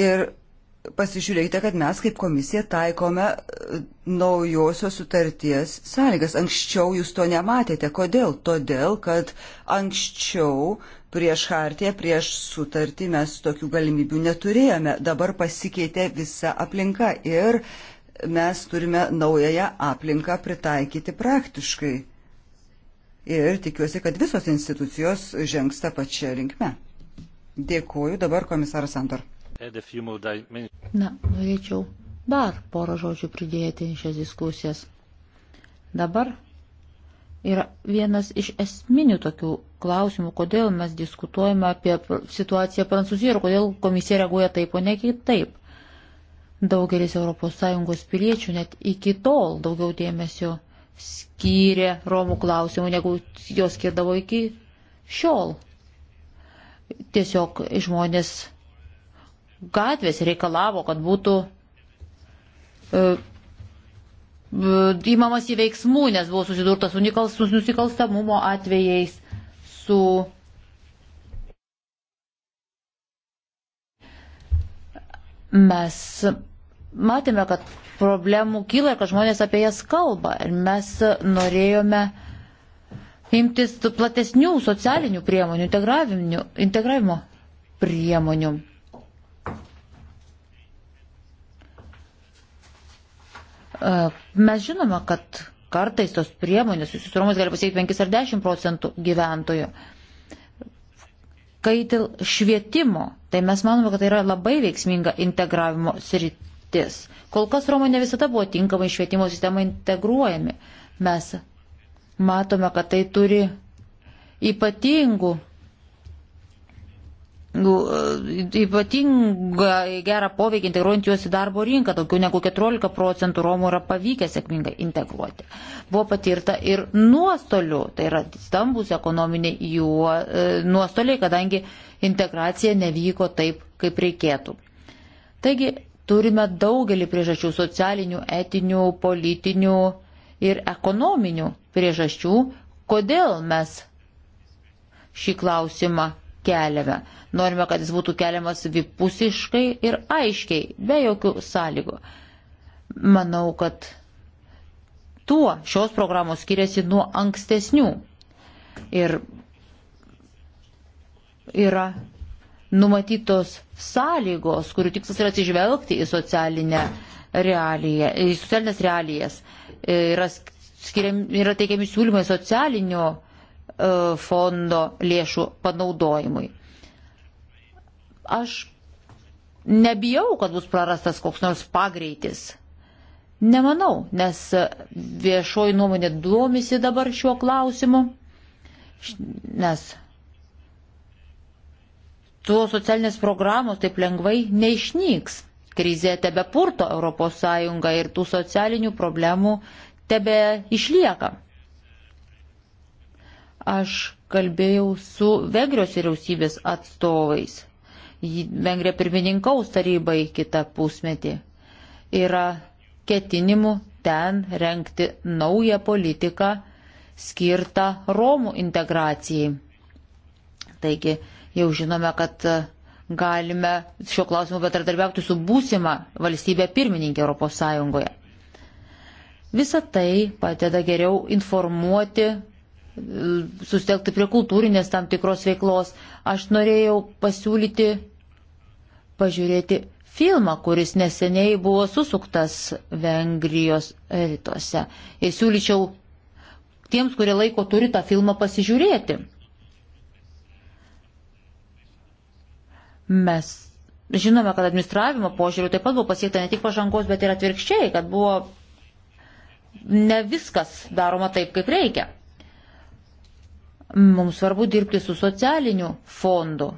Ir pasižiūrėkite, kad mes kaip komisija taikome e, naujosios sutarties sąlygas. Anksčiau jūs to nematėte. Kodėl? Todėl, kad anksčiau prieš hartiją, prieš sutartį mes tokių galimybių neturėjome. Dabar pasikeitė visa aplinka ir mes turime naująją aplinką pritaikyti praktiškai ir tikiuosi, kad visos institucijos žengs tą pačią linkmę. Dėkuoju dabar komisaras Santor. Na, norėčiau dar porą žodžių pridėti šias diskusijas. Dabar yra vienas iš esminių tokių klausimų, kodėl mes diskutuojame apie situaciją Prancūzijoje ir kodėl komisija reaguoja taip, o ne kitaip. Daugelis ES piliečių net iki tol daugiau dėmesio skyrė Romų klausimų, negu jos skirdavo iki šiol. Tiesiog žmonės gatvės reikalavo, kad būtų uh, įmamas į veiksmų, nes buvo susidurta su nusikalstamumo atvejais, su mes matėme, kad problemų kyla ir kad žmonės apie jas kalba. Ir mes norėjome imtis platesnių socialinių priemonių, integravimo priemonių. E, mes žinome, kad kartais tos priemonės, jūsų suromas gali pasiekti 5 ar 10 procentų gyventojų. Kai dėl švietimo, tai mes manome, kad tai yra labai veiksminga integravimo sritis sritis. Kol kas Romai ne visada buvo tinkamai švietimo sistema integruojami. Mes matome, kad tai turi ypatingų e, ypatingą gerą poveikį integruojant juos į darbo rinką. Daugiau negu 14 procentų Romų yra pavykę sėkmingai integruoti. Buvo patirta ir nuostolių, tai yra stambus ekonominiai jų e, nuostoliai, kadangi integracija nevyko taip, kaip reikėtų. Taigi Turime daugelį priežasčių - socialinių, etinių, politinių ir ekonominių priežasčių, kodėl mes šį klausimą keliame. Norime, kad jis būtų keliamas vipusiškai ir aiškiai, be jokių sąlygų. Manau, kad tuo šios programos skiriasi nuo ankstesnių. Ir yra numatytos sąlygos, kurių tikslas yra atsižvelgti į, realiją, į socialinės realijas. E, yra, skiriam, yra teikiami siūlymai socialinio e, fondo lėšų panaudojimui. Aš nebijau, kad bus prarastas koks nors pagreitis. Nemanau, nes viešoji nuomonė duomisi dabar šiuo klausimu, nes tuo socialinės programos taip lengvai neišnyks. Krizė tebe purto ES ir tų socialinių problemų tebe išlieka. Aš kalbėjau su Vengrijos vyriausybės atstovais. Vengrija pirmininkaus tarybai kitą pusmetį. Yra ketinimų ten renkti naują politiką skirtą Romų integracijai. Taigi Jau žinome, kad e, galime šiuo klausimu bendradarbiauti su būsima valstybė pirmininkė Europos Sąjungoje. Visa tai padeda geriau informuoti, e, sustelkti prie kultūrinės tam tikros veiklos. Aš norėjau pasiūlyti pažiūrėti filmą, kuris neseniai buvo susuktas Vengrijos rytuose. Ir siūlyčiau tiems, kurie laiko turi tą filmą pasižiūrėti. Mes žinome, kad administravimo požiūrių taip pat buvo pasiekta ne tik pažangos, bet ir atvirkščiai, kad buvo ne viskas daroma taip, kaip reikia. Mums svarbu dirbti su socialiniu fondu.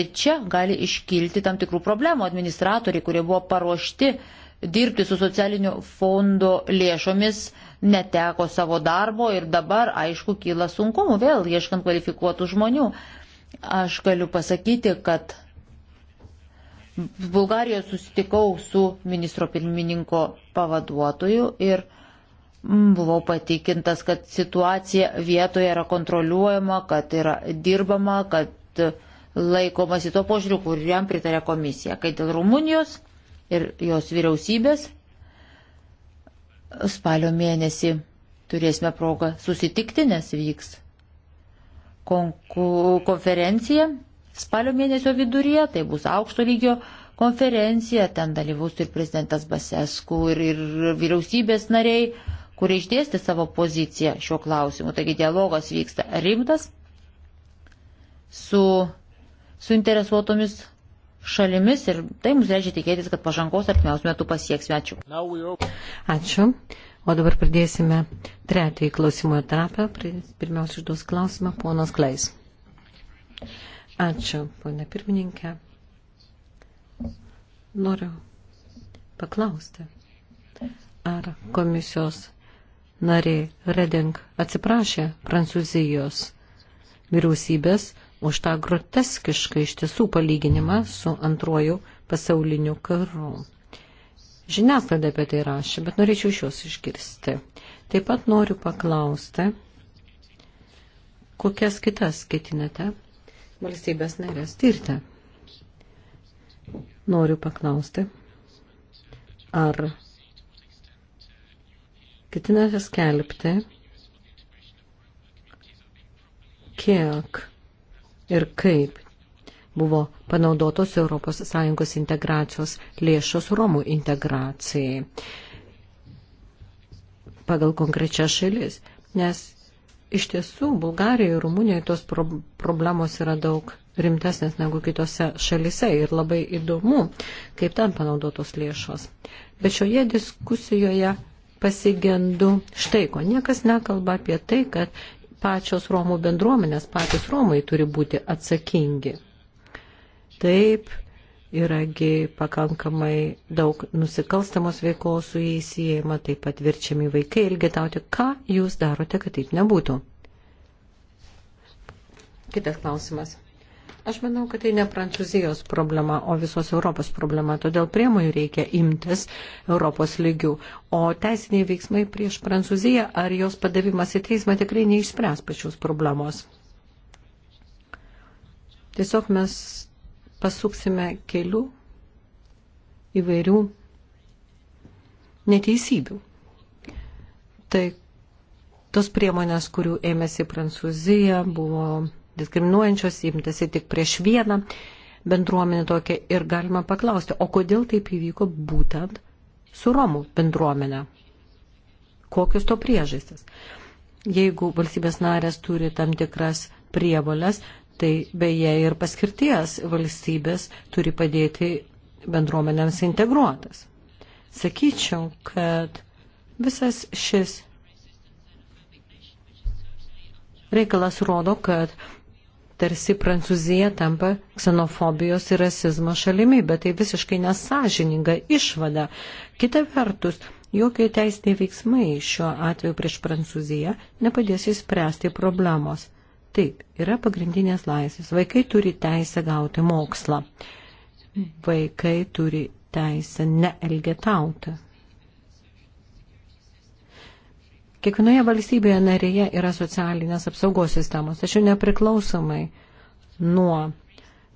Ir čia gali iškilti tam tikrų problemų. Administratoriai, kurie buvo paruošti dirbti su socialiniu fondo lėšomis, neteko savo darbo ir dabar, aišku, kyla sunkumų vėl ieškant kvalifikuotų žmonių. Aš galiu pasakyti, kad Bulgarijoje susitikau su ministro pirmininko pavaduotoju ir buvau patikintas, kad situacija vietoje yra kontroliuojama, kad yra dirbama, kad laikomasi to požiūriu, kuriam pritarė komisija. Kai dėl Rumunijos ir jos vyriausybės spalio mėnesį turėsime progą susitikti, nes vyks konferencija spalio mėnesio viduryje, tai bus aukšto lygio konferencija, ten dalyvaus ir prezidentas Basesku, ir, ir vyriausybės nariai, kurie išdėstė savo poziciją šiuo klausimu. Taigi dialogas vyksta rimtas su suinteresuotomis šalimis ir tai mums reiškia tikėtis, kad pažangos artimiausių metų pasieksime. Ačiū. Ačiū. O dabar pradėsime trečiąjį klausimo etapą. Pirmiausia, užduos klausimą ponas Klais. Ačiū, ponė pirmininkė. Noriu paklausti, ar komisijos narė Reding atsiprašė Prancūzijos vyriausybės už tą groteskišką iš tiesų palyginimą su antruoju pasauliniu karu. Žiniasklaida apie tai rašė, bet norėčiau iš jos išgirsti. Taip pat noriu paklausti, kokias kitas ketinate valstybės narės tirti. Noriu paklausti, ar ketinate skelbti, kiek ir kaip buvo panaudotos ES integracijos lėšos Romų integracijai pagal konkrečias šalis, nes iš tiesų Bulgarijoje ir Rumunijoje tos pro problemos yra daug rimtesnės negu kitose šalise ir labai įdomu, kaip ten panaudotos lėšos. Bet šioje diskusijoje pasigendu štai ko. Niekas nekalba apie tai, kad pačios Romų bendruomenės, patys Romai turi būti atsakingi. Taip, yragi pakankamai daug nusikalstamos veiklos su jais įėjama, taip pat verčiami vaikai ilgetauti. Ką jūs darote, kad taip nebūtų? Kitas klausimas. Aš manau, kad tai ne Prancūzijos problema, o visos Europos problema, todėl priemonių reikia imtis Europos lygių. O teisiniai veiksmai prieš Prancūziją ar jos padavimas į teismą tikrai neišspręs pačios problemos. Tiesiog mes pasuksime kelių įvairių neteisybių. Tai tos priemonės, kurių ėmėsi Prancūzija, buvo diskriminuojančios, imtasi tik prieš vieną bendruomenę tokią ir galima paklausti, o kodėl taip įvyko būtent su Romų bendruomenė? Kokios to priežastis? Jeigu valstybės narės turi tam tikras prievolės, Tai beje ir paskirties valstybės turi padėti bendruomenėms integruotas. Sakyčiau, kad visas šis reikalas rodo, kad tarsi Prancūzija tampa ksenofobijos ir rasizmo šalimi, bet tai visiškai nesažininga išvada. Kita vertus, jokie teisiniai veiksmai šiuo atveju prieš Prancūziją nepadės įspręsti problemos. Taip, yra pagrindinės laisvės. Vaikai turi teisę gauti mokslą. Vaikai turi teisę neelgetauti. Kiekvienoje valstybėje narėje yra socialinės apsaugos sistemos, tačiau nepriklausomai nuo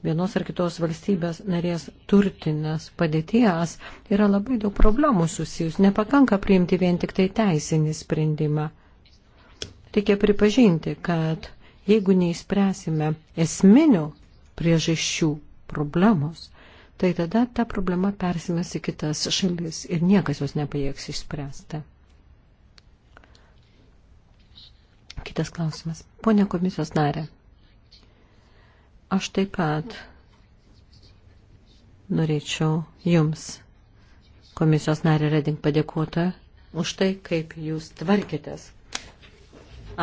vienos ar kitos valstybės narės turtinės padėties yra labai daug problemų susijus. Nepakanka priimti vien tik tai teisinį sprendimą. Reikia pripažinti, kad Jeigu neįspręsime esminių priežasčių problemos, tai tada ta problema persimes į kitas šalis ir niekas jos nepajėgs išspręsti. Kitas klausimas. Pone komisijos narė, aš taip pat norėčiau Jums, komisijos narė Reding, padėkoti už tai, kaip Jūs tvarkitės,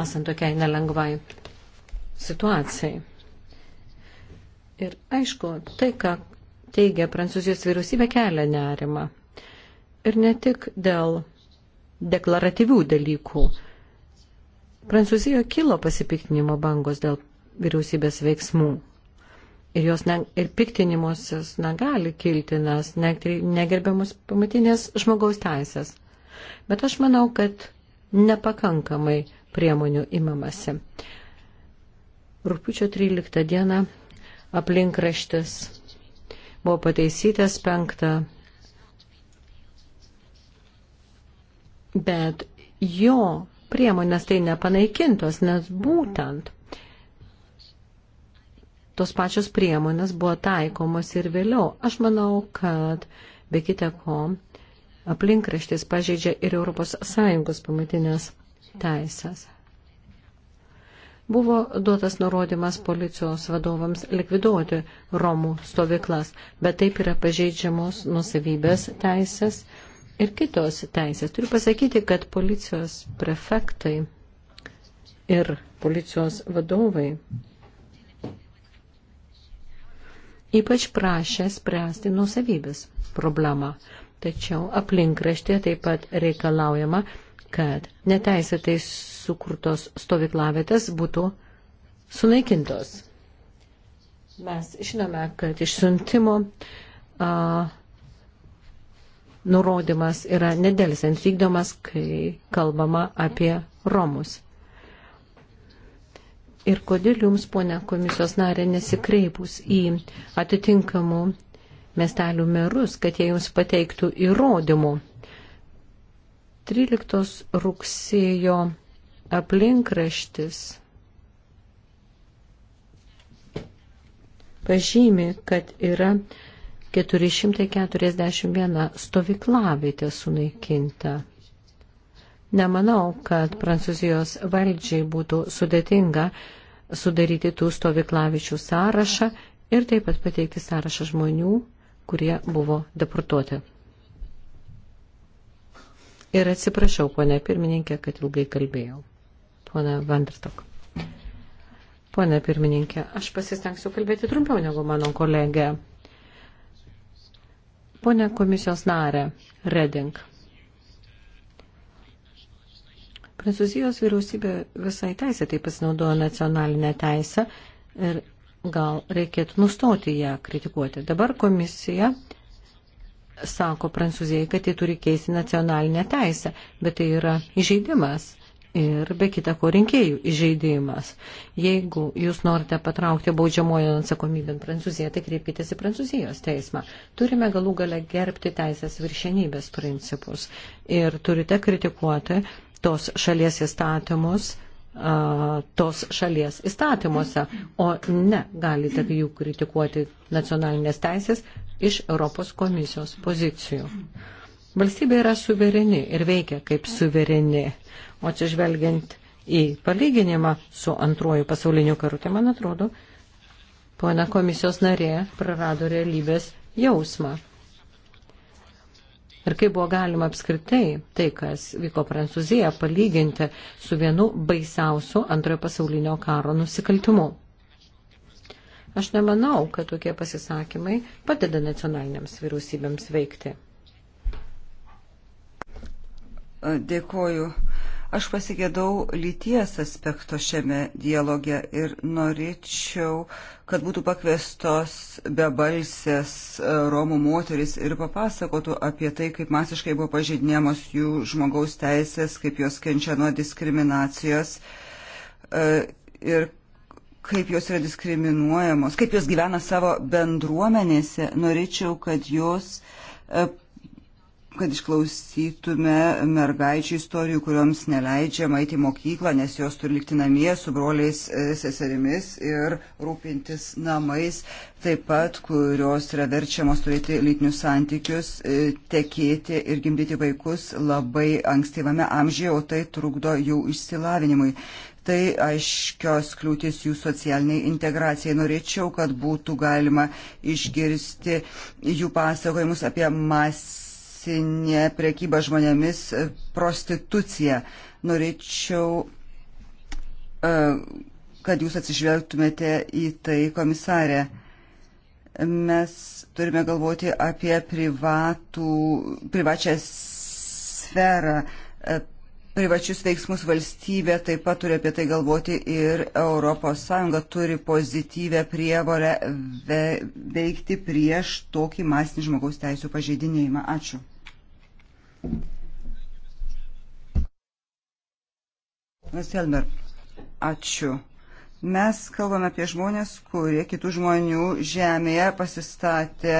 esant tokiai nelengvai situacijai. Ir aišku, tai, ką teigia Prancūzijos vyriausybė, kelia nerimą. Ir ne tik dėl deklaratyvių dalykų. Prancūzijoje kilo pasipiktinimo bangos dėl vyriausybės veiksmų. Ir, jos ne, ir piktinimuosios negali kilti, nes negerbiamus pamatinės žmogaus teisės. Bet aš manau, kad nepakankamai priemonių imamasi. Rūpiučio 13 dieną aplinkraštis buvo pataisytas penktą, bet jo priemonės tai nepanaikintos, nes būtent tos pačios priemonės buvo taikomos ir vėliau. Aš manau, kad be kita ko aplinkraštis pažeidžia ir ES pamatinės teisės buvo duotas nurodymas policijos vadovams likviduoti Romų stovyklas, bet taip yra pažeidžiamos nusavybės teisės ir kitos teisės. Turiu pasakyti, kad policijos prefektai ir policijos vadovai ypač prašė spręsti nusavybės problemą. Tačiau aplinkraštė taip pat reikalaujama kad neteisėtai sukurtos stovyklavėtės būtų sunaikintos. Mes žinome, kad išsiuntimo a, nurodymas yra nedelsiant vykdomas, kai kalbama apie Romus. Ir kodėl jums, ponia komisijos narė, nesikreipus į atitinkamų miestelių merus, kad jie jums pateiktų įrodymų 13 rugsėjo aplinkraštis pažymi, kad yra 441 stovyklavietė sunaikinta. Nemanau, kad Prancūzijos valdžiai būtų sudėtinga sudaryti tų stovyklavičių sąrašą ir taip pat pateikti sąrašą žmonių, kurie buvo deportuoti. Ir atsiprašau, ponė pirmininkė, kad ilgai kalbėjau. Pone Vandertok. Pone pirmininkė, aš pasistengsiu kalbėti trumpiau negu mano kolegė. Pone komisijos narė, Reding. Prancūzijos vyriausybė visai teisė taip pasinaudojo nacionalinę teisę ir gal reikėtų nustoti ją kritikuoti. Dabar komisija uh, sako prancūzijai, kad jie turi keisti nacionalinę teisę, bet tai yra įžeidimas ir be kita ko rinkėjų įžeidimas. Jeigu jūs norite patraukti baudžiamojo atsakomybę Prancūziją, tai kreipkitės į Prancūzijos teismą. Turime galų gale gerbti teisės viršenybės principus ir turite kritikuoti tos šalies įstatymus tos šalies įstatymuose, o ne galite jų kritikuoti nacionalinės teisės iš Europos komisijos pozicijų. Valstybė yra suvereni ir veikia kaip suvereni, o atsižvelgiant į palyginimą su antruoju pasauliniu karu, tai man atrodo, poena komisijos narė prarado realybės jausmą. Ir kaip buvo galima apskritai tai, kas vyko Prancūzija, palyginti su vienu baisiausiu antrojo pasaulinio karo nusikaltimu. Aš nemanau, kad tokie pasisakymai padeda nacionaliniams vyriausybėms veikti. Dėkoju. Aš pasigėdau lyties aspekto šiame dialoge ir norėčiau, kad būtų pakvestos bebalsės e, Romų moteris ir papasakotų apie tai, kaip masiškai buvo pažydinėmos jų žmogaus teisės, kaip jos kenčia nuo diskriminacijos e, ir kaip jos yra diskriminuojamos, kaip jos gyvena savo bendruomenėse. Norėčiau, kad jos e, kad išklausytume mergaičių istorijų, kurioms neleidžiama eiti į mokyklą, nes jos turi likti namie su broliais e, seserimis ir rūpintis namais, taip pat kurios yra verčiamos turėti lytinius santykius, e, tekėti ir gimdyti vaikus labai ankstyvame amžiuje, o tai trukdo jų išsilavinimui tai aiškios kliūtis jų socialiniai integracijai. Norėčiau, kad būtų galima išgirsti jų pasakojimus apie mas masinė prekyba žmonėmis, e, prostitucija. Norėčiau, e, kad jūs atsižvelgtumėte į tai, komisarė. Mes turime galvoti apie privatų, privačią sferą, e, privačius veiksmus valstybė taip pat turi apie tai galvoti ir ES turi pozityvę prievolę veikti prieš tokį masinį žmogaus teisų pažeidinėjimą. Ačiū. Selmer, ačiū. Mes kalbame apie žmonės, kurie kitų žmonių žemėje pasistatė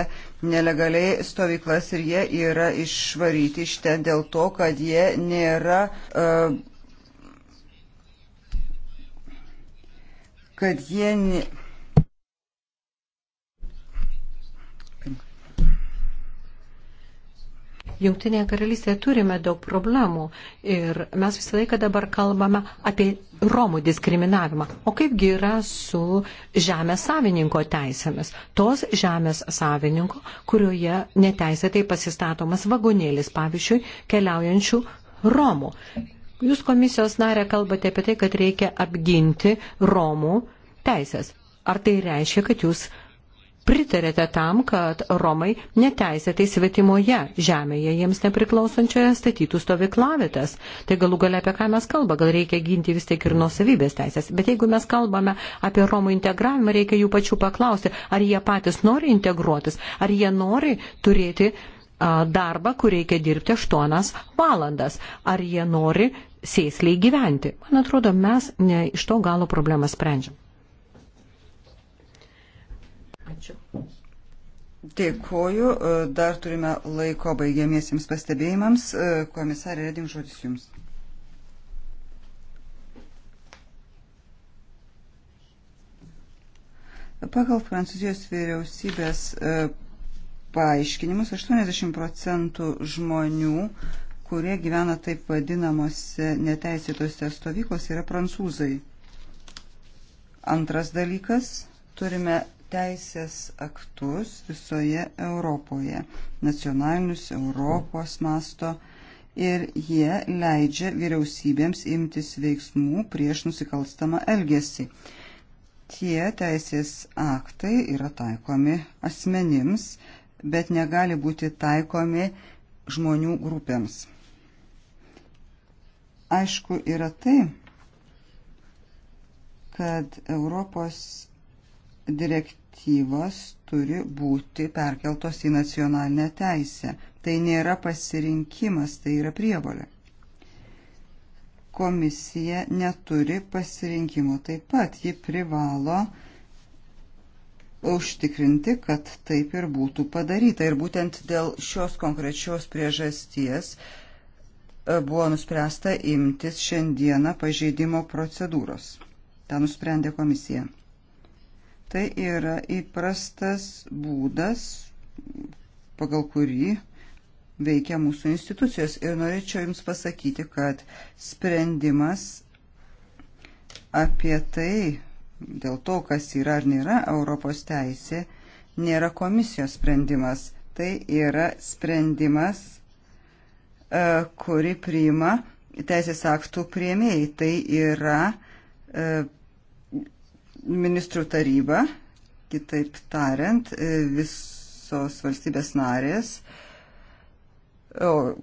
nelegaliai stovyklas ir jie yra išvaryti iš ten dėl to, kad jie nėra. Uh, kad jie. Ne, Jungtinėje karalystėje turime daug problemų ir mes visą laiką dabar kalbame apie Romų diskriminavimą. O kaipgi yra su žemės savininko teisėmis? Tos žemės savininko, kurioje neteisėtai pasistatomas vagonėlis, pavyzdžiui, keliaujančių Romų. Jūs komisijos narė kalbate apie tai, kad reikia apginti Romų teisės. Ar tai reiškia, kad jūs pritarėte tam, kad Romai neteisėtai svetimoje žemėje jiems nepriklausančioje statytų stovyklavietas. Tai galų galia apie ką mes kalbame, gal reikia ginti vis tiek ir nuosavybės teisės. Bet jeigu mes kalbame apie Romų integravimą, reikia jų pačių paklausti, ar jie patys nori integruotis, ar jie nori turėti darbą, kur reikia dirbti 8 valandas. Ar jie nori sėsliai gyventi? Man atrodo, mes ne iš to galo problemą sprendžiam. Ačiū. Dėkuoju. E, dar turime laiko baigiamiesiems pastebėjimams. E, komisarė Reding, žodis Jums. Pagal Prancūzijos vyriausybės e, paaiškinimus 80 procentų žmonių, kurie gyvena taip vadinamose neteisėtose stovyklose, yra prancūzai. Antras dalykas, turime teisės aktus visoje Europoje, nacionalinius Europos masto, ir jie leidžia vyriausybėms imtis veiksmų prieš nusikalstamą elgesį. Tie teisės aktai yra taikomi asmenims, bet negali būti taikomi žmonių grupėms. Aišku yra tai, kad Europos direkt direktyvos turi būti perkeltos į nacionalinę teisę. Tai nėra pasirinkimas, tai yra prievolė. Komisija neturi pasirinkimo taip pat, ji privalo užtikrinti, kad taip ir būtų padaryta. Ir būtent dėl šios konkrečios priežasties e, buvo nuspręsta imtis šiandieną pažeidimo procedūros. Ta nusprendė komisija. Tai yra įprastas būdas, pagal kurį veikia mūsų institucijos. Ir norėčiau Jums pasakyti, kad sprendimas apie tai, dėl to, kas yra ar nėra Europos teisė, nėra komisijos sprendimas. Tai yra sprendimas, e, kurį priima teisės aktų prieimėjai. Tai yra e, ministrų taryba, kitaip tariant, e, visos valstybės narės,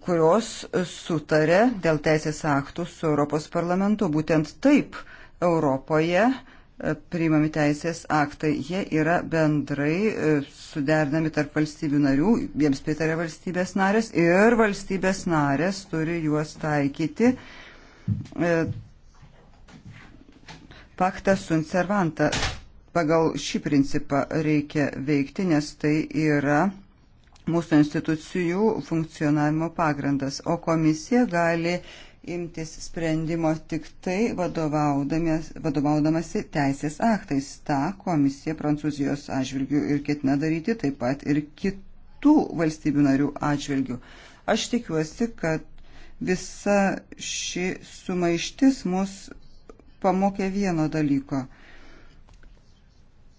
kurios sutarė dėl teisės aktų su Europos parlamentu. Būtent taip Europoje e, priimami teisės aktai. Jie yra bendrai e, suderinami tarp valstybių narių, jiems pritarė valstybės narės ir valstybės narės turi juos taikyti paktą sunt servantą. Pagal šį principą reikia veikti, nes tai yra mūsų institucijų funkcionavimo pagrindas, o komisija gali imtis sprendimo tik tai vadovaudamasi teisės aktais. Ta komisija Prancūzijos atžvilgių ir ketina daryti taip pat ir kitų valstybių narių atžvilgių. Aš tikiuosi, kad visa ši sumaištis mus pamokė vieno dalyko.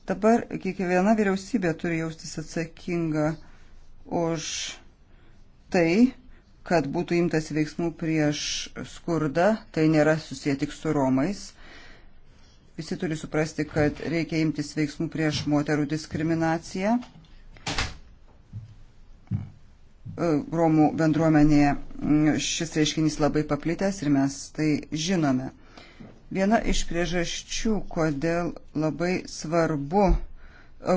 Dabar kiekviena vyriausybė turi jaustis atsakinga už tai, kad būtų imtas veiksmų prieš skurdą, tai nėra susiję tik su Romais. Visi turi suprasti, kad reikia imtis veiksmų prieš moterų diskriminaciją. Romų bendruomenėje šis reiškinys labai paplitęs ir mes tai žinome. Viena iš priežasčių, kodėl labai svarbu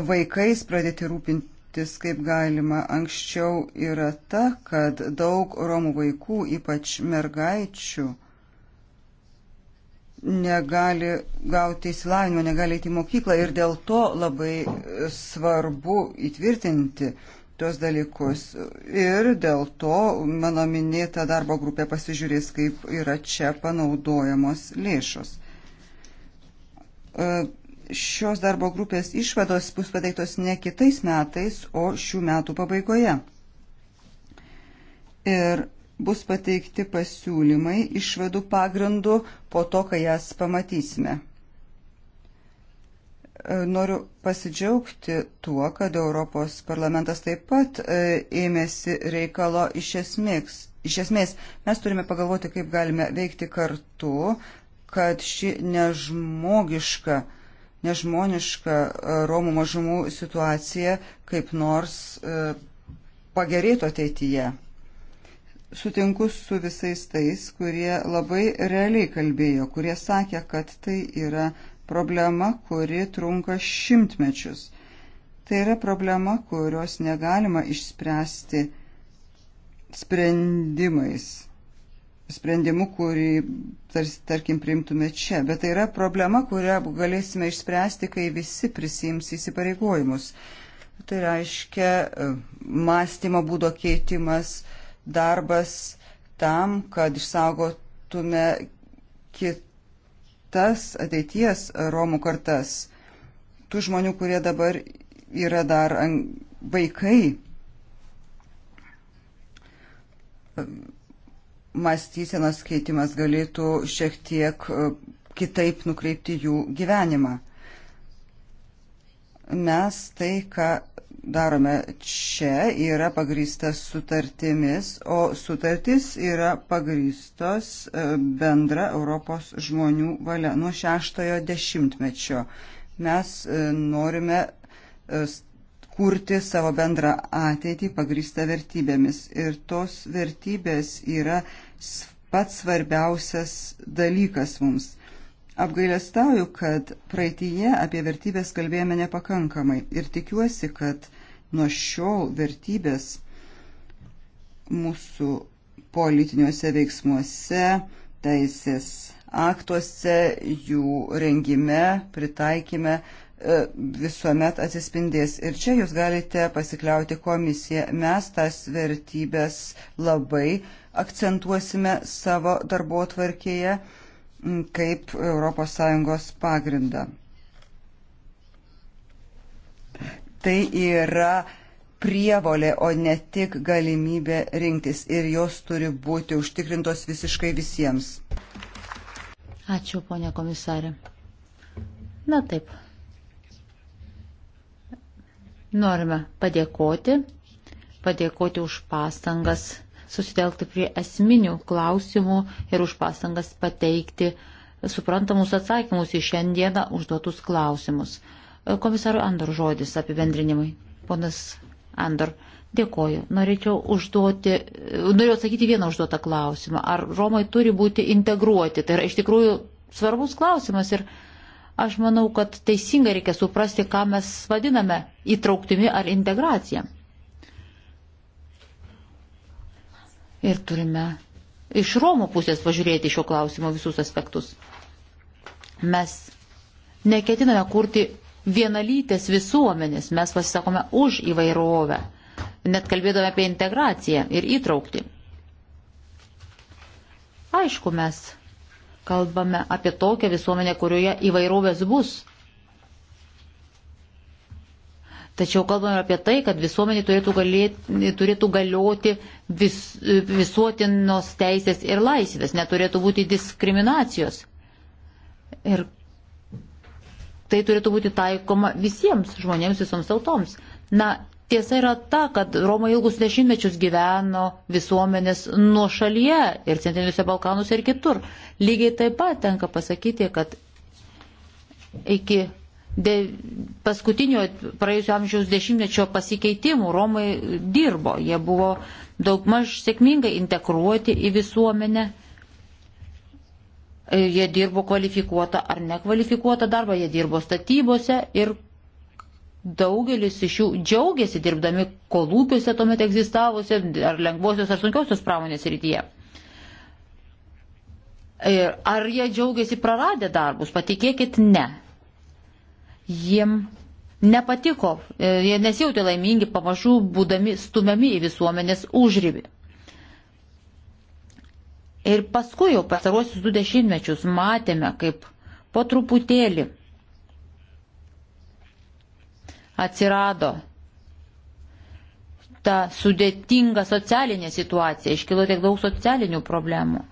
vaikais pradėti rūpintis kaip galima anksčiau, yra ta, kad daug romų vaikų, ypač mergaičių, negali gauti įsilavinimą, negali eiti į mokyklą ir dėl to labai svarbu įtvirtinti tuos dalykus. Ir dėl to mano minėta darbo grupė pasižiūrės, kaip yra čia panaudojamos lėšos. E, šios darbo grupės išvados bus pateiktos ne kitais metais, o šių metų pabaigoje. Ir bus pateikti pasiūlymai išvadų pagrindų po to, kai jas pamatysime. Noriu pasidžiaugti tuo, kad Europos parlamentas taip pat e, ėmėsi reikalo iš esmės. Iš esmės, mes turime pagalvoti, kaip galime veikti kartu, kad ši nežmogiška, nežmoniška e, Romų mažumų situacija kaip nors e, pagerėtų ateityje. Sutinku su visais tais, kurie labai realiai kalbėjo, kurie sakė, kad tai yra problema, kuri trunka šimtmečius. Tai yra problema, kurios negalima išspręsti sprendimais sprendimu, kurį, tars, tarkim, priimtume čia. Bet tai yra problema, kurią galėsime išspręsti, kai visi prisims įsipareigojimus. Tai reiškia e, mąstymo būdo keitimas, darbas tam, kad išsaugotume kitą tas ateities Romų kartas, tų žmonių, kurie dabar yra dar vaikai, mąstysenos keitimas galėtų šiek tiek e, kitaip nukreipti jų gyvenimą. Mes tai, ką darome čia, yra pagrystas sutartimis, o sutartis yra pagrystos e, bendra Europos žmonių valia nuo šeštojo dešimtmečio. Mes e, norime e, kurti savo bendrą ateitį pagrįstą vertybėmis. Ir tos vertybės yra pats svarbiausias dalykas mums. Apgailestauju, kad praeitįje apie vertybės kalbėjome nepakankamai ir tikiuosi, kad nuo šiol vertybės mūsų politiniuose veiksmuose, teisės aktuose, jų rengime, pritaikime e, visuomet atsispindės. Ir čia jūs galite pasikliauti komisiją. Mes tas vertybės labai akcentuosime savo darbo tvarkėje kaip ES pagrindą. Tai yra prievolė, o ne tik galimybė rinktis ir jos turi būti užtikrintos visiškai visiems. Ačiū, ponia komisarė. Na taip. Norime padėkoti, padėkoti už pastangas susitelkti prie esminių klausimų ir už pastangas pateikti suprantamus atsakymus į šiandieną užduotus klausimus. Komisarui Andor žodis apibendrinimui. Ponas Andor, dėkoju. Norėčiau užduoti, norėjau atsakyti vieną užduotą klausimą. Ar Romai turi būti integruoti? Tai yra iš tikrųjų svarbus klausimas ir aš manau, kad teisingai reikia suprasti, ką mes vadiname įtrauktimi ar integracija. Ir turime iš Romų pusės pažiūrėti šio klausimo visus aspektus. Mes neketiname kurti vienalytės visuomenės, mes pasisakome už įvairovę, net kalbėdami apie integraciją ir įtraukti. Aišku, mes kalbame apie tokią visuomenę, kurioje įvairovės bus Tačiau kalbame apie tai, kad visuomenė turėtų, galėti, turėtų galioti vis, visuotinos teisės ir laisvės, neturėtų būti diskriminacijos. Ir tai turėtų būti taikoma visiems žmonėms, visoms tautoms. Na, tiesa yra ta, kad Roma ilgus dešimtmečius gyveno visuomenės nuo šalyje ir centriniuose Balkanuose ir kitur. Lygiai taip pat tenka pasakyti, kad iki de, paskutinio praėjusio amžiaus dešimtmečio pasikeitimų Romai dirbo, jie buvo daugmaž sėkmingai integruoti į visuomenę. Jie dirbo kvalifikuotą ar nekvalifikuotą darbą, jie dirbo statybose ir daugelis iš jų džiaugiasi dirbdami kolūkiuose tuomet egzistavusi ar lengvosios ar sunkiosios pramonės rytyje. Ir ar jie džiaugiasi praradę darbus? Patikėkit, ne jiem nepatiko, e, jie nesijauti laimingi pamažu būdami stumiami į visuomenės užrybį. Ir paskui jau pasaruosius du dešimtmečius matėme, kaip po truputėlį atsirado ta sudėtinga socialinė situacija, iškilo tiek daug socialinių problemų.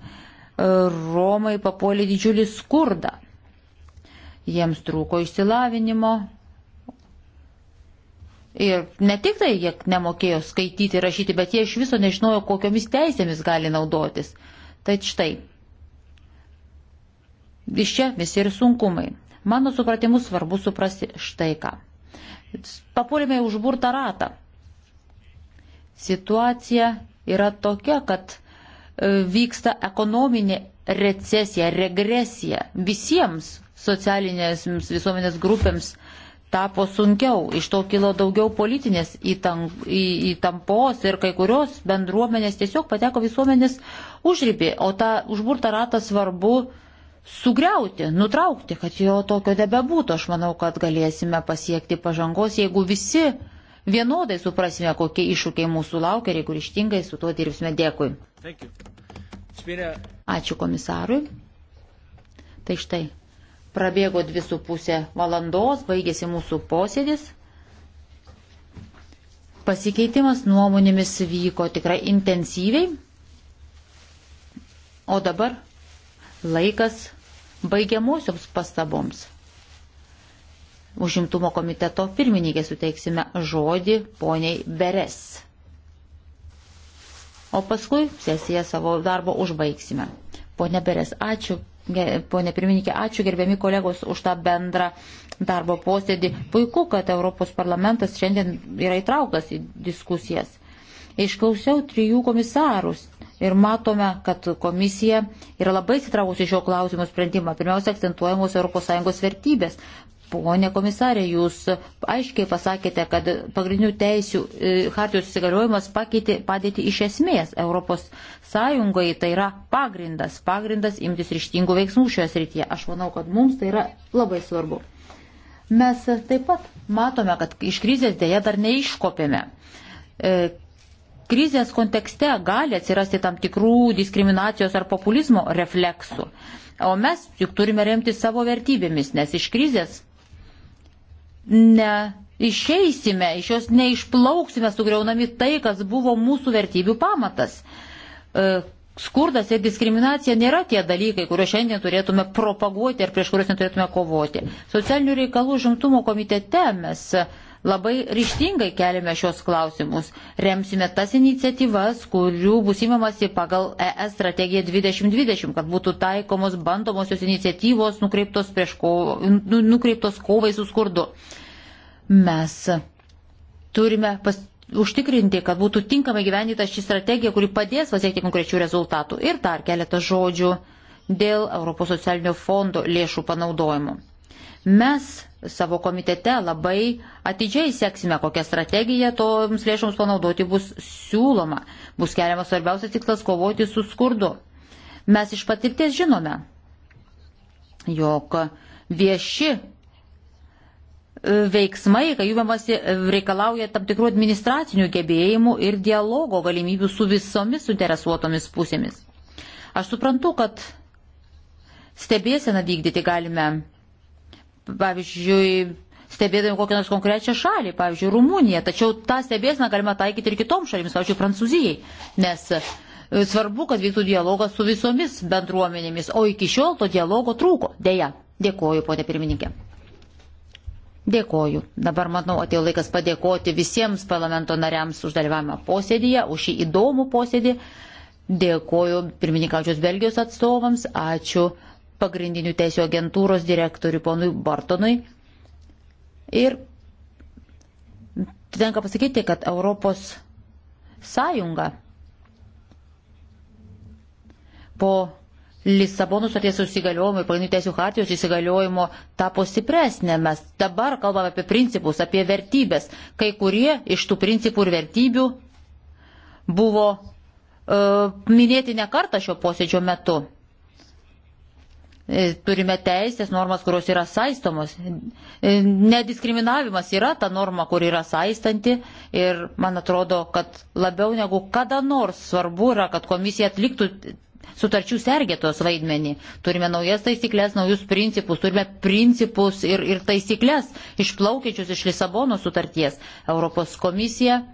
Romai papuolė didžiulį skurdą jiems trūko išsilavinimo. Ir ne tik tai jie nemokėjo skaityti ir rašyti, bet jie iš viso nežinojo, kokiomis teisėmis gali naudotis. Tai štai. Iš čia visi ir sunkumai. Mano supratimu svarbu suprasti štai ką. Papuolėme į užburtą ratą. Situacija yra tokia, kad e, vyksta ekonominė recesija, regresija visiems socialinėms visuomenės grupėms tapo sunkiau, iš to kilo daugiau politinės įtampos ir kai kurios bendruomenės tiesiog pateko visuomenės užrybį, o tą užburtą ratą svarbu sugriauti, nutraukti, kad jo tokio nebebūtų. Aš manau, kad galėsime pasiekti pažangos, jeigu visi vienodai suprasime, kokie iššūkiai mūsų laukia ir jeigu ryštingai su tuo dirbsime. Dėkui. Ačiū komisarui. Tai štai. Prabėgo dvi su pusė valandos, baigėsi mūsų posėdis. Pasikeitimas nuomonėmis vyko tikrai intensyviai. O dabar laikas baigiamosioms pastaboms. Užimtumo komiteto pirmininkė suteiksime žodį poniai Beres. O paskui sesiją savo darbo užbaigsime. Pone Beres, ačiū Pone pirmininkė, ačiū gerbiami kolegos už tą bendrą darbo posėdį. Puiku, kad Europos parlamentas šiandien yra įtrauktas į diskusijas. Išklausiau trijų komisarus ir matome, kad komisija yra labai sitraukusi šio klausimo sprendimą. Pirmiausia, akcentuojamos ES vertybės. Pone komisarė, jūs aiškiai pasakėte, kad pagrindinių teisių e, hartijos įsigaliojimas pakeitė padėti iš esmės Europos Sąjungai, tai yra pagrindas, pagrindas imtis ryštingų veiksmų šioje srityje. Aš manau, kad mums tai yra labai svarbu. Mes taip pat matome, kad iš krizės dėja dar neiškopėme. E, krizės kontekste gali atsirasti tam tikrų diskriminacijos ar populizmo refleksų. O mes juk turime remti savo vertybėmis, nes iš krizės neišeisime, iš jos neišplauksime, sugriaunami tai, kas buvo mūsų vertybių pamatas. E, skurdas ir diskriminacija nėra tie dalykai, kuriuos šiandien turėtume propaguoti ir prieš kuriuos neturėtume kovoti. Socialinių reikalų žimtumo komitete mes uh, Labai ryštingai keliame šios klausimus, remsime tas iniciatyvas, kurių bus įmamasi pagal ES strategiją 2020, kad būtų taikomos bandomosios iniciatyvos nukreiptos, kovo, nu, nukreiptos kovai su skurdu. Mes turime pas, užtikrinti, kad būtų tinkamai gyvendyta ši strategija, kuri padės pasiekti konkrečių rezultatų. Ir dar keletą žodžių dėl ES fondo lėšų panaudojimo. Mes savo komitete labai atidžiai seksime, kokią strategiją toms lėšoms panaudoti bus siūloma. Bus keliamas svarbiausias tikslas kovoti su skurdu. Mes iš patirties žinome, jog vieši e, veiksmai, kai jumamasi, e, reikalauja tam tikrų administracinių gebėjimų ir dialogo galimybių su visomis suinteresuotomis pusėmis. Aš suprantu, kad stebėseną vykdyti galime pavyzdžiui, stebėdami kokią nors konkrečią šalį, pavyzdžiui, Rumuniją. Tačiau tą stebėsną galima taikyti ir kitoms šalims, pavyzdžiui, Prancūzijai. Nes e, svarbu, kad vyktų dialogas su visomis bendruomenėmis, o iki šiol to dialogo trūko. Deja, dėkoju, ponė pirmininkė. Dėkoju. Dabar, manau, atėjo laikas padėkoti visiems parlamento nariams už dalyvavimą posėdėje, už šį įdomų posėdį. Dėkoju pirmininkaučios Belgijos atstovams. Ačiū pagrindinių teisų agentūros direktoriui ponui Bartonui. Ir tenka pasakyti, kad Europos sąjunga po Lisabonos sutarties įsigaliojimo ir pagrindinių teisų hartijos įsigaliojimo tapo stipresnė. Mes dabar kalbame apie principus, apie vertybės. Kai kurie iš tų principų ir vertybių buvo e, minėti ne kartą šio posėdžio metu. E, turime teisės normas, kurios yra saistomos. E, nediskriminavimas yra ta norma, kur yra saistanti ir man atrodo, kad labiau negu kada nors svarbu yra, kad komisija atliktų sutarčių sergėtos vaidmenį. Turime naujas taisyklės, naujus principus, turime principus ir, ir taisyklės išplaukiančius iš Lisabono sutarties. Europos komisija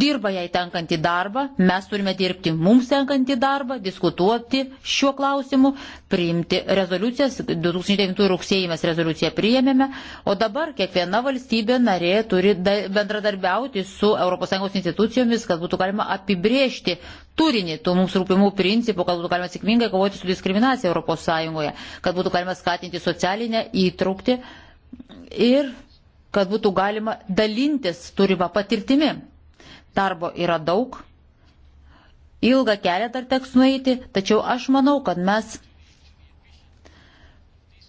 dirba jai tenkantį darbą, mes turime dirbti mums tenkantį darbą, diskutuoti šiuo klausimu, priimti rezoliucijas. 2009 rugsėjį mes rezoliuciją priėmėme, o dabar kiekviena valstybė narė turi bendradarbiauti su ES institucijomis, kad būtų galima apibriežti turinį tų mums rūpimų principų, kad būtų galima sėkmingai kovoti su diskriminacija ES, kad būtų galima skatinti socialinę įtraukti ir kad būtų galima dalintis turimą patirtimi. Darbo yra daug, ilgą kelią dar teks nueiti, tačiau aš manau, kad mes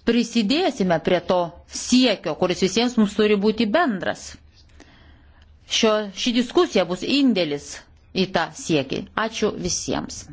prisidėsime prie to siekio, kuris visiems mums turi būti bendras. Šio, ši diskusija bus indėlis į tą siekį. Ačiū visiems.